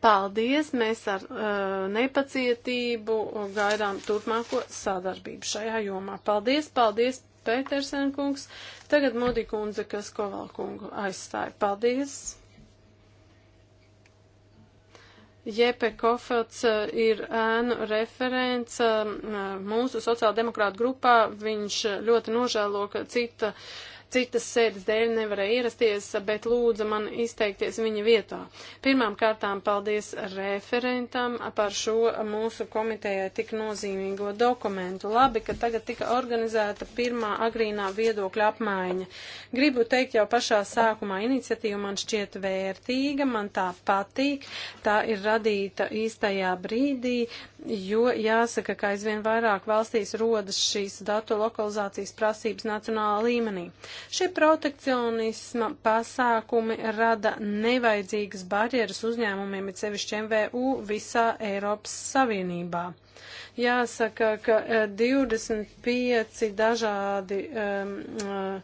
Paldies! Mēs ar uh, nepacietību gaidām turpmāko sadarbību šajā jomā. Paldies! Paldies, Pētersen kungs! Tagad Modi kundze, kas Kovalkungu aizstāja. Paldies! Jepe Kofelds eh, ir ēnu referents eh, eh, mūsu sociāldemokrāta grupā. Viņš ļoti nožēlo, ka cita uh, citas sēdes dēļ nevarēja ierasties, bet lūdza man izteikties viņa vietā. Pirmām kārtām paldies referentam par šo mūsu komitejai tik nozīmīgo dokumentu. Labi, ka tagad tika organizēta pirmā agrīnā viedokļa apmaiņa. Gribu teikt jau pašā sākumā iniciatīva man šķiet vērtīga, man tā patīk, tā ir radīta īstajā brīdī, jo jāsaka, ka aizvien vairāk valstīs rodas šīs datu lokalizācijas prasības nacionālā līmenī. Šie protekcionisma pasākumi rada nevajadzīgas barjeras uzņēmumiem, it sevišķi MVU visā Eiropas Savienībā. Jāsaka, ka 25 e, dažādi. Um,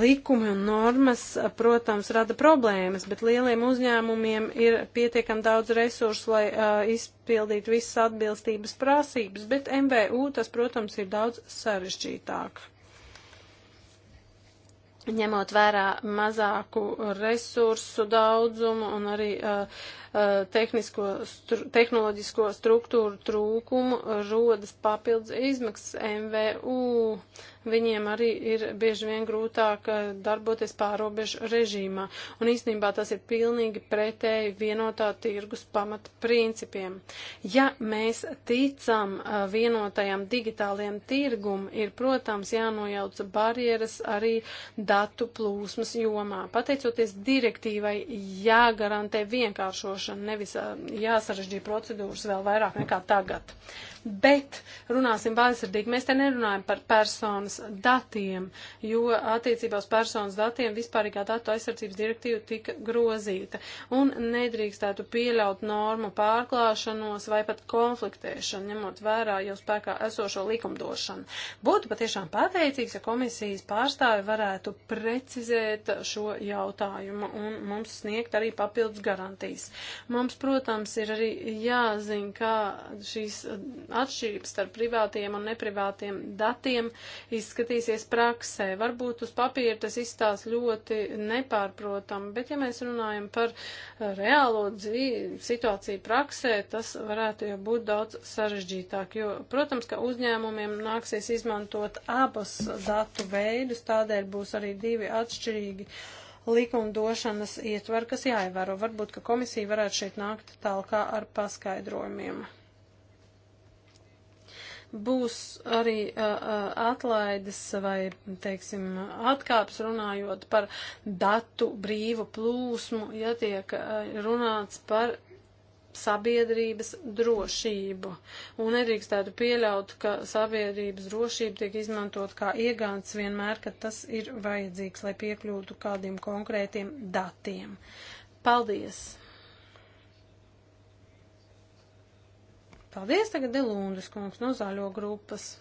Likumi un normas, protams, rada problēmas, bet lieliem uzņēmumiem ir pietiekam daudz resursu, lai uh, izpildītu visas atbilstības prasības, bet MVU tas, protams, ir daudz sarežģītāk ņemot vērā mazāku resursu daudzumu un arī uh, Eh, tehnisko, stru, tehnoloģisko struktūru trūkumu rodas papildus izmaksas MVU. Viņiem arī ir bieži vien grūtāk eh, darboties pārobežu režīmā, un īstenībā tas ir pilnīgi pretēji vienotā tirgus pamata principiem. Ja mēs ticam eh, vienotajam digitālajam tirgum, ir, protams, jānojauc barjeras arī datu plūsmas jomā. Pateicoties direktīvai, jāgarantē vienkāršošana likumdošanu, nevis jāsarežģīja procedūras vēl vairāk nekā tagad. Bet runāsim vaisardīgi, mēs te nerunājam par personas datiem, jo attiecībā uz personas datiem vispārīgā datu aizsardzības direktīva tika grozīta un nedrīkstētu pieļaut normu pārklāšanos vai pat konfliktēšanu, ņemot vērā jau spēkā esošo likumdošanu. Būtu patiešām pateicīgs, ja komisijas pārstāvi varētu precizēt šo jautājumu un mums sniegt arī papildus garantijas. Mums, protams, ir arī jāzina, kā šīs atšķirības starp privātiem un neprivātiem datiem izskatīsies praksē. Varbūt uz papīra tas izstās ļoti nepārprotam, bet ja mēs runājam par reālo dzīvi, situāciju praksē, tas varētu jau būt daudz sarežģītāk, jo, protams, ka uzņēmumiem nāksies izmantot abas datu veidus, tādēļ būs arī divi atšķirīgi likumdošanas ietvaru, kas jāievēro. Varbūt, ka komisija varētu šeit nākt tālkā ar paskaidrojumiem. Būs arī uh, atlaides vai, teiksim, atkāpes runājot par datu brīvu plūsmu, ja tiek runāts par sabiedrības drošību. Un nedrīkstētu pieļaut, ka sabiedrības drošība tiek izmantot kā iegāns vienmēr, kad tas ir vajadzīgs, lai piekļūtu kādiem konkrētiem datiem. Paldies! Paldies tagad Delundas kungs no zaļo grupas.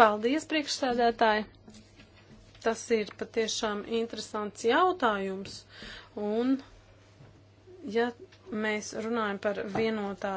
Paldies, priekšsēdētāji! Tas ir patiešām interesants jautājums. Un, ja mēs runājam par vienotā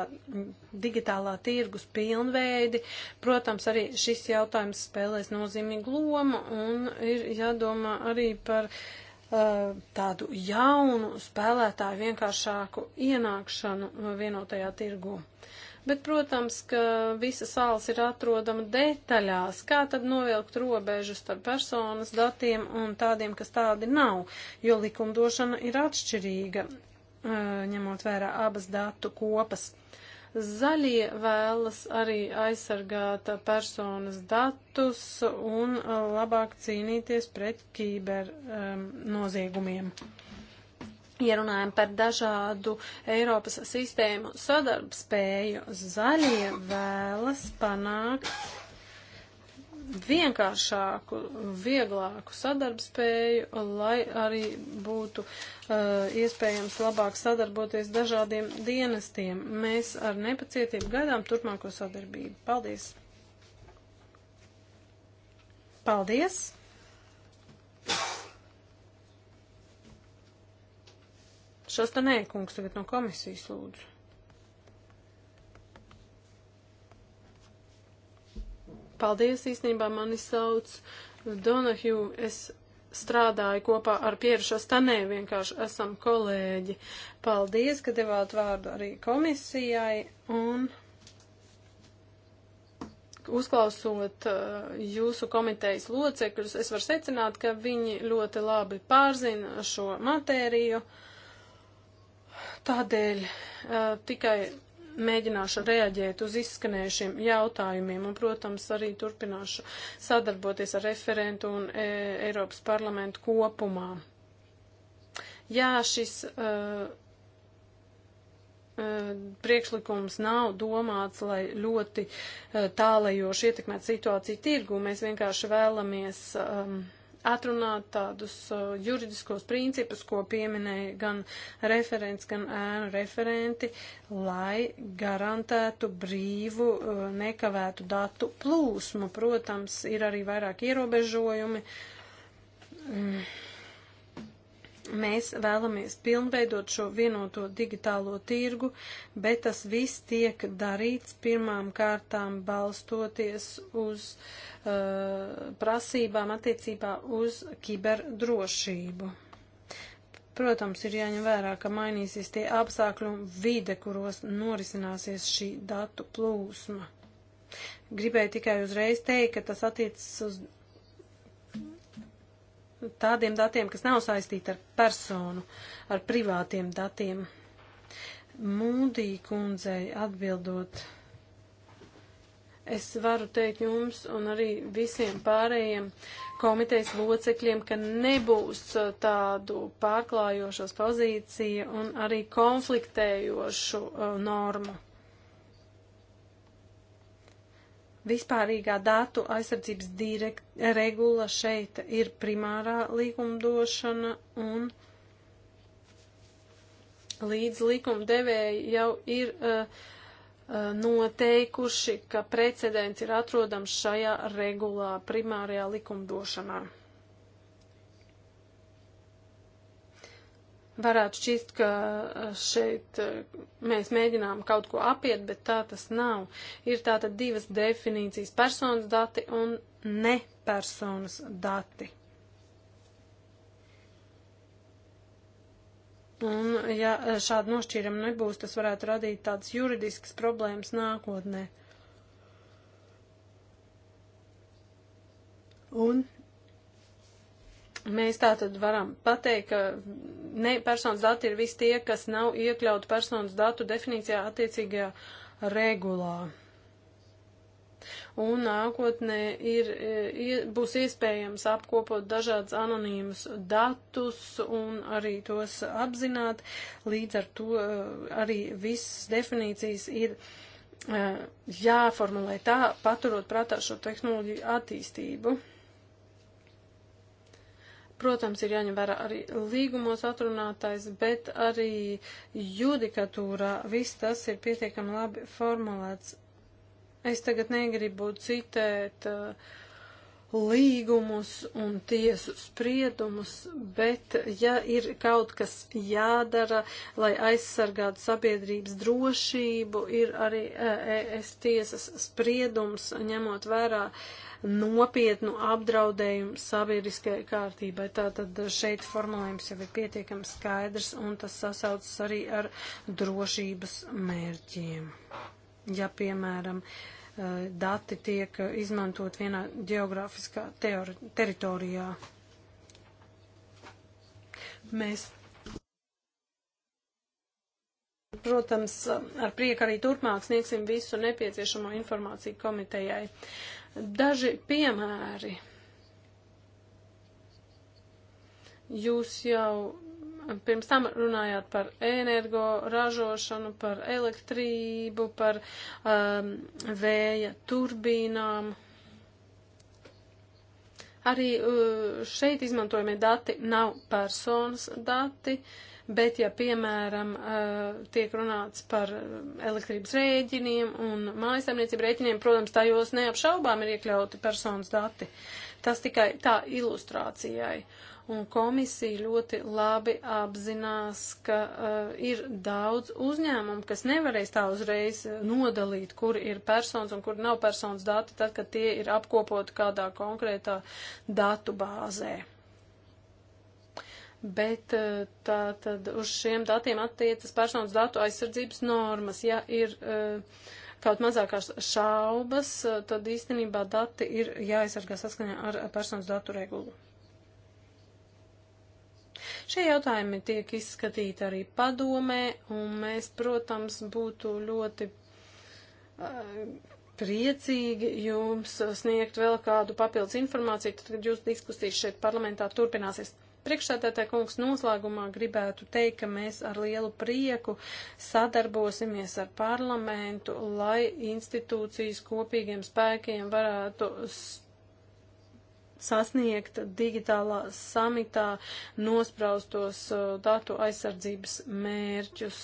digitālā tirgus pilnveidi, protams, arī šis jautājums spēlēs nozīmīgu lomu un ir jādomā arī par uh, tādu jaunu spēlētāju vienkāršāku ienākšanu vienotajā tirgu. Uh, Bet, protams, ka visas sāls ir atrodama detaļās. Kā tad novilkt robežu starp personas datiem un tādiem, kas tādi nav, jo likumdošana ir atšķirīga, ņemot vērā abas datu kopas. Zaļie vēlas arī aizsargāt personas datus un labāk cīnīties pret kīber um, noziegumiem. Ja runājam par dažādu Eiropas sistēmu sadarbspēju, zaļie vēlas panākt vienkāršāku, vieglāku sadarbspēju, lai arī būtu uh, iespējams labāk sadarboties dažādiem dienestiem. Mēs ar nepacietību gaidām turpmāko sadarbību. Paldies! Paldies! Šastanē, kungs, tagad no komisijas lūdzu. Paldies, īstenībā mani sauc Donahju. Es strādāju kopā ar Pieru Šastanē, vienkārši esam kolēģi. Paldies, ka devāt vārdu arī komisijai un uzklausot uh, jūsu komitejas locekļus, es varu secināt, ka viņi ļoti labi pārzina šo matēriju. Uh, Tādēļ tikai mēģināšu reaģēt uz izskanējušiem jautājumiem un, protams, arī turpināšu sadarboties ar referentu un e, Eiropas parlamentu kopumā. Jā, šis e, e, priekšlikums nav domāts, lai ļoti e, tālajoši ietekmētu situāciju tirgu. Mēs vienkārši vēlamies. E, atrunāt tādus uh, juridiskos principus, ko pieminēja gan referents, gan ēnu referenti, lai garantētu brīvu, uh, nekavētu datu plūsmu. Protams, ir arī vairāk ierobežojumi. Mm Mēs vēlamies pilnveidot šo vienoto digitālo tirgu, bet tas viss tiek darīts pirmām kārtām balstoties uz uh, prasībām attiecībā uz kiberdrošību. Protams, ir jāņem vērā, ka mainīsies tie apstākļi un vide, kuros norisināsies šī datu plūsma. Gribēju tikai uzreiz teikt, ka tas attiecas uz tādiem datiem, kas nav saistīti ar personu, ar privātiem datiem. Mūdī kundzei atbildot, es varu teikt jums un arī visiem pārējiem komitejas locekļiem, ka nebūs uh, tādu pārklājošos pozīciju un arī konfliktējošu uh, normu. Vispārīgā datu aizsardzības direkt, regula šeit ir primārā likumdošana un līdz likumdevēji jau ir uh, uh noteikuši, ka precedents ir atrodams šajā regulā primārajā likumdošanā. varētu šķist, ka eh, šeit eh, mēs mēģinām kaut ko apiet, bet tā tas nav. Ir tātad divas definīcijas - personas dati un nepersonas dati. Un, ja šāda nošķīrama nebūs, tas varētu radīt tādas juridiskas problēmas nākotnē. Un Mēs tā tad varam pateikt, ka ne personas dati ir visi tie, kas nav iekļauti personas datu definīcijā attiecīgajā regulā. Un nākotnē ir, ir, būs iespējams apkopot dažādas anonīmas datus un arī tos apzināt. Līdz ar to e, arī visas definīcijas ir e, jāformulē tā, paturot prātā šo tehnoloģiju attīstību. Protams, ir jāņem vērā arī līgumos atrunātais, bet arī judikatūrā viss tas ir pietiekami labi formulēts. Es tagad negribu citēt uh, līgumus un tiesu spriedumus, bet ja ir kaut kas jādara, lai aizsargātu sabiedrības drošību, ir arī e, e, ES tiesas spriedums, ņemot vērā nopietnu apdraudējumu sabiedriskajai kārtībai. Tātad šeit formulējums jau ir pietiekami skaidrs un tas sasaucas arī ar drošības mērķiem. Ja, piemēram, uh, Eh, dati tiek izmantot vienā geogrāfiskā teritorijā. Mēs, protams, ar prieku arī turpmāk sniegsim visu nepieciešamo informāciju komitejai. Daži piemēri. Jūs jau pirms tam runājāt par energo ražošanu, par elektrību, par um, vēja turbīnām. Arī uh, šeit izmantojamie dati nav personas dati, bet ja, piemēram, uh, tiek runāts par elektrības rēķiniem un mājasemniecību rēķiniem, protams, tajos neapšaubām ir iekļauti personas dati. Tas tikai tā ilustrācijai. Uh, un komisija ļoti labi apzinās, ka uh, ir daudz uzņēmumu, kas nevarēs tā uzreiz eh, nodalīt, kur ir personas un kur nav personas dati, tad, kad tie ir apkopoti kādā konkrētā datu bāzē. Bet eh, tā tad uz šiem datiem attiecas personas datu aizsardzības normas. Ja ir uh, kaut mazākās šaubas, tad īstenībā dati ir jāaizsargā saskaņā ar personas datu regulu. Šie jautājumi tiek izskatīti arī padomē, un mēs, protams, būtu ļoti priecīgi jums sniegt vēl kādu papildus informāciju, tad, kad jūs diskusijas šeit parlamentā turpināsies. Priekšsēdētāja kungs noslēgumā gribētu teikt, ka mēs ar lielu prieku sadarbosimies ar parlamentu, lai institūcijas kopīgiem spēkiem varētu sasniegt digitālā samitā nospraustos uh, datu aizsardzības mērķus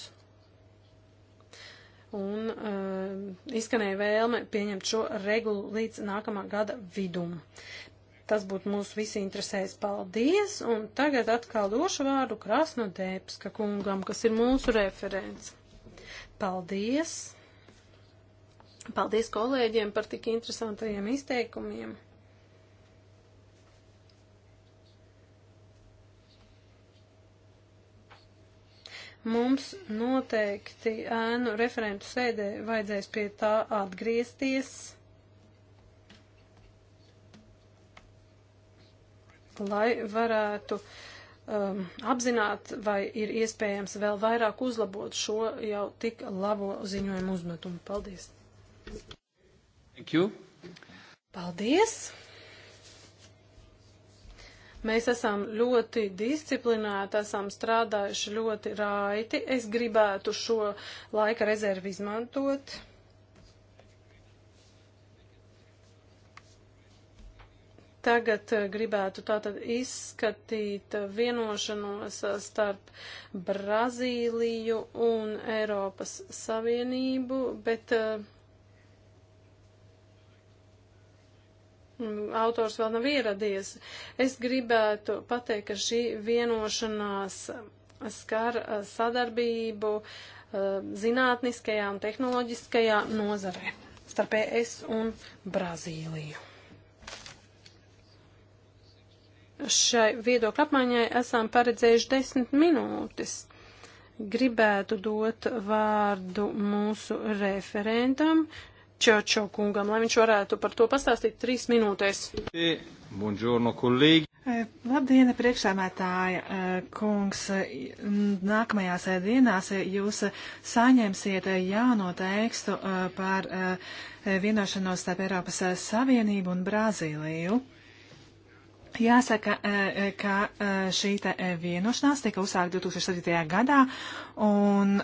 un uh, izskanēja vēlme pieņemt šo regulu līdz nākamā gada vidum. Tas būtu mūsu visi interesēs. Paldies! Un tagad atkal došu vārdu Krasno Dēpska kungam, kas ir mūsu referents. Paldies! Paldies kolēģiem par tik interesantajiem izteikumiem! Mums noteikti ēnu referentu sēdē vajadzēs pie tā atgriezties. lai varētu um, apzināt, vai ir iespējams vēl vairāk uzlabot šo jau tik labo ziņojumu uzmetumu. Paldies! Thank you! Paldies! Mēs esam ļoti disciplinēti, esam strādājuši ļoti raiti. Es gribētu šo laika rezervi izmantot. Tagad eh, gribētu tātad izskatīt eh, vienošanos eh, starp Brazīliju un Eiropas Savienību, bet uh, autors vēl nav ieradies. Es gribētu pateikt, ka šī vienošanās skar sadarbību zinātniskajā un tehnoloģiskajā nozarē starp ES un Brazīliju. Šai viedokļa apmaiņai esam paredzējuši desmit minūtes. Gribētu dot vārdu mūsu referentam, Čočo kungam, lai viņš varētu par to pastāstīt trīs minūtēs. E, buongiorno, kolēģi! E, labdien, priekšsēmētāja e, kungs! Nākamajās dienās jūs saņemsiet jauno tekstu par vienošanos starp Eiropas Savienību un Brazīliju. Jāsaka, e, e, ka e, šī vienošanās tika uzsākta 2007. gadā, un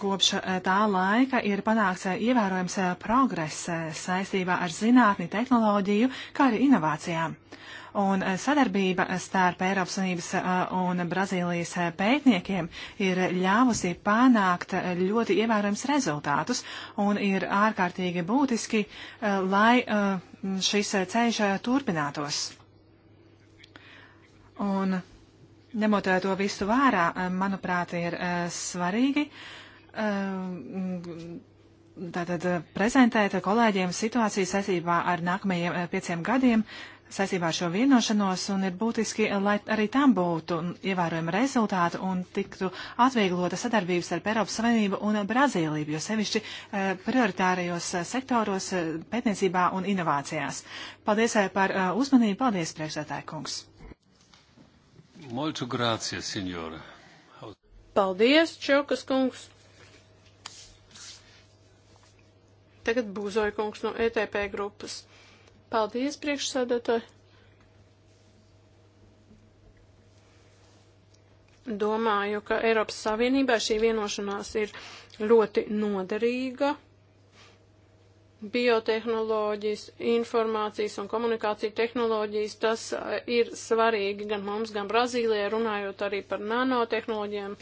kopš tā laika ir panākts ievērojams progress saistībā ar zinātni, tehnoloģiju, kā arī inovācijām. Un sadarbība starp Eiropas Unības un Brazīlijas pētniekiem ir ļāvusi panākt ļoti ievērojams rezultātus un ir ārkārtīgi būtiski, lai šis ceļš turpinātos. Un ņemot eh, to visu vērā, eh, manuprāt, ir eh, svarīgi tātad prezentēt kolēģiem situāciju saistībā ar nākamajiem pieciem gadiem, saistībā ar šo vienošanos, un ir būtiski, lai arī tam būtu ievērojama rezultāta un tiktu atvieglota sadarbības ar Eiropas Savienību un Brazīliju, jo sevišķi prioritārajos sektoros pētniecībā un inovācijās. Paldies par uzmanību, paldies, priekšsētāji kungs! Molto grācie, signora. Paldies, Čaukas kungs. Tagad būzoja kungs no ETP grupas. Paldies, priekšsēdētāji. Domāju, ka Eiropas Savienībā šī vienošanās ir ļoti noderīga biotehnoloģijas, informācijas un komunikāciju tehnoloģijas, tas eh, ir svarīgi gan mums, gan Brazīlijai, runājot arī par nanotehnoloģiem,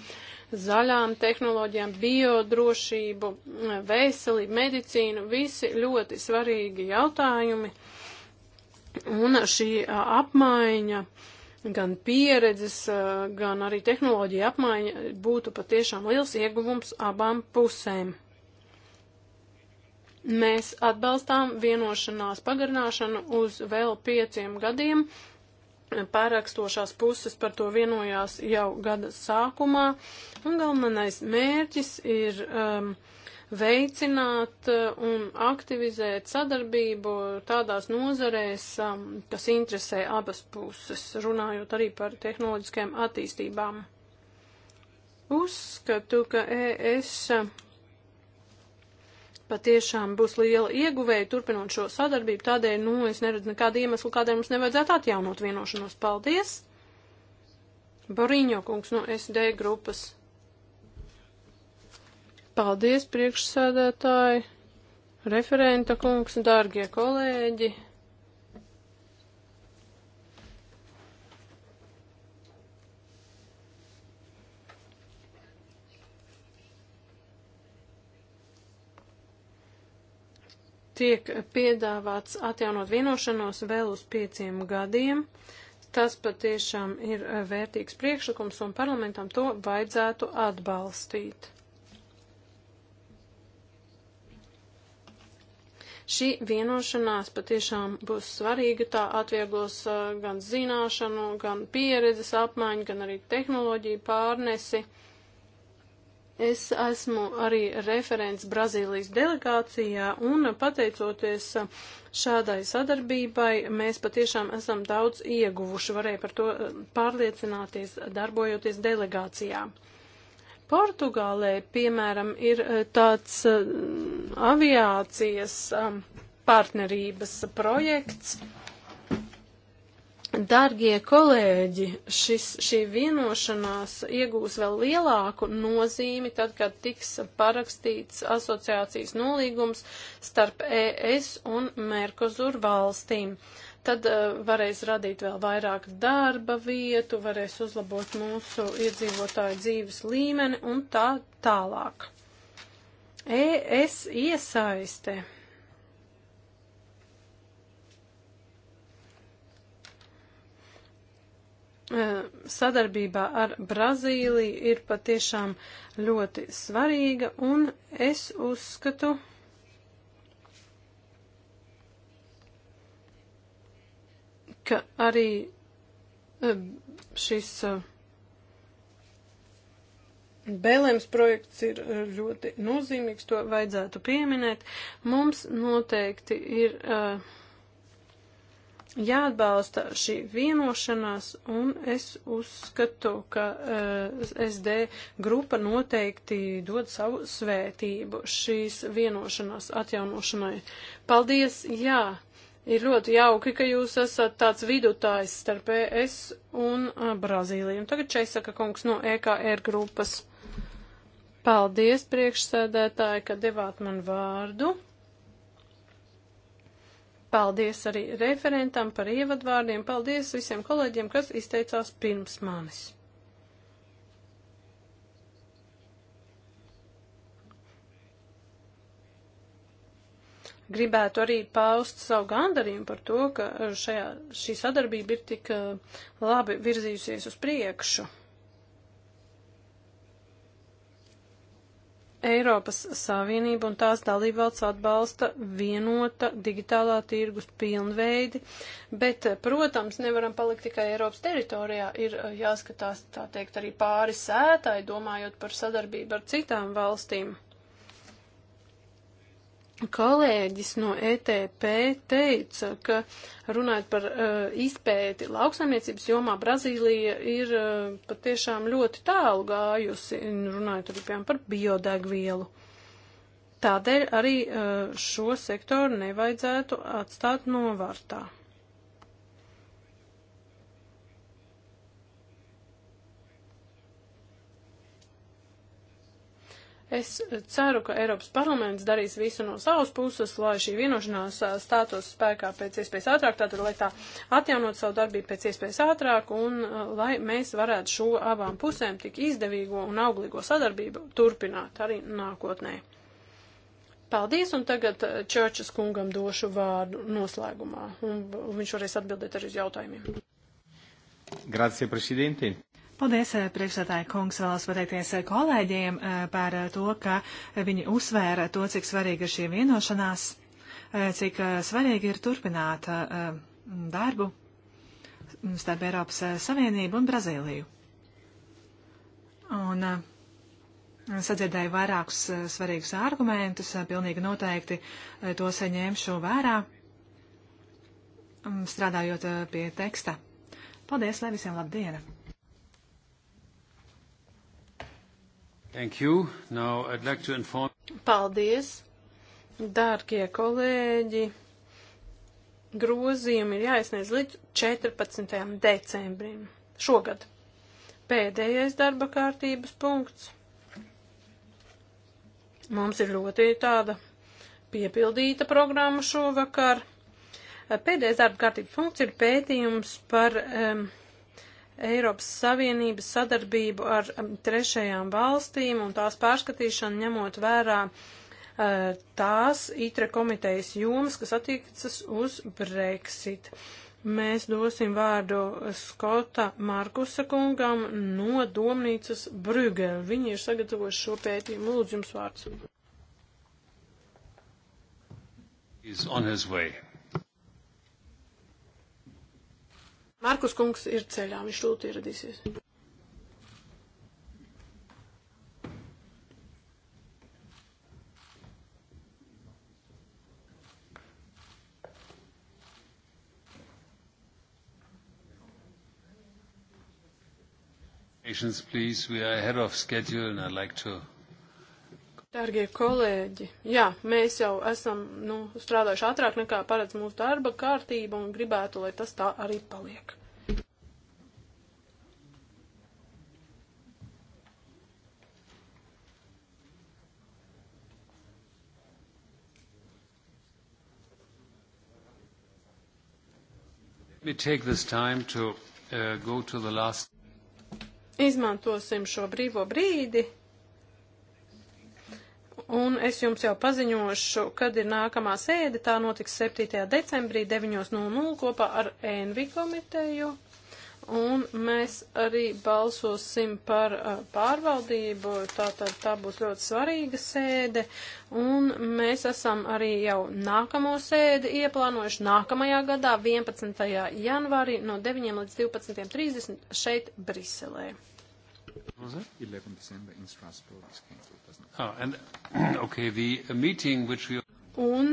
zaļām tehnoloģijām, biodrošību, eh, veselību, medicīnu, visi ļoti svarīgi jautājumi. Un šī eh, apmaiņa, gan pieredzes, gan arī tehnoloģija apmaiņa būtu patiešām liels ieguvums abām pusēm. Mēs atbalstām vienošanās pagarināšanu uz vēl pieciem gadiem. Pārakstošās puses par to vienojās jau gada sākumā, un galvenais mērķis ir um, veicināt uh, un aktivizēt sadarbību tādās nozarēs, um, kas interesē abas puses, runājot arī par tehnoloģiskajām attīstībām. Uzskatu, ka ES patiešām būs liela ieguvēja turpinot šo sadarbību, tādēļ, nu, es neredzu nekādu iemeslu, kādēļ mums nevajadzētu atjaunot vienošanos. Paldies! Bariņo kungs no SD grupas. Paldies, priekšsēdētāji, referenta kungs, dārgie kolēģi! tiek piedāvāts atjaunot vienošanos vēl uz pieciem gadiem. Tas patiešām ir eh, vērtīgs priekšlikums un parlamentam to vajadzētu atbalstīt. Šī vienošanās patiešām būs svarīga, tā atvieglos eh, gan zināšanu, gan pieredzes apmaiņu, gan arī tehnoloģiju pārnesi. Es esmu arī referents Brazīlijas delegācijā un pateicoties šādai sadarbībai mēs patiešām esam daudz ieguvuši, varēja par to eh, pārliecināties darbojoties delegācijā. Portugālē, piemēram, ir eh, tāds eh, aviācijas partnerības projekts. Mm Dargie kolēģi, šis, šī vienošanās iegūs vēl lielāku nozīmi tad, kad tiks parakstīts asociācijas nolīgums starp ES un Merkozur valstīm. Tad uh, varēs radīt vēl vairāk darba vietu, varēs uzlabot mūsu iedzīvotāju dzīves līmeni un tā tālāk. ES iesaiste sadarbībā ar Brazīliju ir patiešām ļoti svarīga, un es uzskatu, ka arī šis Bēlēms projekts ir ļoti nozīmīgs, to vajadzētu pieminēt. Mums noteikti ir uh, jāatbalsta šī vienošanās, un es uzskatu, ka uh, eh, SD grupa noteikti dod savu svētību šīs vienošanās atjaunošanai. Paldies! Jā! Ir ļoti jauki, ka jūs esat tāds vidutājs starp ES un uh, Brazīliju. Un tagad Čeisaka kungs no EKR grupas. Paldies, priekšsēdētāji, ka devāt man vārdu. Paldies arī referentam par ievadvārdiem. Paldies visiem kolēģiem, kas izteicās pirms manis. Gribētu arī paust savu gandarījumu par to, ka šajā, šī sadarbība ir tik eh, labi virzījusies uz priekšu. Eiropas Savienība un tās dalībvalsts atbalsta vienota digitālā tirgus pilnveidi, bet, protams, nevaram palikt tikai Eiropas teritorijā, ir eh, jāskatās, tā teikt, arī pāri sētāji, domājot par sadarbību ar citām valstīm kolēģis no ETP teica, ka runājot par uh, izpēti lauksaimniecības jomā, Brazīlija ir uh, patiešām ļoti tālu gājusi, runājot arī piemēram par biodegvielu. Tādēļ arī uh, šo sektoru nevajadzētu atstāt novārtā. Es ceru, ka Eiropas parlaments darīs visu no savas puses, lai šī vienošanās stātos spēkā pēc iespējas ātrāk, tātad, lai tā atjaunot savu darbību pēc iespējas ātrāk un lai mēs varētu šo abām pusēm tik izdevīgo un auglīgo sadarbību turpināt arī nākotnē. Paldies, un tagad Čērčas kungam došu vārdu noslēgumā, un viņš varēs atbildēt arī uz jautājumiem. Grazie, prezidenti. Paldies, eh, priekšsētāji kungs, vēlos pateikties eh, kolēģiem eh, par to, ka viņi uzsvēra to, cik svarīga ir šī vienošanās, cik svarīgi ir turpināt darbu starp Eiropas Savienību un Brazīliju. Un sadzirdēju vairākus svarīgus argumentus, pilnīgi noteikti to saņemšu vērā, mm, strādājot pie teksta. Paldies, lai visiem labdiena! Thank you. Now I'd like to inform... Paldies, dārgie kolēģi. Grozījumi ir jāiesniedz līdz 14. decembrim šogad. Pēdējais darba kārtības punkts. Mums ir ļoti tāda piepildīta programma šovakar. Pēdējais darba kārtības punkts ir pētījums par um, Eiropas Savienības sadarbību ar um, trešajām valstīm un tās pārskatīšanu ņemot vērā uh, tās ITRE komitejas jomas, kas attiecas uz Brexit. Mēs dosim vārdu Skota Markusa kungam no domnīcas Brügel. Viņi ir sagatavojuši šo pētījumu. Lūdzu, jums vārds. He's on his way. Markus kungs ir ceļā, viņš tūlīt ieradīsies. Patience, please. We are ahead of schedule, and I'd like to Dargie kolēģi, jā, mēs jau esam nu, strādājuši ātrāk nekā paredz mūsu darba kārtība un gribētu, lai tas tā arī paliek. Let me take this time to uh, go to the last. Izmantosim šo brīvo brīdi Un es jums jau paziņošu, kad ir nākamā sēde. Tā notiks 7. decembrī 9.00 kopā ar ENVI komiteju. Un mēs arī balsosim par uh, pārvaldību. Tātad tā, tā būs ļoti svarīga sēde. Un mēs esam arī jau nākamo sēdi ieplānojuši nākamajā gadā 11. janvārī no 9 līdz 12.30 šeit Briselē. Was it? 11 December in Strasbourg is cancelled, doesn't it? Oh, and [clears throat] okay, the meeting which we... Un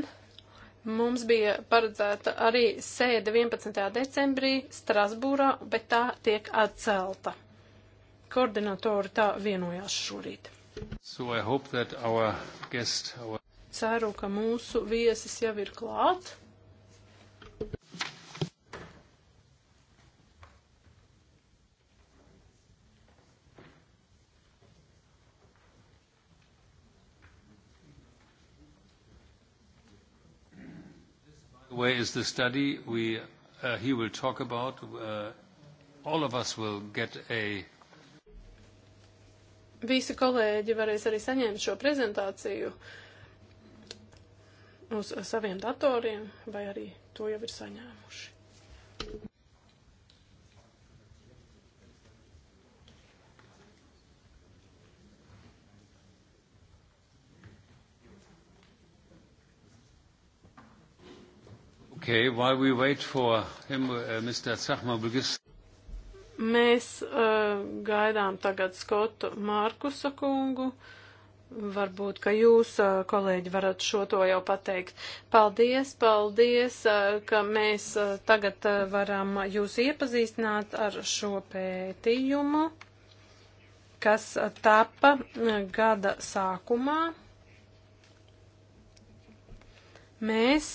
mums bija paredzēta arī sēde 11. decembrī Strasbūrā, bet tā tiek atcelta. Koordinatori tā vienojās šorīt. So I hope that our guest, our... Ceru, ka mūsu viesis jau ir klāt. Where is the study? We, uh, he will talk about. Uh, all of us will get a. Visi kolēģi varēs arī saņemt šo prezentāciju uz saviem datoriem, vai arī to jau ir saņēmuši. Okay, while we wait for him, uh, Mr. Tsahmabugis. Mēs uh, gaidām tagad Skotu Mārkusa kungu. Varbūt, ka jūs, uh, kolēģi, varat šo to jau pateikt. Paldies, paldies, uh, ka mēs uh, tagad uh, varam jūs iepazīstināt ar šo pētījumu, kas uh, tapa uh, gada sākumā. Mēs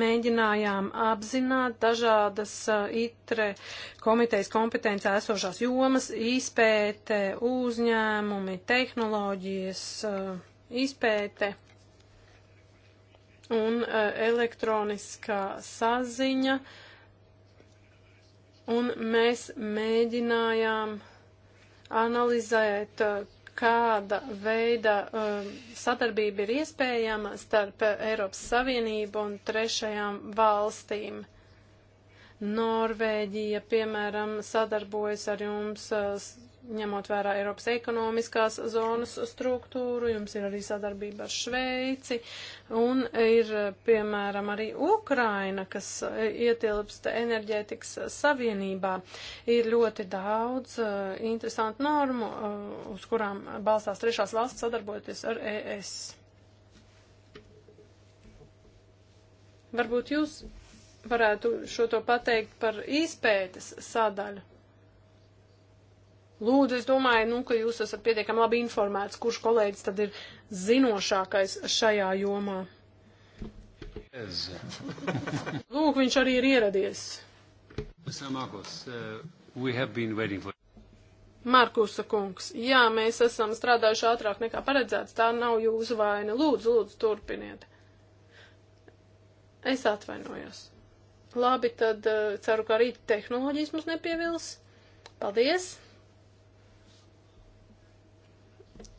mēģinājām apzināt dažādas uh, ITRE komitejas kompetencijā esošās jomas, izpēte, uzņēmumi, tehnoloģijas, uh, izpēte un uh, elektroniskā saziņa. Un mēs mēģinājām analizēt kāda veida um, sadarbība ir iespējama starp Eiropas Savienību un trešajām valstīm. Norvēģija, piemēram, sadarbojas ar jums. Uh, ņemot vērā Eiropas ekonomiskās zonas struktūru, jums ir arī sadarbība ar Šveici, un ir, piemēram, arī Ukraina, kas e, ietilpst enerģētikas savienībā. Ir ļoti daudz uh, interesantu normu, uh, uz kurām balstās trešās valsts sadarbojoties ar ES. Varbūt jūs varētu šo to pateikt par izpētes sadaļu. Lūdzu, es domāju, nu, ka jūs esat pietiekami labi informēts, kurš kolēģis tad ir zinošākais šajā jomā. [laughs] Lūk, viņš arī ir ieradies. Uh, Markusa kungs, jā, mēs esam strādājuši ātrāk nekā paredzēts, tā nav jūsu vaina. Lūdzu, lūdzu, turpiniet. Es atvainojos. Labi, tad uh, ceru, ka arī tehnoloģijas mums nepievils. Paldies!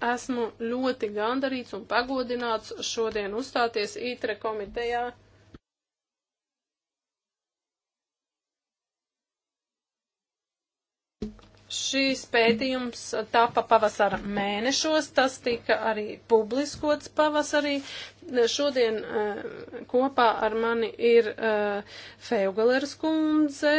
Esmu ļoti gandarīts un pagodināts šodien uzstāties ITRE komitejā. Šīs pētījums tapa pavasara mēnešos, tas tika arī publiskots pavasarī. Šodien eh, kopā ar mani ir eh, Feugaleras kundze,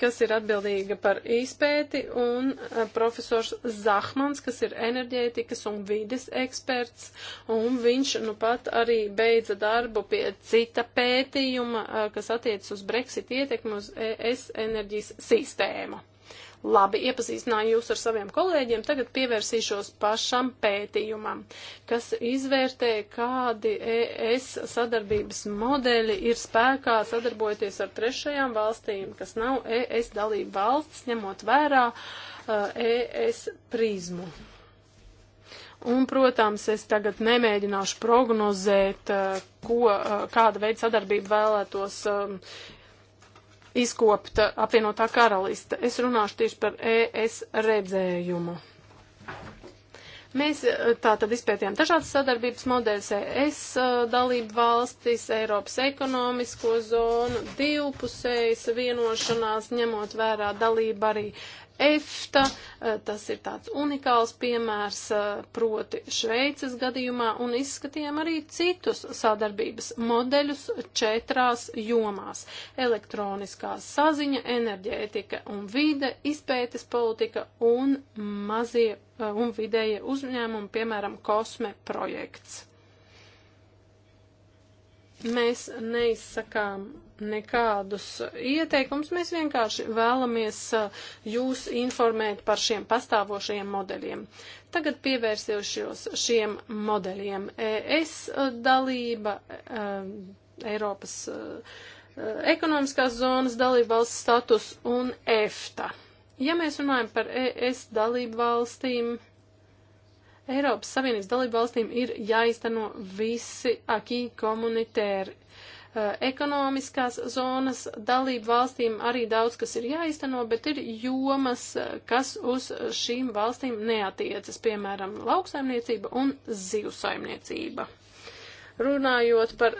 kas ir atbildīga par izpēti, un eh, profesors Zahmans, kas ir enerģētikas un vides eksperts, un viņš nu pat arī beidza darbu pie cita pētījuma, eh, kas attiecas uz Brexit ietekmi uz ES enerģijas sistēmu. Labi, iepazīstināju jūs ar saviem kolēģiem, tagad pievērsīšos pašam pētījumam, kas izvērtē, kādi ES sadarbības modeļi ir spēkā sadarbojoties ar trešajām valstīm, kas nav ES dalība valsts, ņemot vērā uh, ES prizmu. Un, protams, es tagad nemēģināšu prognozēt, uh, ko, uh, kāda veida sadarbību vēlētos um, izkopta apvienotā karalista. Es runāšu tieši par ES redzējumu. Mēs eh, tātad izpētījām dažādas sadarbības modeļas ES eh, dalību valstis, Eiropas ekonomisko zonu, divpusējas vienošanās, ņemot vērā dalību arī EFTA, eh, tas ir tāds unikāls piemērs, eh, proti Šveices gadījumā, un izskatījām arī citus sadarbības modeļus četrās jomās - elektroniskā saziņa, enerģētika un vide, izpētes politika un mazie eh, un vidējie uzņēmumi, piemēram, kosme projekts. Mēs neizsakām nekādus ieteikumus, mēs vienkārši vēlamies uh, jūs informēt par šiem pastāvošajiem modeļiem. Tagad pievērsīšos šiem modeļiem. ES uh, dalība, uh, Eiropas ekonomiskās zonas dalība valsts status un EFTA. Ja mēs runājam par ES dalību valstīm, Eiropas Savienības dalībvalstīm ir jāizteno visi akī komunitēri. Eh, ekonomiskās zonas dalību valstīm arī daudz kas ir jāizteno, bet ir jomas, eh, kas uz šīm valstīm neatiecas, piemēram, lauksaimniecība un zivsaimniecība. Runājot par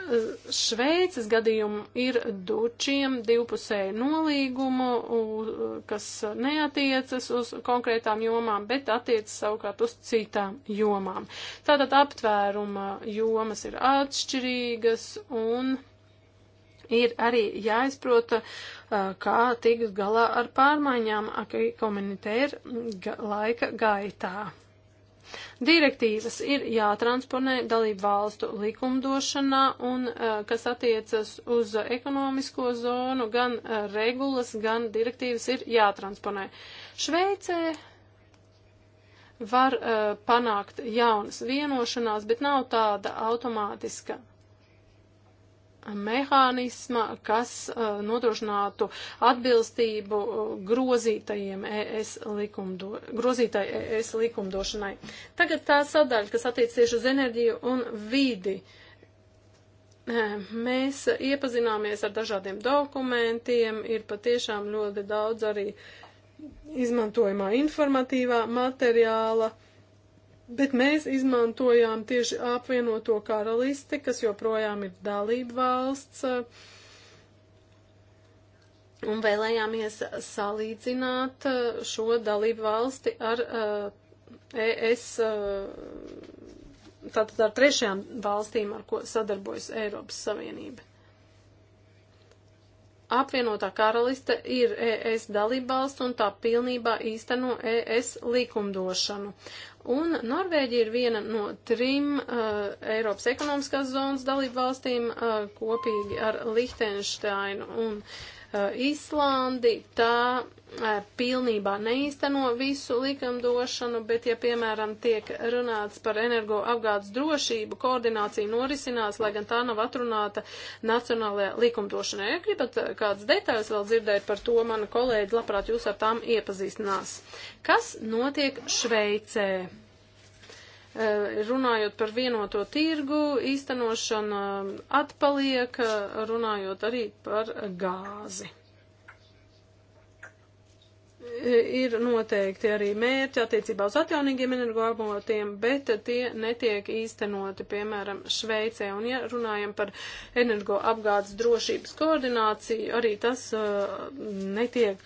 Šveices gadījumu, ir dučiem divpusēju nolīgumu, kas neatiecas uz konkrētām jomām, bet attiecas savukārt uz citām jomām. Tātad aptvēruma jomas ir atšķirīgas un ir arī jāizprot, kā tikt galā ar pārmaiņām, akī komunitēra laika gaitā. Direktīvas ir jātransponē dalību valstu likumdošanā un, eh, kas attiecas uz ekonomisko zonu, gan eh, regulas, gan direktīvas ir jātransponē. Šveicē var uh, panākt jaunas vienošanās, bet nav tāda automātiska mehānisma, kas uh, nodrošinātu atbilstību uh, grozītajiem ES, likumdo, grozītai ES likumdošanai. Tagad tā sadaļa, kas attiec tieši uz enerģiju un vidi. Eh, mēs iepazināmies ar dažādiem dokumentiem, ir patiešām ļoti daudz arī izmantojumā informatīvā materiāla Bet mēs izmantojām tieši apvienoto karalisti, kas joprojām ir dalība valsts, un vēlējāmies salīdzināt uh, šo dalību valsti ar uh, ES, uh, tātad ar trešajām valstīm, ar ko sadarbojas Eiropas Savienība. Apvienotā karaliste ir ES dalībvalsts un tā pilnībā īsteno ES likumdošanu. Un Norvēģija ir viena no trim uh, Eiropas ekonomiskās zonas dalībvalstīm uh, kopīgi ar Lihtenšteinu un uh, Islandi. Tā Eh, pilnībā neīsteno visu likumdošanu, bet, ja, piemēram, tiek runāts par energoapgādes drošību, koordinācija norisinās, lai gan tā nav atrunāta nacionālajā likumdošanā. Ja gribat eh, kādas detaļas vēl dzirdēt par to, mana kolēģi labprāt jūs ar tām iepazīstinās. Kas notiek Šveicē? Eh, runājot par vienoto tirgu, īstenošana atpaliek, runājot arī par gāzi ir noteikti arī mērķi attiecībā uz atjaunīgiem energoavotiem, bet tie netiek īstenoti, piemēram, Šveicē. Un, ja runājam par energoapgādes drošības koordināciju, arī tas uh, netiek,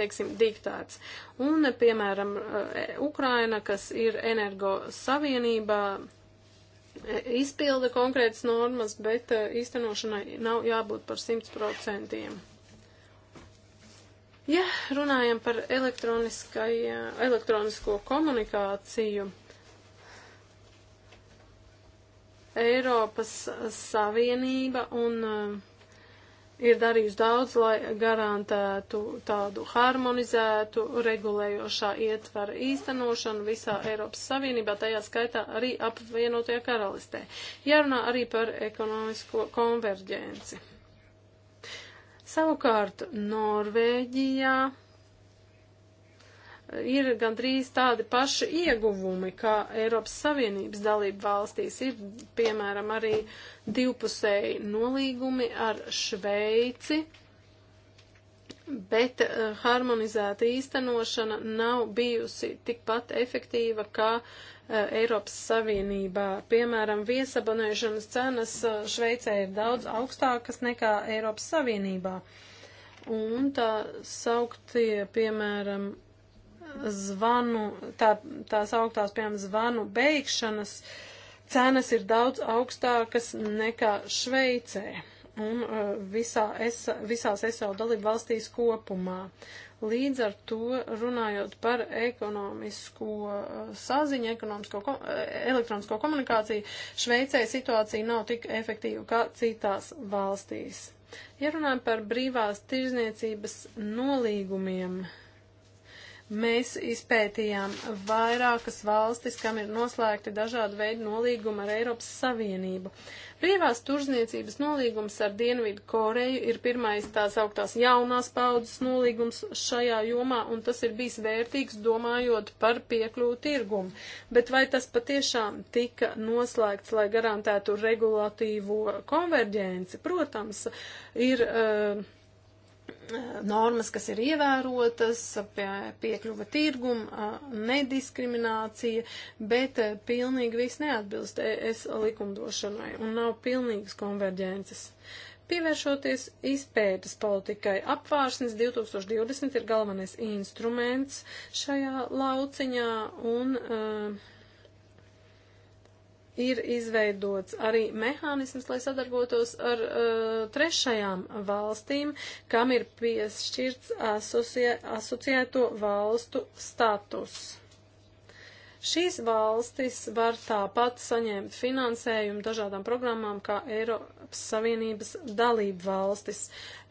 teiksim, diktēts. Un, piemēram, uh, Ukraina, kas ir energo savienībā, izpilda konkrētas normas, bet uh, īstenošanai nav jābūt par 100%. Ja runājam par elektronisko komunikāciju, Eiropas Savienība un uh, ir darījusi daudz, lai garantētu tādu harmonizētu regulējošā ietvara īstenošanu visā Eiropas Savienībā, tajā skaitā arī apvienotajā karalistē. Jārunā arī par ekonomisko konverģenci. Savukārt Norvēģijā ir gandrīz tādi paši ieguvumi, kā Eiropas Savienības dalību valstīs. Ir, piemēram, arī divpusēji nolīgumi ar Šveici, bet eh, harmonizēta īstenošana nav bijusi tikpat efektīva kā Eiropas Savienībā. Piemēram, viesabonēšanas cenas uh, Šveicē ir daudz augstākas nekā Eiropas Savienībā. Un tā sauktie, piemēram, zvanu, tā, tā sauktās, piemēram, zvanu beigšanas cenas ir daudz augstākas nekā Šveicē un uh, visā es, visās SO dalību valstīs kopumā. Līdz ar to runājot par ekonomisko eh, saziņu, ekonomisko, ko, eh, elektronisko komunikāciju, Šveicē situācija nav tik efektīva kā citās valstīs. Ja runājam par brīvās tirzniecības nolīgumiem, Mēs izpētījām vairākas valstis, kam ir noslēgti dažādi veidi nolīguma ar Eiropas Savienību. Brīvās turzniecības nolīgums ar Dienvidu Koreju ir pirmais tās augtās jaunās paudzes nolīgums šajā jomā, un tas ir bijis vērtīgs domājot par piekļuvu tirgumu. Bet vai tas patiešām tika noslēgts, lai garantētu regulatīvo konverģenci? Protams, ir. Uh, normas, kas ir ievērotas, pie, piekļuva tirguma, nediskriminācija, bet e, pilnīgi viss neatbilst ES likumdošanai un nav pilnīgas konverģences. Pievēršoties izpētes politikai, apvārsnes 2020 ir galvenais instruments šajā lauciņā un uh, ir izveidots arī mehānisms, lai sadarbotos ar uh, trešajām valstīm, kam ir piešķirts asocie, asociēto valstu status. Šīs valstis var tāpat saņemt finansējumu dažādām programmām, kā Eiropas Savienības dalību valstis.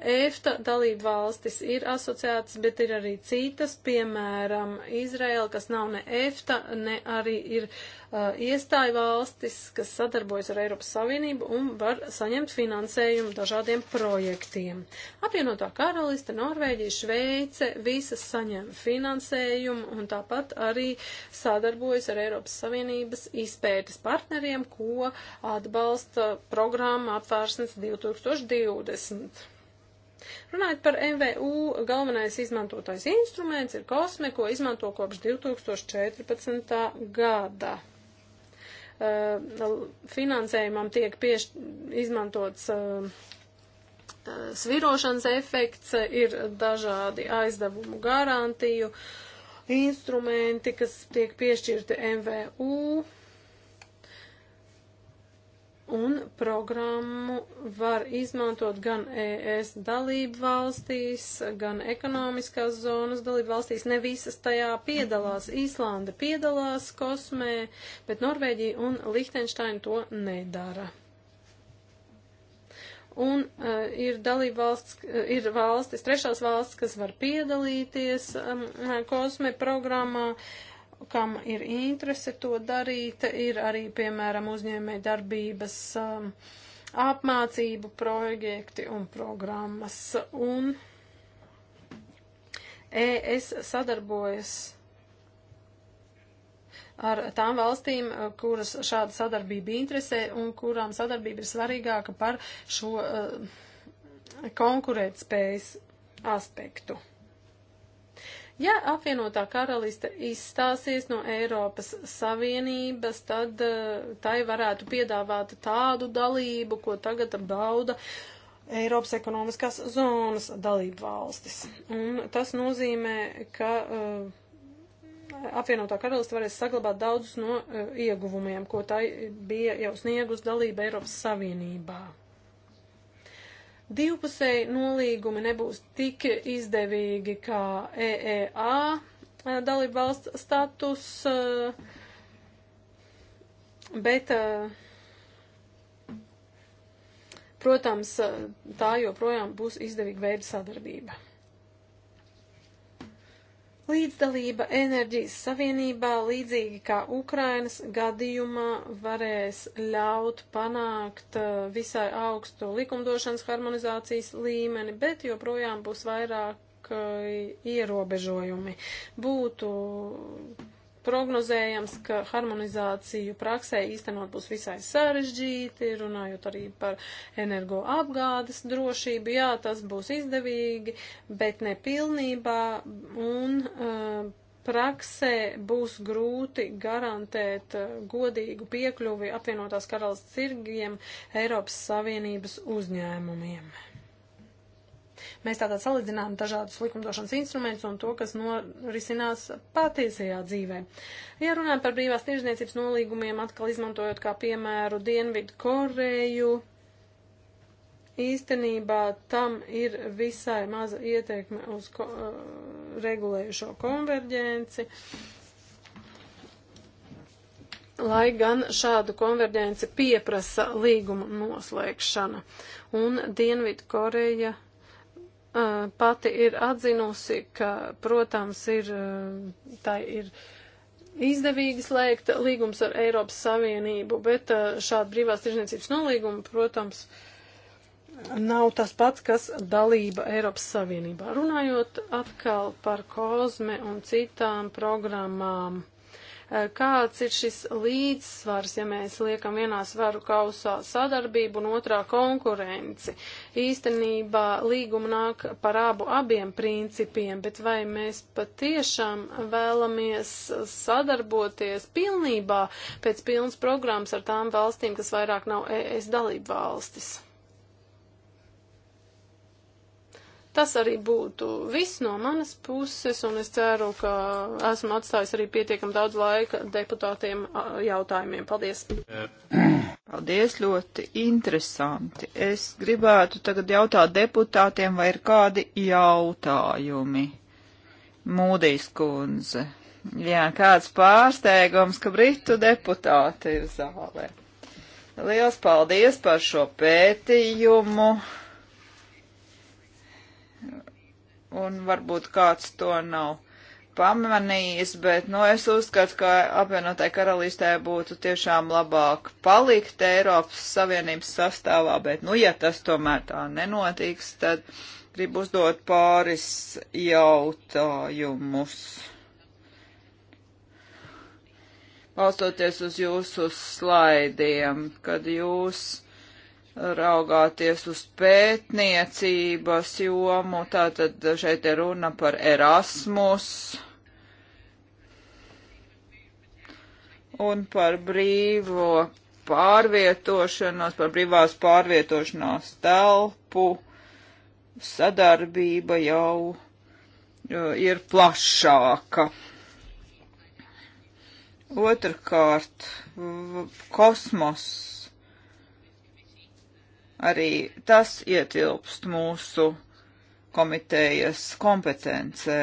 EFTA dalību valstis ir asociētas, bet ir arī citas, piemēram, Izraela, kas nav ne EFTA, ne arī ir uh, iestāju valstis, kas sadarbojas ar Eiropas Savienību un var saņemt finansējumu dažādiem projektiem. Apvienotā karaliste, Norvēģija, Šveice, visas saņem finansējumu un tāpat arī sadarbojas ar Eiropas Savienības izpētes partneriem, ko atbalsta programma apvērsnes 2020. Runājot par MVU, galvenais izmantotais instruments ir kosme, ko izmanto kopš 2014. gada. Uh, finansējumam tiek pieš, izmantots uh, uh, svirošanas efekts, ir dažādi aizdevumu garantiju instrumenti, kas tiek piešķirti MVU Un programmu var izmantot gan ES dalību valstīs, gan ekonomiskās zonas dalību valstīs. Ne visas tajā piedalās. Īslanda piedalās kosmē, bet Norvēģija un Lihtenšteina to nedara. Un uh, ir dalība valsts, eh, ir valstis, trešās valsts, kas var piedalīties um, kosmē programmā. Uh, kam ir interese to darīt, ir arī, piemēram, uzņēmē darbības um, apmācību projekti un programmas. Un ES sadarbojas ar tām valstīm, kuras šāda sadarbība interesē un kurām sadarbība ir svarīgāka par šo uh, konkurētspējas aspektu. Ja apvienotā karaliste izstāsies no Eiropas Savienības, tad uh, tai varētu piedāvāt tādu dalību, ko tagad bauda Eiropas ekonomiskās zonas dalību valstis. Un tas nozīmē, ka uh, apvienotā karalista varēs saglabāt daudzus no uh, ieguvumiem, ko tai bija jau sniegus dalība Eiropas Savienībā. Divpusēji nolīgumi nebūs tik izdevīgi kā EEA eh, dalība valsts status, eh, bet, eh, protams, tā joprojām būs izdevīga veida sadarbība. Līdzdalība enerģijas savienībā, līdzīgi kā Ukrainas gadījumā, varēs ļaut panākt uh, visai augstu likumdošanas harmonizācijas līmeni, bet joprojām būs vairāk uh, ierobežojumi. Būtu prognozējams, ka harmonizāciju praksē īstenot būs visai sarežģīti, runājot arī par energoapgādes drošību. Jā, tas būs izdevīgi, bet ne pilnībā un uh, praksē būs grūti garantēt uh, godīgu piekļuvi apvienotās karalas cirgiem Eiropas Savienības uzņēmumiem. Mēs tātad salīdzinām dažādus likumdošanas instrumentus un to, kas norisinās patiesajā dzīvē. Ja runājam par brīvās tirzniecības nolīgumiem, atkal izmantojot kā piemēru Dienvidu Koreju, īstenībā tam ir visai maza ietekme uz ko, uh, regulējušo konverģenci. Lai gan šādu konverģenci pieprasa līguma noslēgšana, un Dienvidu Koreja pati ir atzinusi, ka, protams, ir, tā ir izdevīgi slēgt līgums ar Eiropas Savienību, bet šāda brīvās tirzniecības nolīguma, protams, nav tas pats, kas dalība Eiropas Savienībā. Runājot atkal par kozme un citām programmām. Eh, kāds ir šis līdzsvars, ja mēs liekam vienā svaru kausā sadarbību un otrā konkurenci. Īstenībā līguma nāk par abu abiem principiem, bet vai mēs patiešām vēlamies sadarboties pilnībā pēc pilnas programmas ar tām valstīm, kas vairāk nav ES dalība valstis? Tas arī būtu viss no manas puses, un es ceru, ka esmu atstājis arī pietiekam daudz laika deputātiem jautājumiem. Paldies! [clears throat] Paldies, ļoti interesanti. Es gribētu tagad jautāt deputātiem, vai ir kādi jautājumi. Mūdīs kundze. Jā, kāds pārsteigums, ka britu deputāti ir zālē. Liels paldies par šo pētījumu un varbūt kāds to nav pamanījis, bet, nu, es uzskatu, ka apvienotai karalistē būtu tiešām labāk palikt Eiropas Savienības sastāvā, bet, nu, ja tas tomēr tā nenotiks, tad gribu uzdot pāris jautājumus. Balstoties uz jūsu slaidiem, kad jūs raugāties uz pētniecības jomu, tātad šeit ir runa par Erasmus un par brīvo pārvietošanos, par brīvās pārvietošanās telpu. Sadarbība jau ir plašāka. Otrkārt, kosmos Arī tas ietilpst mūsu komitejas kompetencē.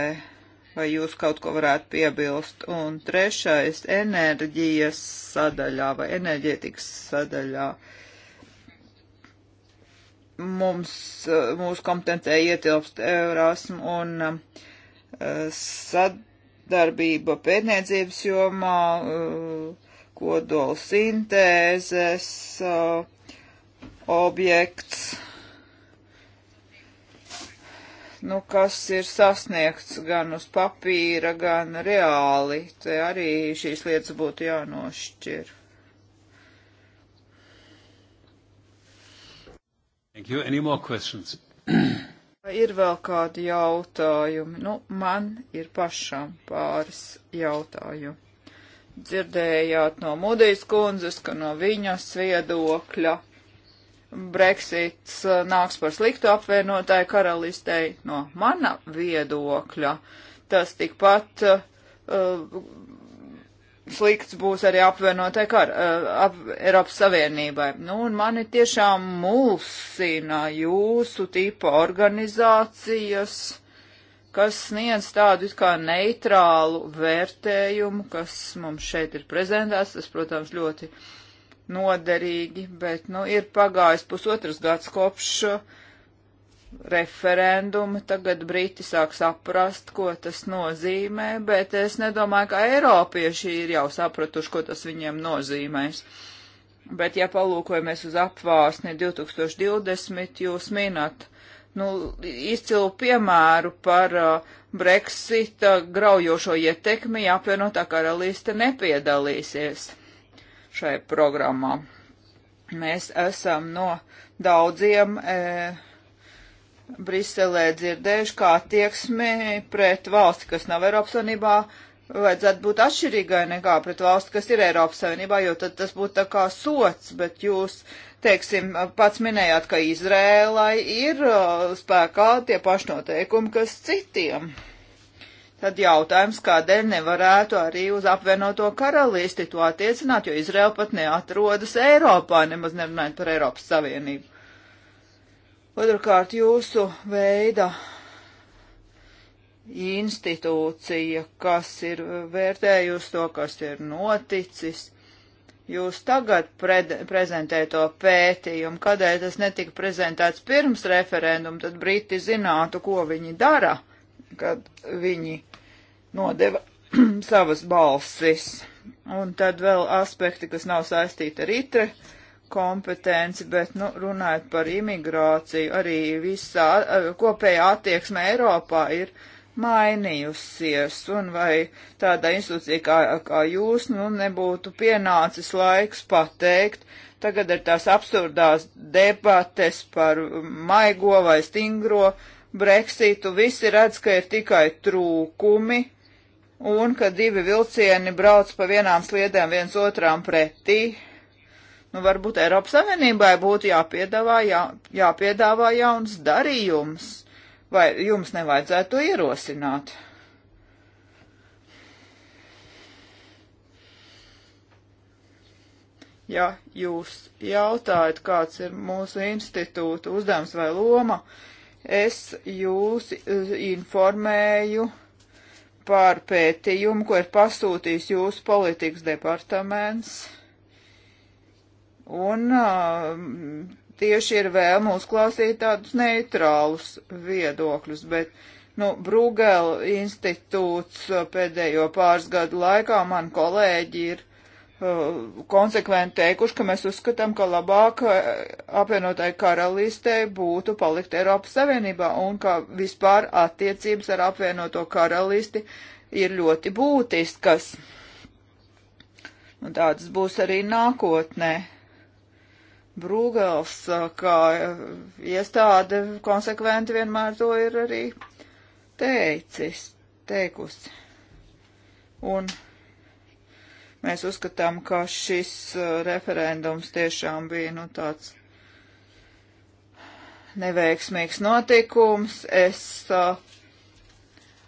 Vai jūs kaut ko varētu piebilst? Un trešais - enerģijas sadaļā vai enerģētikas sadaļā. Mums, mūsu kompetencē ietilpst Eurasm un eh, sadarbība pētniecības jomā, eh, kodola sintēzes, uh, objekts, nu, kas ir sasniegts gan uz papīra, gan reāli. Te arī šīs lietas būtu jānošķir. Thank you. Any more questions? ir vēl kādi jautājumi? Nu, man ir pašam pāris jautājumu. Dzirdējāt no Mudijas kundzes, ka no viņas viedokļa Brexits eh, nāks par sliktu apvienotāju karalistei no mana viedokļa. Tas tikpat uh, slikts būs arī apvienotai kar, uh, ap, Eiropas Savienībai. Nu, un mani tiešām mulsina jūsu tipa organizācijas, kas sniedz tādu it kā neitrālu vērtējumu, kas mums šeit ir prezentēts. Tas, protams, ļoti uh, noderīgi, bet, nu, ir pagājis pusotras gads kopš uh, referenduma, tagad Briti sāk saprast, ko tas nozīmē, bet es nedomāju, ka Eiropieši ir jau sapratuši, ko tas viņiem nozīmēs. Bet, ja palūkojamies uz apvārsni 2020, jūs minat, nu, izcilu piemēru par uh, Brexita graujošo ietekmi, ja apvienotā karalīste nepiedalīsies šai programmā. Mēs esam no daudziem e, Briselē dzirdējuši, kā tieksmi pret valsti, kas nav Eiropas Savienībā, vajadzētu būt atšķirīgai nekā pret valsti, kas ir Eiropas Savienībā, jo tad tas būtu tā kā sots, bet jūs, teiksim, pats minējāt, ka Izrēlai ir e, spēkā tie pašnoteikumi, kas citiem. Tad jautājums, kādēļ nevarētu arī uz apvienoto karalisti to attiecināt, jo Izraela pat neatrodas Eiropā, nemaz nerunājot par Eiropas Savienību. Otrkārt, jūsu veida institūcija, kas ir vērtējusi to, kas ir noticis. Jūs tagad prezentējat to pētījumu, kādēļ tas netika prezentēts pirms referenduma, tad Briti zinātu, ko viņi dara, kad viņi nodeva [clears throat] savas balsis. Un tad vēl aspekti, kas nav saistīti ar itre kompetenci, bet, nu, runājot par imigrāciju, arī visā eh, kopējā attieksme Eiropā ir mainījusies, un vai tādā institūcija kā, kā jūs, nu, nebūtu pienācis laiks pateikt, tagad ir tās absurdās debates par maigo vai stingro Brexitu, visi redz, ka ir tikai trūkumi, un ka divi vilcieni brauc pa vienām sliedēm viens otrām pretī. Nu, varbūt Eiropas Savienībai būtu jāpiedāvā, jā, jāpiedāvā jauns darījums, vai jums nevajadzētu to ierosināt? Ja jūs jautājat, kāds ir mūsu institūta uzdevums vai loma, es jūs informēju par pētījumu, ko ir pasūtījis jūsu politikas departaments. Un uh, tieši ir vēlme uzklāsīt tādus neitrālus viedokļus, bet, nu, Brūgēla institūts pēdējo pāris gadu laikā man kolēģi ir Uh, konsekventi teikuši, ka mēs uzskatām, ka labāk uh, apvienotai karalistei būtu palikt Eiropas Savienībā un ka vispār attiecības ar apvienoto karalisti ir ļoti būtiskas. Un tādas būs arī nākotnē. Brūgels, uh, kā iestāde, konsekventi vienmēr to ir arī teicis, teikusi. Un Mēs uzskatām, ka šis uh, referendums tiešām bija nu, tāds neveiksmīgs notikums. Es uh,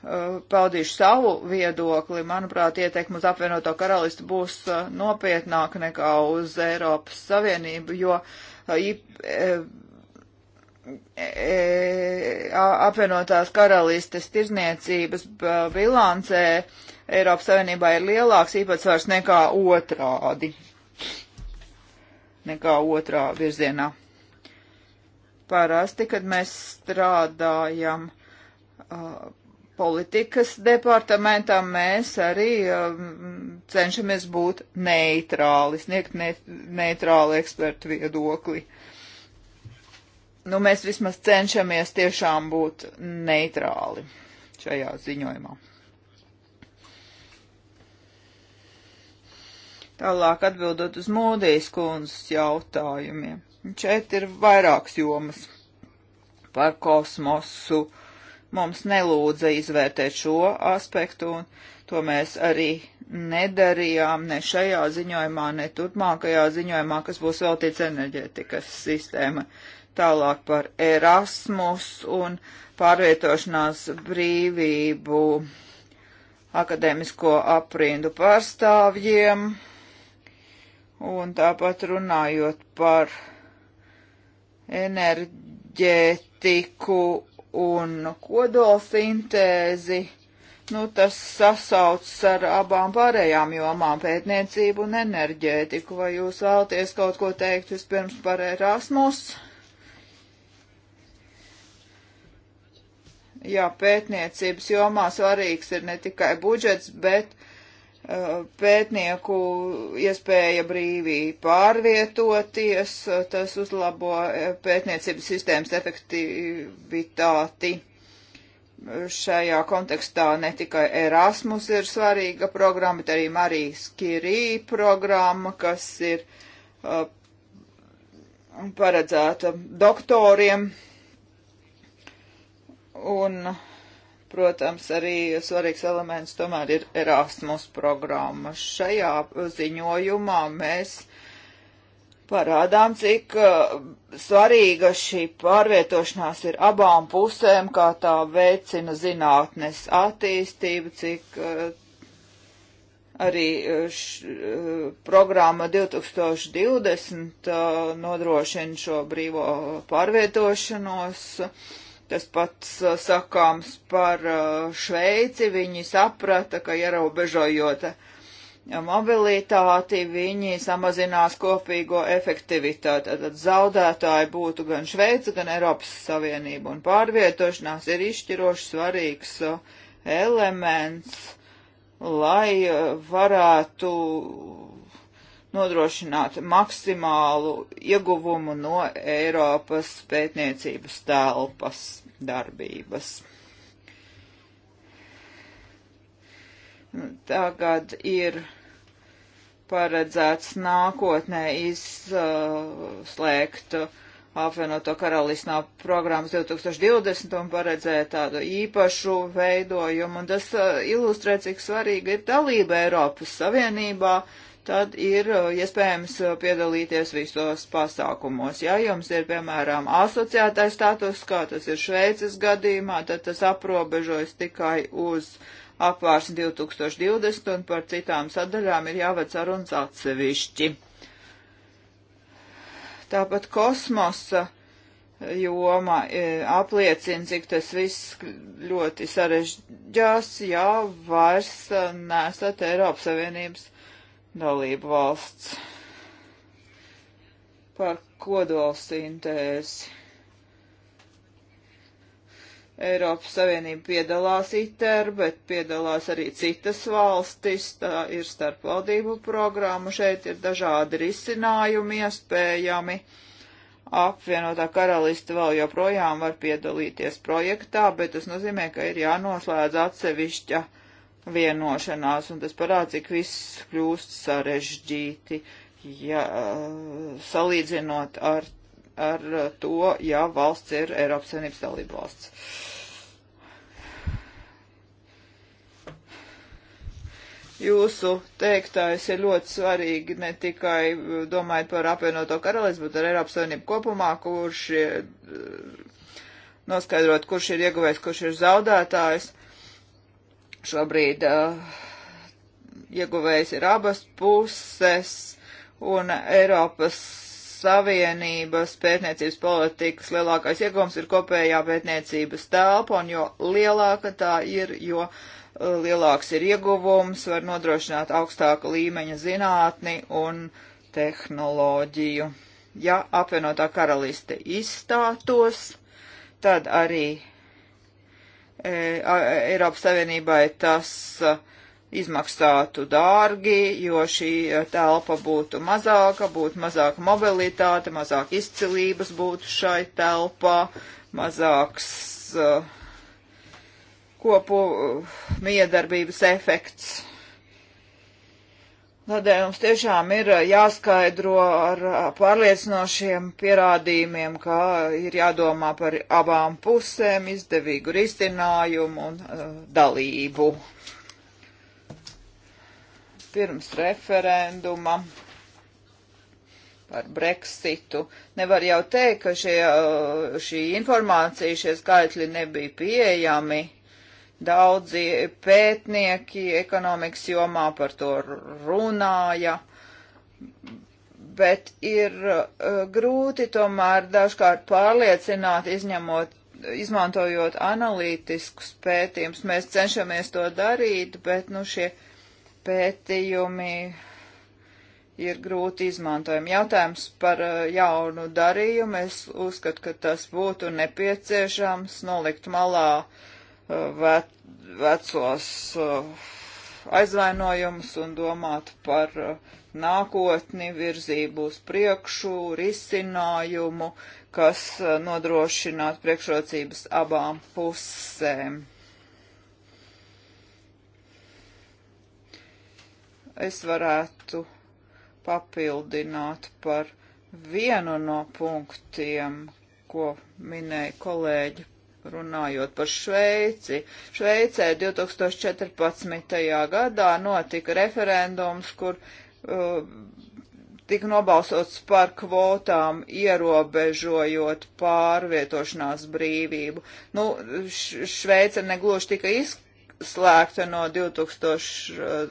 uh, paudīšu savu viedokli. Manuprāt, ieteikumi uz apvienoto karalisti būs uh, nopietnāk nekā uz Eiropas Savienību, jo uh, e, e, apvienotās karalistes tirzniecības bilancē uh, Eiropas Savienībā ir lielāks īpatsvars nekā otrādi, nekā otrā virzienā. Parasti, kad mēs strādājam uh, politikas departamentā mēs arī um, cenšamies būt neitrāli, sniegt ne, neitrāli ekspertu viedokli. Nu, mēs vismaz cenšamies tiešām būt neitrāli šajā ziņojumā. Tālāk atbildot uz mūdīs kundzes jautājumiem. Šeit ir vairākas jomas par kosmosu. Mums nelūdza izvērtēt šo aspektu, un to mēs arī nedarījām ne šajā ziņojumā, ne turpmākajā ziņojumā, kas būs veltīts enerģētikas sistēma. Tālāk par Erasmus un pārvietošanās brīvību akadēmisko aprindu pārstāvjiem Un tāpat runājot par enerģētiku un kodolsintēzi, nu tas sasaucas ar abām pārējām jomām - pētniecību un enerģētiku. Vai jūs vēlaties kaut ko teikt vispirms par Erasmus? Jā, pētniecības jomā svarīgs ir ne tikai budžets, bet arī Eh, pētnieku iespēja brīvī pārvietoties, eh, tas uzlabo eh, pētniecības sistēmas efektivitāti. Šajā kontekstā ne tikai Erasmus ir svarīga programma, bet arī Marijas Kirī programma, kas ir uh, paredzēta doktoriem. Un uh, Protams, arī svarīgs elements tomēr ir Erasmus programma. Šajā ziņojumā mēs parādām, cik uh, svarīga šī pārvietošanās ir abām pusēm, kā tā veicina zinātnes attīstību, cik uh, arī uh, š, uh, programma 2020 uh, nodrošina šo brīvo pārvietošanos. Uh, Tas pats uh, sakāms par uh, Šveici. Viņi saprata, ka ierobežojot uh, mobilitāti, viņi samazinās kopīgo efektivitāti. Tad zaudētāji būtu gan Šveica, gan Eiropas Savienība. Un pārvietošanās ir izšķiroši svarīgs elements, lai varētu nodrošināt maksimālu ieguvumu no Eiropas pētniecības telpas darbības. Tagad ir paredzēts nākotnē izslēgt apvienoto karalistu no programmas 2020 un paredzēt tādu īpašu veidojumu. Un tas uh, ilustrē, cik svarīga ir dalība Eiropas Savienībā. Uh, tad ir uh, iespējams uh, piedalīties visos pasākumos. Ja jums ir, piemēram, asociētais status, kā tas ir Šveices gadījumā, tad tas aprobežojas tikai uz apvārs 2020 un par citām sadaļām ir jāved sarunas atsevišķi. Tāpat kosmosa joma e, apliecina, cik tas viss ļoti sarežģās, ja vairs e, nesat Eiropas Savienības dalību valsts par kodolsintēzi. Eiropas Savienība piedalās ITER, bet piedalās arī citas valstis, tā ir starpvaldību programma, šeit ir dažādi risinājumi iespējami. Apvienotā karaliste vēl joprojām var piedalīties projektā, bet tas nozīmē, ka ir jānoslēdz atsevišķa uh, vienošanās, un tas parāda, cik viss kļūst sarežģīti, ja, eh, salīdzinot ar, ar to, ja valsts ir Eiropas Savienības dalība valsts. Jūsu teiktais ir ļoti svarīgi ne tikai domājot par apvienoto karalisti, bet ar Eiropas Savienību kopumā, kurš ir eh, noskaidrot, kurš ir ieguvējs, kurš ir zaudētājs Šobrīd uh, ieguvējs ir abas puses, un Eiropas Savienības pētniecības politikas lielākais iegums ir kopējā pētniecības telpa, un jo lielāka tā ir, jo uh, lielāks ir ieguvums, var nodrošināt augstāka līmeņa zinātni un tehnoloģiju. Ja apvienotā karaliste izstātos, tad arī E, Eiropas Savienībai tas e, izmaksātu dārgi, jo šī e, telpa būtu mazāka, būtu mazāka mobilitāte, mazāk izcilības būtu šai telpā, mazāks kopu miedarbības efekts. Tādēļ mums tiešām ir jāskaidro ar pārliecinošiem pierādījumiem, ka ir jādomā par abām pusēm izdevīgu risinājumu un uh, dalību. Pirms referenduma par Brexitu. Nevar jau teikt, ka šie, šī informācija, šie skaitļi nebija pieejami Daudzi pētnieki ekonomikas jomā par to runāja, bet ir uh, grūti tomēr dažkārt pārliecināt, izņemot, izmantojot analītiskus pētījumus. Mēs cenšamies to darīt, bet nu šie pētījumi ir grūti izmantojami. Jautājums par uh, jaunu darījumu. Es uzskatu, ka tas būtu nepieciešams nolikt malā uh, vecos uh, aizvainojumus un domāt par uh, nākotni, virzību uz priekšu, risinājumu, kas uh, nodrošinās priekšrocības abām pusēm. Es varētu papildināt par vienu no punktiem, ko minēja kolēģi runājot par Šveici. Šveicē 2014. gadā notika referendums, kur uh, tika nobalsots par kvotām, ierobežojot pārvietošanās brīvību. Nu, Šveice negluži tika izslēgta no 2000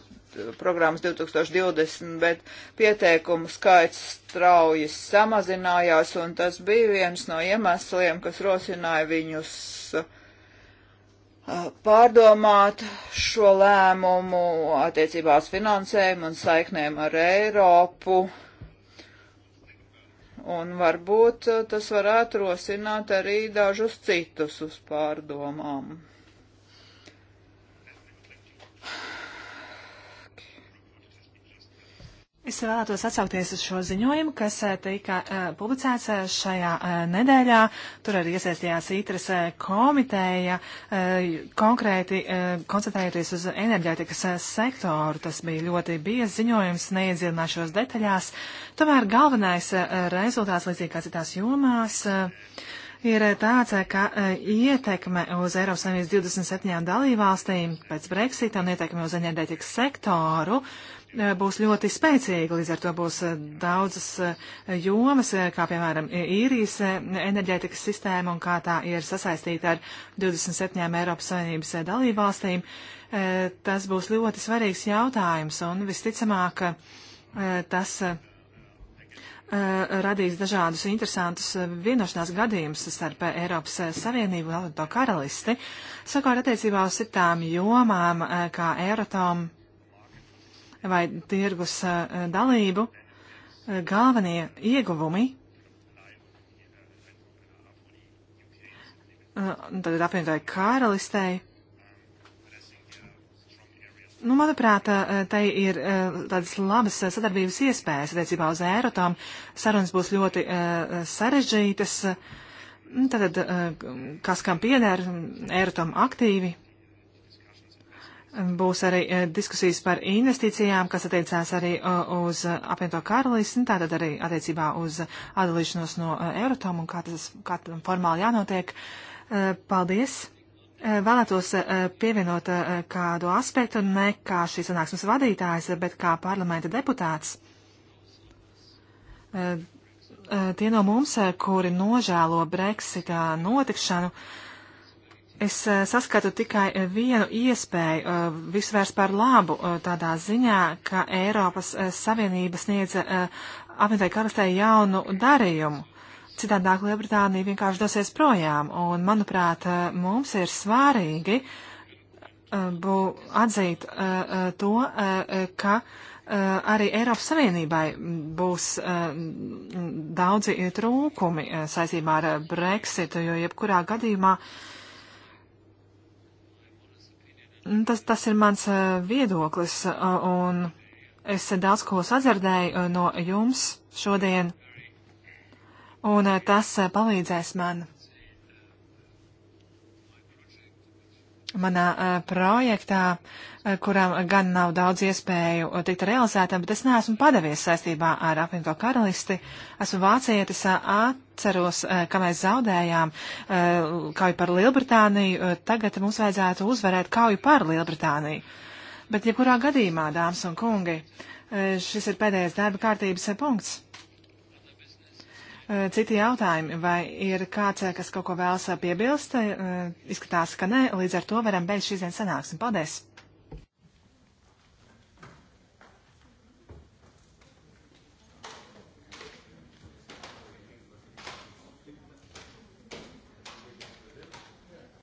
programmas 2020, bet pieteikumu skaits strauji samazinājās, un tas bija viens no iemesliem, kas rosināja viņus uh, pārdomāt šo lēmumu attiecībās finansējumu un saiknēm ar Eiropu. Un varbūt uh, tas varētu rosināt arī dažus citus uz pārdomām. Es vēlētos atsaukties uz šo ziņojumu, kas eh, tika eh, publicēts eh, šajā nedēļā. Tur arī iesaistījās ITRAS komiteja, konkrēti koncentrējoties uz enerģētikas sektoru. Tas bija ļoti biezs ziņojums, neiedziļināšos detaļās. Tomēr galvenais rezultāts, līdzīgi kā citās jomās, ir tāds, ka ietekme uz Eiropas Savienības 27 dalībvalstīm pēc Brexita un ietekme uz enerģētikas sektoru uh, Eh, būs ļoti spēcīga, līdz ar to būs eh, daudzas eh, jomas, kā piemēram īrijas enerģētikas sistēma un kā tā ir sasaistīta ar 27 Eiropas Savienības dalībvalstīm. Tas būs ļoti svarīgs jautājums un visticamāk tas radīs dažādus interesantus vienošanās gadījumus starp Eiropas Savienību un Latviju karalisti, sakot attiecībā uz citām jomām, kā Eiratom vai tirgus eh, dalību, eh, galvenie ieguvumi eh, tad apvienotāji karalistei. Nu, manuprāt, tai ir tādas labas sadarbības iespējas attiecībā uz ērotām. Sarunas būs ļoti sarežģītas. Mm, tad, kas kam pieder, ērotam aktīvi. Būs arī eh, diskusijas par investīcijām, kas attiecās arī eh, uz eh, apvienoto karalisti, tātad arī attiecībā uz atdalīšanos no Eurotom un kā tas kā tam formāli jānotiek. Paldies! Vēlētos pievienot kādu aspektu ne kā šīs sanāksmes vadītājs, bet kā parlamenta deputāts tie no mums, kuri nožēlo Brexita notikšanu, Es eh, saskatu tikai eh, vienu iespēju eh, visvairs par labu tādā ziņā, ka Eiropas Savienība sniedz apmeklētāju karastē jaunu darījumu. Citādāk Lielbritānija vienkārši dosies projām, un, manuprāt, mums ir svārīgi atzīt to, ka arī Eiropas Savienībai būs daudzi trūkumi saistībā ar Brexitu, jo jebkurā gadījumā uh, Tas, tas ir mans eh, viedoklis, eh, un es daudz ko sadzirdēju eh, no jums šodien, un tas palīdzēs man manā projektā, kurām gan nav daudz iespēju tikt realizētam, bet es neesmu padavies saistībā ar apvienoto karalisti. Esmu vācietis, atceros, ka mēs zaudējām kauju par Lielbritāniju, tagad mums vajadzētu uzvarēt kauju par Lielbritāniju. Bet jebkurā gadījumā, dāmas un kungi, šis ir pēdējais darba kārtības punkts. Eh, citi jautājumi, vai ir kāds, eh, kas kaut ko vēlas eh, piebilst? Izskatās, ka nē, līdz ar to varam beigt šīs dienas sanāksim. Paldies!